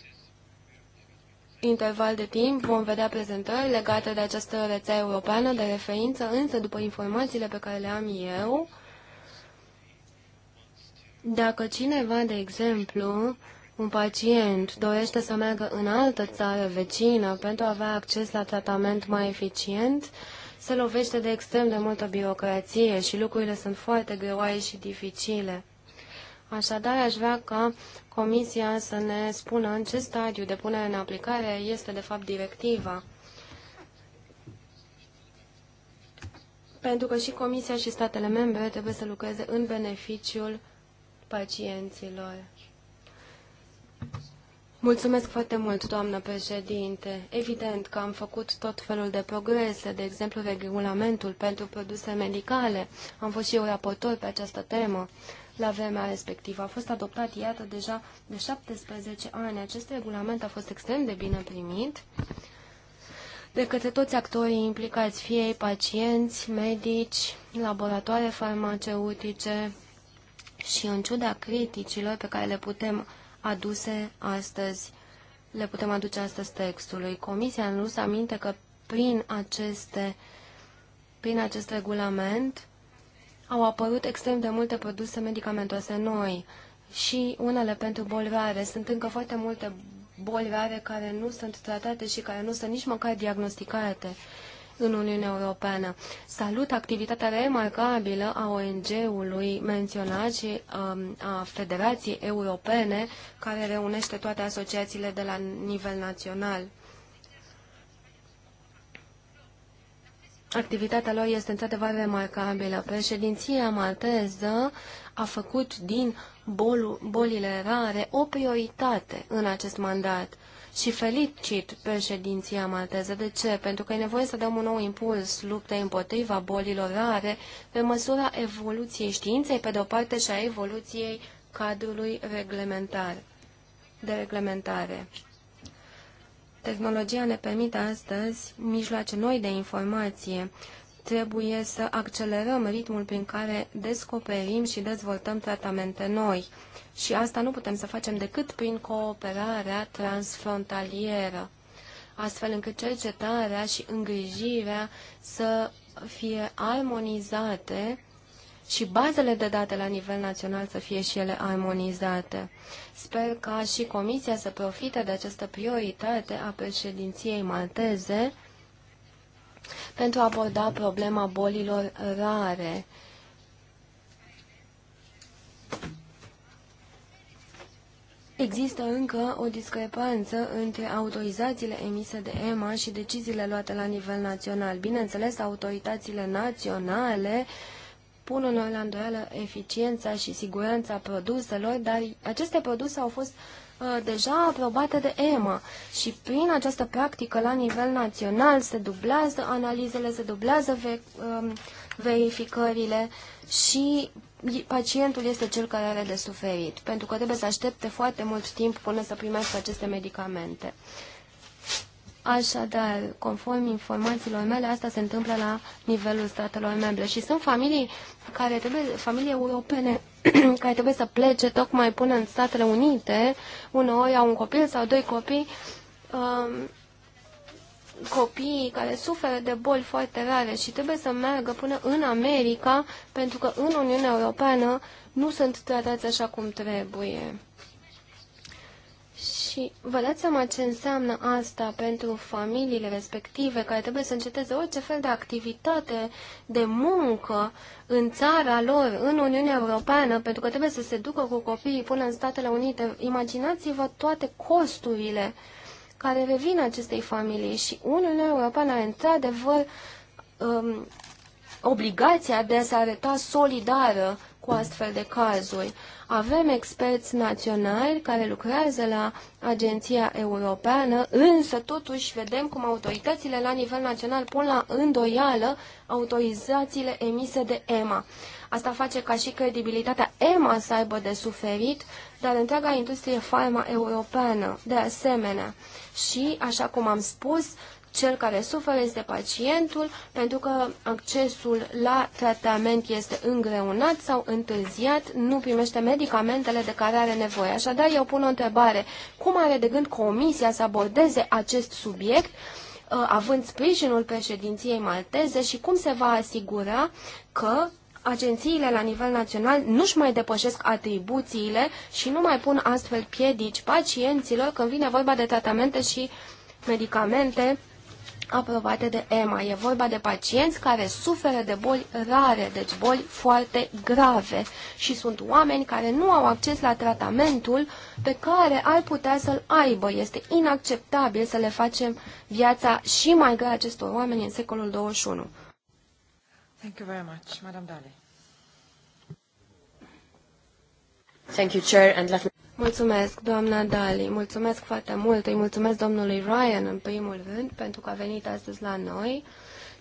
Speaker 2: interval de timp vom vedea prezentări legate de această rețea europeană de referință, însă după informațiile pe care le am eu, dacă cineva, de exemplu, un pacient dorește să meargă în altă țară vecină pentru a avea acces la tratament mai eficient, se lovește de extrem de multă birocrație și lucrurile sunt foarte greoaie și dificile. Așadar, aș vrea ca Comisia să ne spună în ce stadiu de punere în aplicare este, de fapt, directiva. Pentru că și Comisia și statele membre trebuie să lucreze în beneficiul pacienților. Mulțumesc foarte mult, doamnă președinte. Evident că am făcut tot felul de progrese, de exemplu regulamentul pentru produse medicale. Am fost și eu raportor pe această temă la vremea respectivă. A fost adoptat, iată, deja de 17 ani. Acest regulament a fost extrem de bine primit de către toți actorii implicați, fie ei pacienți, medici, laboratoare farmaceutice și în ciuda criticilor pe care le putem aduse astăzi, le putem aduce astăzi textului. Comisia a se aminte că prin aceste prin acest regulament au apărut extrem de multe produse medicamentoase noi și unele pentru boli rare. Sunt încă foarte multe boli rare care nu sunt tratate și care nu sunt nici măcar diagnosticate în Uniunea Europeană. Salut activitatea remarcabilă a ONG-ului menționat și um, a Federației Europene, care reunește toate asociațiile de la nivel național. Activitatea lor este într-adevăr remarcabilă. Președinția malteză a făcut din bol bolile rare o prioritate în acest mandat și felicit președinția malteză. De ce? Pentru că e nevoie să dăm un nou impuls luptei împotriva bolilor rare pe măsura evoluției științei, pe de-o parte, și a evoluției cadrului reglementar, de reglementare. Tehnologia ne permite astăzi mijloace noi de informație. Trebuie să accelerăm ritmul prin care descoperim și dezvoltăm tratamente noi. Și asta nu putem să facem decât prin cooperarea transfrontalieră, astfel încât cercetarea și îngrijirea să fie armonizate și bazele de date la nivel național să fie și ele armonizate. Sper ca și Comisia să profite de această prioritate a președinției malteze pentru a aborda problema bolilor rare. Există încă o discrepanță între autorizațiile emise de EMA și deciziile luate la nivel național. Bineînțeles, autoritățile naționale uh, pun în la îndoială eficiența și siguranța produselor, dar aceste produse au fost uh, deja aprobate de EMA și prin această practică la nivel național se dublează analizele, se dublează ve um, verificările și pacientul este cel care are de suferit, pentru că trebuie să aștepte foarte mult timp până să primească aceste medicamente. Așadar, conform informațiilor mele, asta se întâmplă la nivelul statelor membre și sunt familii care trebuie, familii europene care trebuie să plece tocmai până în Statele Unite, uneori au un copil sau doi copii, um, copiii care suferă de boli foarte rare și trebuie să meargă până în America pentru că în Uniunea Europeană nu sunt tratați așa cum trebuie. Și vă dați seama ce înseamnă asta pentru familiile respective care trebuie să înceteze orice fel de activitate de muncă în țara lor, în Uniunea Europeană, pentru că trebuie să se ducă cu copiii până în Statele Unite. Imaginați-vă toate costurile care revin acestei familii și Uniunea Europeană are într-adevăr um, obligația de a se arăta solidară cu astfel de cazuri. Avem experți naționali care lucrează la Agenția Europeană, însă totuși vedem cum autoritățile la nivel național pun la îndoială autorizațiile emise de EMA. Asta face ca și credibilitatea EMA să aibă de suferit, dar întreaga industrie farma europeană de asemenea. Și, așa cum am spus, cel care suferă este pacientul, pentru că accesul la tratament este îngreunat sau întârziat, nu primește medicamentele de care are nevoie. Așadar, eu pun o întrebare. Cum are de gând Comisia să abordeze acest subiect? Uh, având sprijinul președinției malteze și cum se va asigura că agențiile la nivel național nu-și mai depășesc atribuțiile și nu mai pun astfel piedici pacienților când vine vorba de tratamente și medicamente aprobate de EMA. E vorba de pacienți care suferă de boli rare, deci boli foarte grave și sunt oameni care nu au acces la tratamentul pe care ar putea să-l aibă. Este inacceptabil să le facem viața și mai grea acestor oameni în secolul 21. Thank you very much, Madame Dali. Thank you, Chair, and let me... Mulțumesc, doamna Dali, mulțumesc foarte mult, îi mulțumesc domnului Ryan în primul rând pentru că a venit astăzi la noi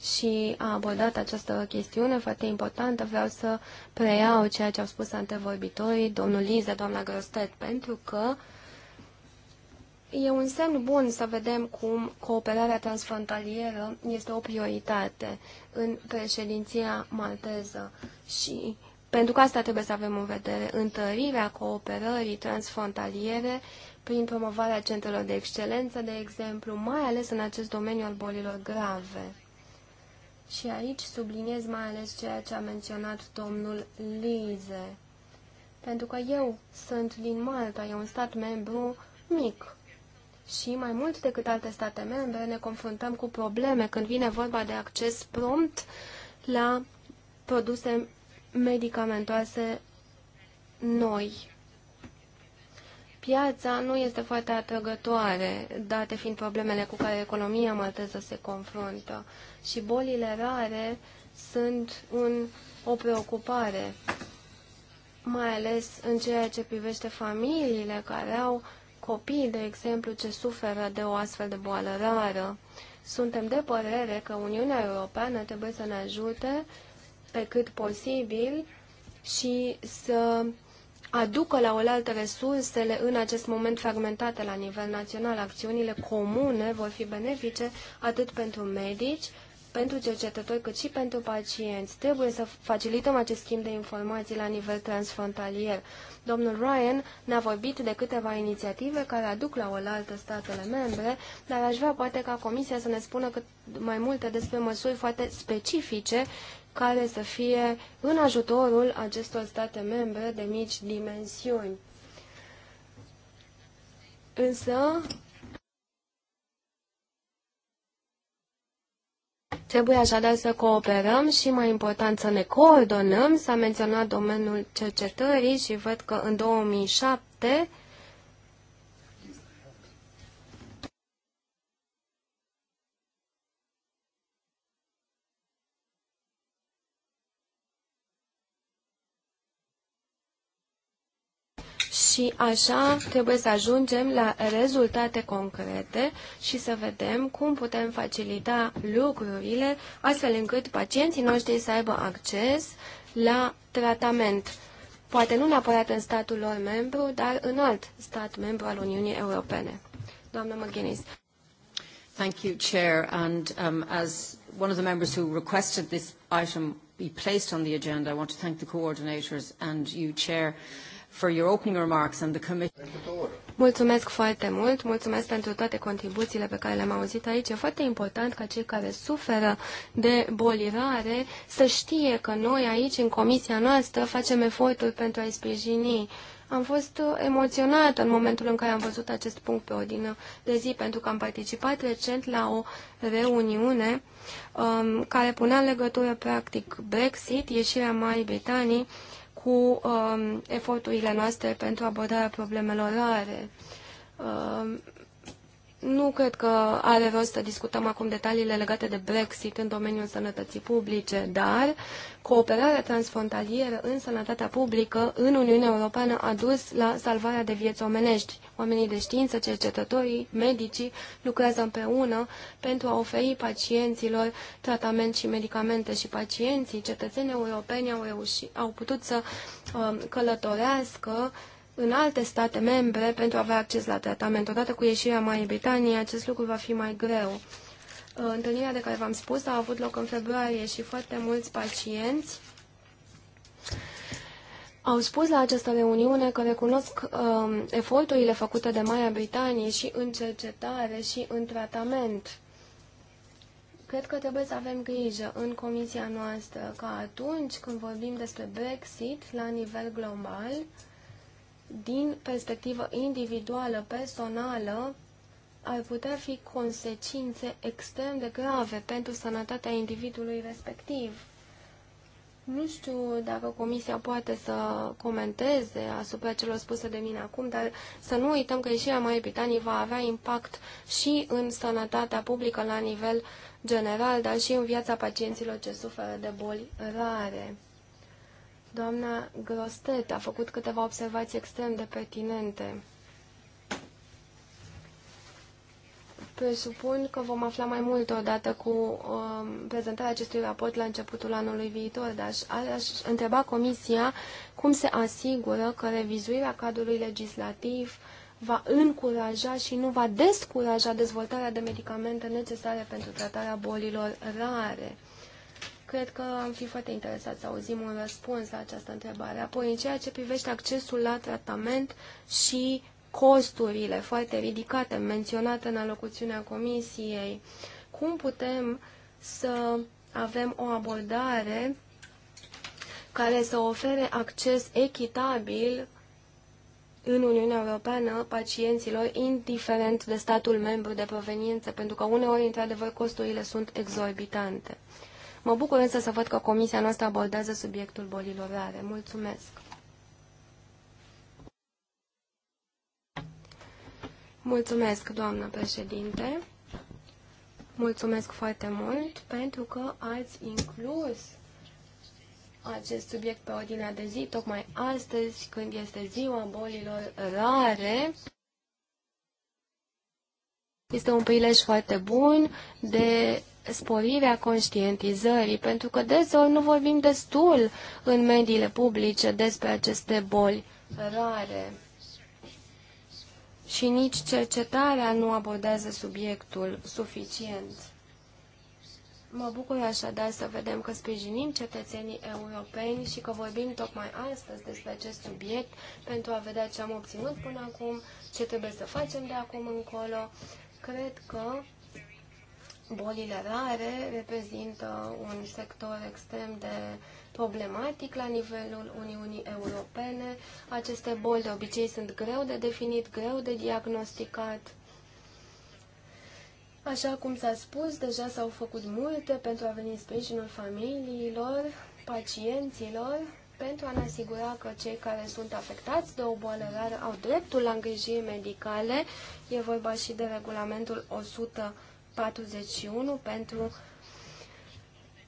Speaker 2: și a abordat această chestiune foarte importantă. Vreau să preiau ceea ce au spus antevorbitorii, domnul Lize, doamna Grostet, pentru că e un semn bun să vedem cum cooperarea transfrontalieră este o prioritate în președinția malteză și pentru că asta trebuie să avem în vedere întărirea cooperării transfrontaliere prin promovarea centrelor de excelență, de exemplu, mai ales în acest domeniu al bolilor grave. Și aici subliniez mai ales ceea ce a menționat domnul Lize. Pentru că eu sunt din Malta, e un stat membru mic. Și mai mult decât alte state membre, ne confruntăm cu probleme când vine vorba de acces prompt la produse medicamentoase noi. Piața nu este foarte atrăgătoare, date fiind problemele cu care economia malteză se confruntă și bolile rare sunt un, o preocupare, mai ales în ceea ce privește familiile care au copii, de exemplu, ce suferă de o astfel de boală rară. Suntem de părere că Uniunea Europeană trebuie să ne ajute uh, pe cât posibil și să aducă la oaltă resursele în acest moment fragmentate la nivel național. Acțiunile comune vor fi benefice atât pentru medici, pentru cercetători, cât și pentru pacienți. Trebuie să facilităm acest schimb de informații la nivel transfrontalier. Domnul Ryan ne-a vorbit de câteva inițiative care aduc la oaltă statele membre, dar aș vrea poate ca Comisia să ne spună cât mai multe despre măsuri foarte specifice care să fie în ajutorul acestor state membre de mici dimensiuni. Însă, Trebuie așadar să cooperăm și, mai important, să ne coordonăm. S-a menționat domeniul cercetării și văd că în 2007 Și așa trebuie să ajungem la rezultate concrete și să vedem cum putem facilita lucrurile astfel încât pacienții noștri să aibă acces la tratament. Poate nu neapărat în statul lor membru, dar în alt stat membru al Uniunii Europene. Doamna McGuinness. Thank you, Chair. And
Speaker 1: um, as one of the members who requested this item be placed on the agenda, I want to thank the coordinators and you, Chair. Uh, for your opening remarks and the committee.
Speaker 2: Mulțumesc foarte mult, mulțumesc pentru toate contribuțiile pe care le-am auzit aici. E foarte important ca cei care suferă de boli rare să știe că noi aici, în comisia noastră, facem eforturi pentru a-i sprijini. Am fost emoționată în momentul în care am văzut acest punct pe ordină de zi, pentru că am participat recent la o reuniune um, care punea în legătură, practic, Brexit, ieșirea Marii Britanii, cu um, eforturile noastre pentru abordarea problemelor rare. Um, nu cred că are rost să discutăm acum detaliile legate de Brexit în domeniul sănătății publice, dar cooperarea transfrontalieră în sănătatea publică în Uniunea Europeană a dus la salvarea de vieți omenești. Oamenii de știință, cercetătorii, medicii lucrează împreună pentru a oferi pacienților tratament și medicamente și pacienții, cetățenii europeni au, reuși, au putut să um, călătorească în alte state membre pentru a avea acces la tratament. Odată cu ieșirea Marii Britanie, acest lucru va fi mai greu. Uh, întâlnirea de care v-am spus a avut loc în februarie și foarte mulți pacienți au spus la această reuniune că recunosc um, eforturile făcute de Marea Britanie și în cercetare și în tratament. Cred că trebuie să avem grijă în comisia noastră ca atunci când vorbim despre Brexit la nivel global, din perspectivă individuală, personală, ar putea fi consecințe extrem de grave pentru sănătatea individului respectiv. Nu știu dacă Comisia poate să comenteze asupra celor spuse de mine acum, dar să nu uităm că ieșirea Marii Britanii va avea impact și în sănătatea publică la nivel general, dar și în viața pacienților ce suferă de boli rare. Doamna Grostet a făcut câteva observații extrem de pertinente. Presupun că vom afla mai mult odată cu um, prezentarea acestui raport la începutul anului viitor, dar aș, aș întreba Comisia cum se asigură că revizuirea cadrului legislativ va încuraja și nu va descuraja dezvoltarea de medicamente necesare pentru tratarea bolilor rare. Cred că am fi foarte interesat să auzim un răspuns la această întrebare. Apoi, în ceea ce privește accesul la tratament și costurile foarte ridicate menționate în alocuțiunea comisiei, cum putem să avem o abordare care să ofere acces echitabil în Uniunea Europeană pacienților, indiferent de statul membru de proveniență, pentru că uneori, într-adevăr, costurile sunt exorbitante. Mă bucur însă să văd că comisia noastră abordează subiectul bolilor rare. Mulțumesc! Mulțumesc, doamnă președinte. Mulțumesc foarte mult pentru că ați inclus acest subiect pe ordinea de zi, tocmai astăzi, când este ziua bolilor rare. Este un prilej foarte bun de sporirea conștientizării, pentru că deseori nu vorbim destul în mediile publice despre aceste boli rare și nici cercetarea nu abordează subiectul suficient. Mă bucur așadar să vedem că sprijinim cetățenii europeni și că vorbim tocmai astăzi despre acest subiect pentru a vedea ce am obținut până acum, ce trebuie să facem de acum încolo. Cred că bolile rare reprezintă un sector extrem de problematic la nivelul Uniunii Europene. Aceste boli de obicei sunt greu de definit, greu de diagnosticat. Așa cum s-a spus, deja s-au făcut multe pentru a veni în sprijinul familiilor, pacienților, pentru a ne asigura că cei care sunt afectați de o boală rară au dreptul la îngrijiri medicale. E vorba și de regulamentul 141 pentru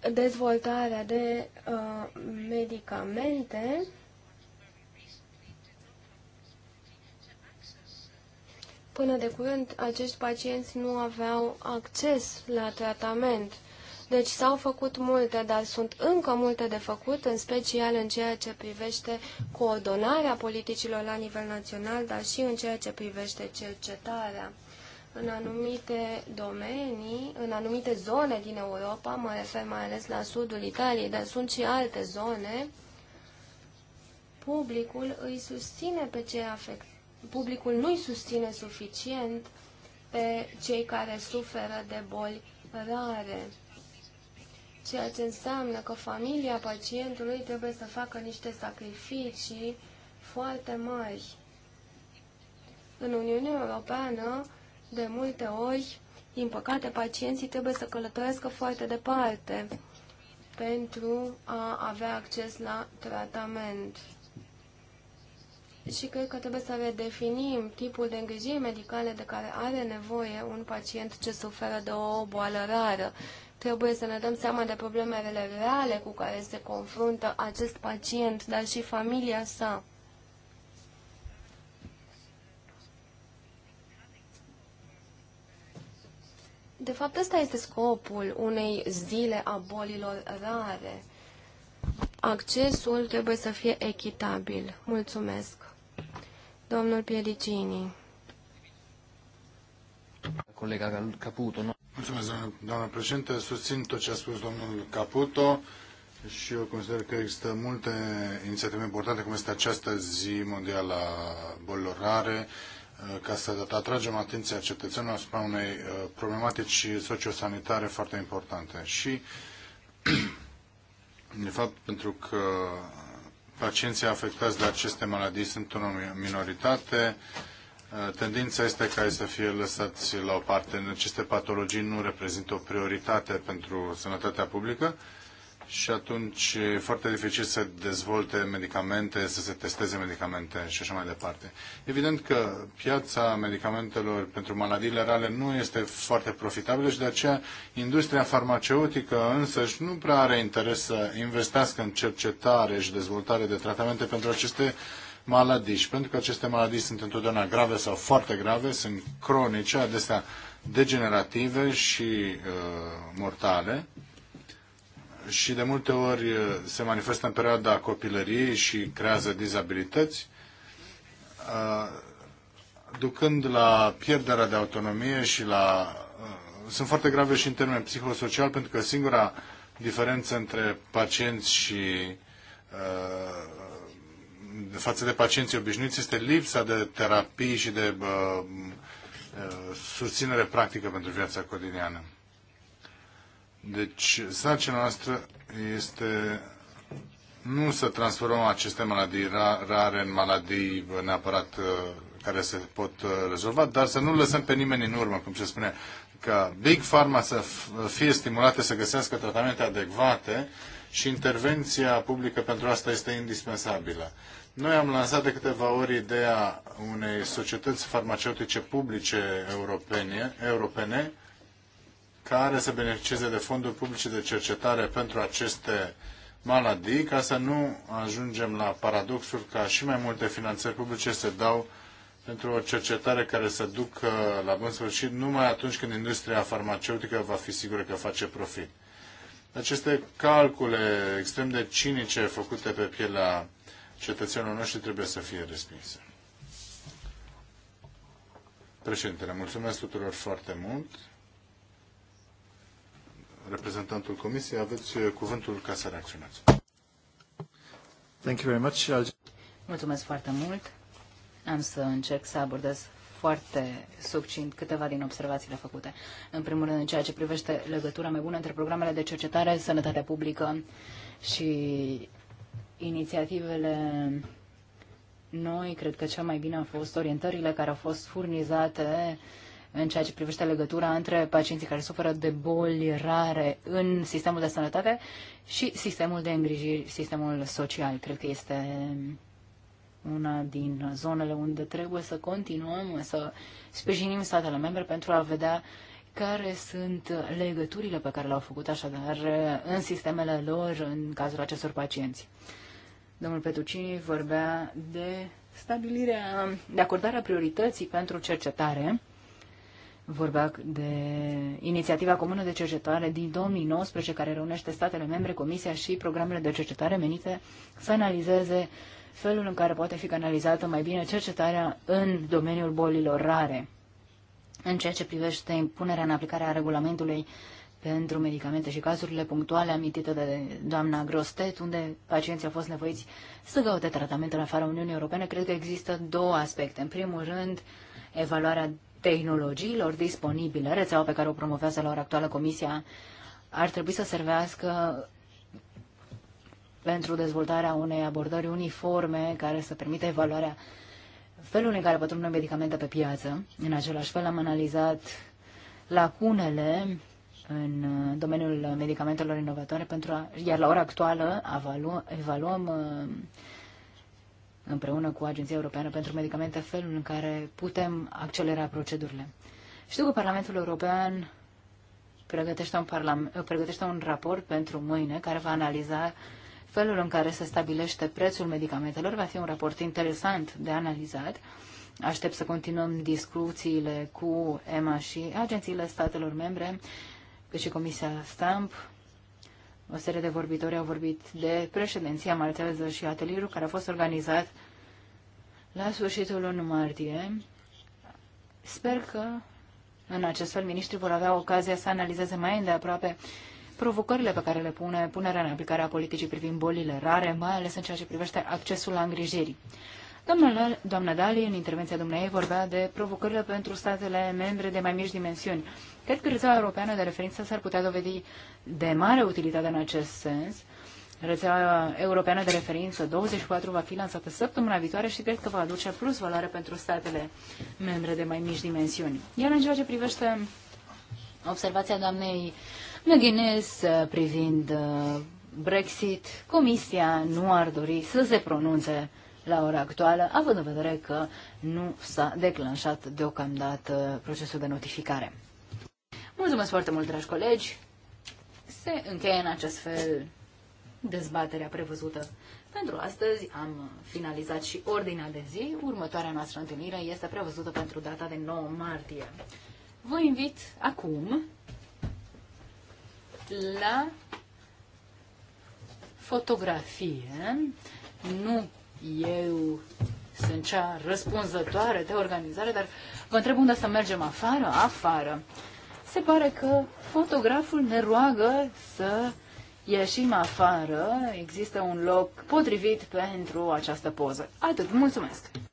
Speaker 2: dezvoltarea de uh, medicamente Până de curând, acești pacienți nu aveau acces la tratament. Deci s-au făcut multe, dar sunt încă multe de făcut, în special în ceea ce privește coordonarea politicilor la nivel național, dar și în ceea ce privește cercetarea în anumite domenii, în anumite zone din Europa, mă refer mai ales la sudul Italiei, dar sunt și alte zone, publicul îi susține pe cei afect, Publicul nu îi susține suficient pe cei care suferă de boli rare. Ceea ce înseamnă că familia pacientului trebuie să facă niște sacrificii foarte mari. În Uniunea Europeană, de multe ori, din păcate, pacienții trebuie să călătorească foarte departe pentru a avea acces la tratament. Și cred că trebuie să redefinim tipul de îngrijiri medicale de care are nevoie un pacient ce suferă de o boală rară. Trebuie să ne dăm seama de problemele reale cu care se confruntă acest pacient, dar și familia sa. De fapt, ăsta este scopul unei zile a bolilor rare. Accesul trebuie să fie echitabil. Mulțumesc. Domnul Pielicini.
Speaker 3: Colega Caputo, nu? Mulțumesc, doamna președinte. Susțin tot ce a spus domnul Caputo și eu consider că există multe inițiative importante, cum este această zi mondială a bolilor rare, Uh, ca să atragem atenția cetățenilor asupra unei uh, problematici sociosanitare foarte importante. Și, de fapt, pentru că pacienții afectați de aceste maladii sunt o minoritate, uh, tendința este ca ei să fie lăsați la o parte. Aceste patologii nu reprezintă o prioritate pentru sănătatea publică, și atunci e foarte dificil să dezvolte medicamente, să se testeze medicamente și așa mai departe. Evident că piața medicamentelor pentru maladiile rale nu este foarte profitabilă și de aceea industria farmaceutică însăși nu prea are interes să investească în cercetare și dezvoltare de tratamente pentru aceste maladii. Și pentru că aceste maladii sunt întotdeauna grave sau foarte grave, sunt cronice, adesea degenerative și uh, mortale, și de multe ori uh, se manifestă în perioada copilăriei și creează dizabilități, uh, ducând la pierderea de autonomie și la... Uh, sunt foarte grave și în termen psihosocial, pentru că singura diferență între pacienți și față de pacienții obișnuiți este lipsa de terapii și de susținere practică pentru viața cotidiană. Deci, sarcina noastră este nu să transformăm aceste maladii rare în maladii neapărat uh, care se pot uh, rezolva, dar să nu lăsăm pe nimeni în urmă, cum se spune, ca Big Pharma să fie stimulate să găsească tratamente adecvate și intervenția publică pentru asta este indispensabilă. Noi am lansat de câteva ori ideea unei societăți farmaceutice publice europene, europene care să beneficieze de fonduri publice de cercetare pentru aceste maladii, ca să nu ajungem la paradoxul ca și mai multe finanțări publice se dau pentru o cercetare care să ducă la bun sfârșit numai atunci când industria farmaceutică va fi sigură că face profit. Aceste calcule extrem de cinice făcute pe pielea cetățenilor noștri trebuie să fie respinse. Președintele, mulțumesc tuturor foarte mult reprezentantul Comisiei. Aveți eh, cuvântul ca să reacționați.
Speaker 2: Thank you very much.
Speaker 1: Mulțumesc foarte mult. Am să încerc să abordez foarte succint câteva din observațiile făcute. În primul rând, în ceea ce privește legătura mai bună între programele de cercetare, sănătatea publică și inițiativele noi, cred că cea mai bine a fost orientările care au fost furnizate uh, în ceea ce privește legătura între pacienții care suferă de boli rare în sistemul de sănătate și sistemul de îngrijiri, sistemul social. Cred că este una din zonele unde trebuie să continuăm să sprijinim statele membre pentru a vedea care sunt legăturile pe care le-au făcut așadar în sistemele lor în cazul acestor pacienți. Domnul Petucini vorbea de stabilirea, de acordarea priorității pentru cercetare vorbea de inițiativa comună de cercetare din 2019 care reunește statele membre, Comisia și programele de cercetare menite să analizeze felul în care poate fi canalizată mai bine cercetarea în domeniul bolilor rare. În ceea ce privește impunerea în aplicare a regulamentului pentru medicamente și cazurile punctuale amintite de doamna Grostet, unde pacienții au fost nevoiți să caute tratamentul în afara Uniunii Europene, cred că există două aspecte. În primul rând, evaluarea tehnologiilor disponibile, rețeaua pe care o promovează la ora actuală Comisia, ar trebui să servească pentru dezvoltarea unei abordări uniforme care să permită evaluarea felului în care pătrund medicamente pe piață. În același fel am analizat lacunele în domeniul medicamentelor inovatoare, pentru a, iar la ora actuală avalu, evaluăm uh, împreună cu Agenția Europeană pentru Medicamente felul în care putem accelera procedurile. Știu că Parlamentul European pregătește un, parlament, pregătește un raport pentru mâine care va analiza felul în care se stabilește prețul medicamentelor. Va fi un raport interesant de analizat. Aștept să continuăm discuțiile cu EMA și agențiile statelor membre, cât și Comisia Stamp, o serie de vorbitori au vorbit de președinția malteză și atelierul care a fost organizat la sfârșitul lunii martie. Sper că în acest fel miniștrii vor avea ocazia să analizeze mai îndeaproape provocările pe care le pune punerea în aplicare a politicii privind bolile rare, mai ales în ceea ce privește accesul la îngrijiri. Doamna, doamna Dali, în intervenția ei vorbea de provocările pentru statele membre de mai mici dimensiuni. Cred că rețeaua europeană de referință s-ar putea dovedi de mare utilitate în acest sens. Rețeaua europeană de referință 24 va fi lansată săptămâna viitoare și cred că va aduce plus valoare pentru statele membre de mai mici dimensiuni. Iar în ceea ce privește observația doamnei Năghinez uh, privind uh, Brexit, Comisia nu ar dori să se pronunțe la ora actuală, având în vedere că nu s-a declanșat deocamdată procesul de notificare. Mulțumesc foarte mult, dragi colegi! Se încheie în acest fel dezbaterea prevăzută pentru astăzi. Am finalizat și ordinea de zi. Următoarea noastră întâlnire este prevăzută pentru data de 9 martie. Vă invit acum la fotografie. Nu eu sunt cea răspunzătoare de organizare, dar vă întreb unde să mergem afară? Afară. Se pare că fotograful ne roagă să ieșim afară. Există un loc potrivit pentru această poză. Atât. Mulțumesc!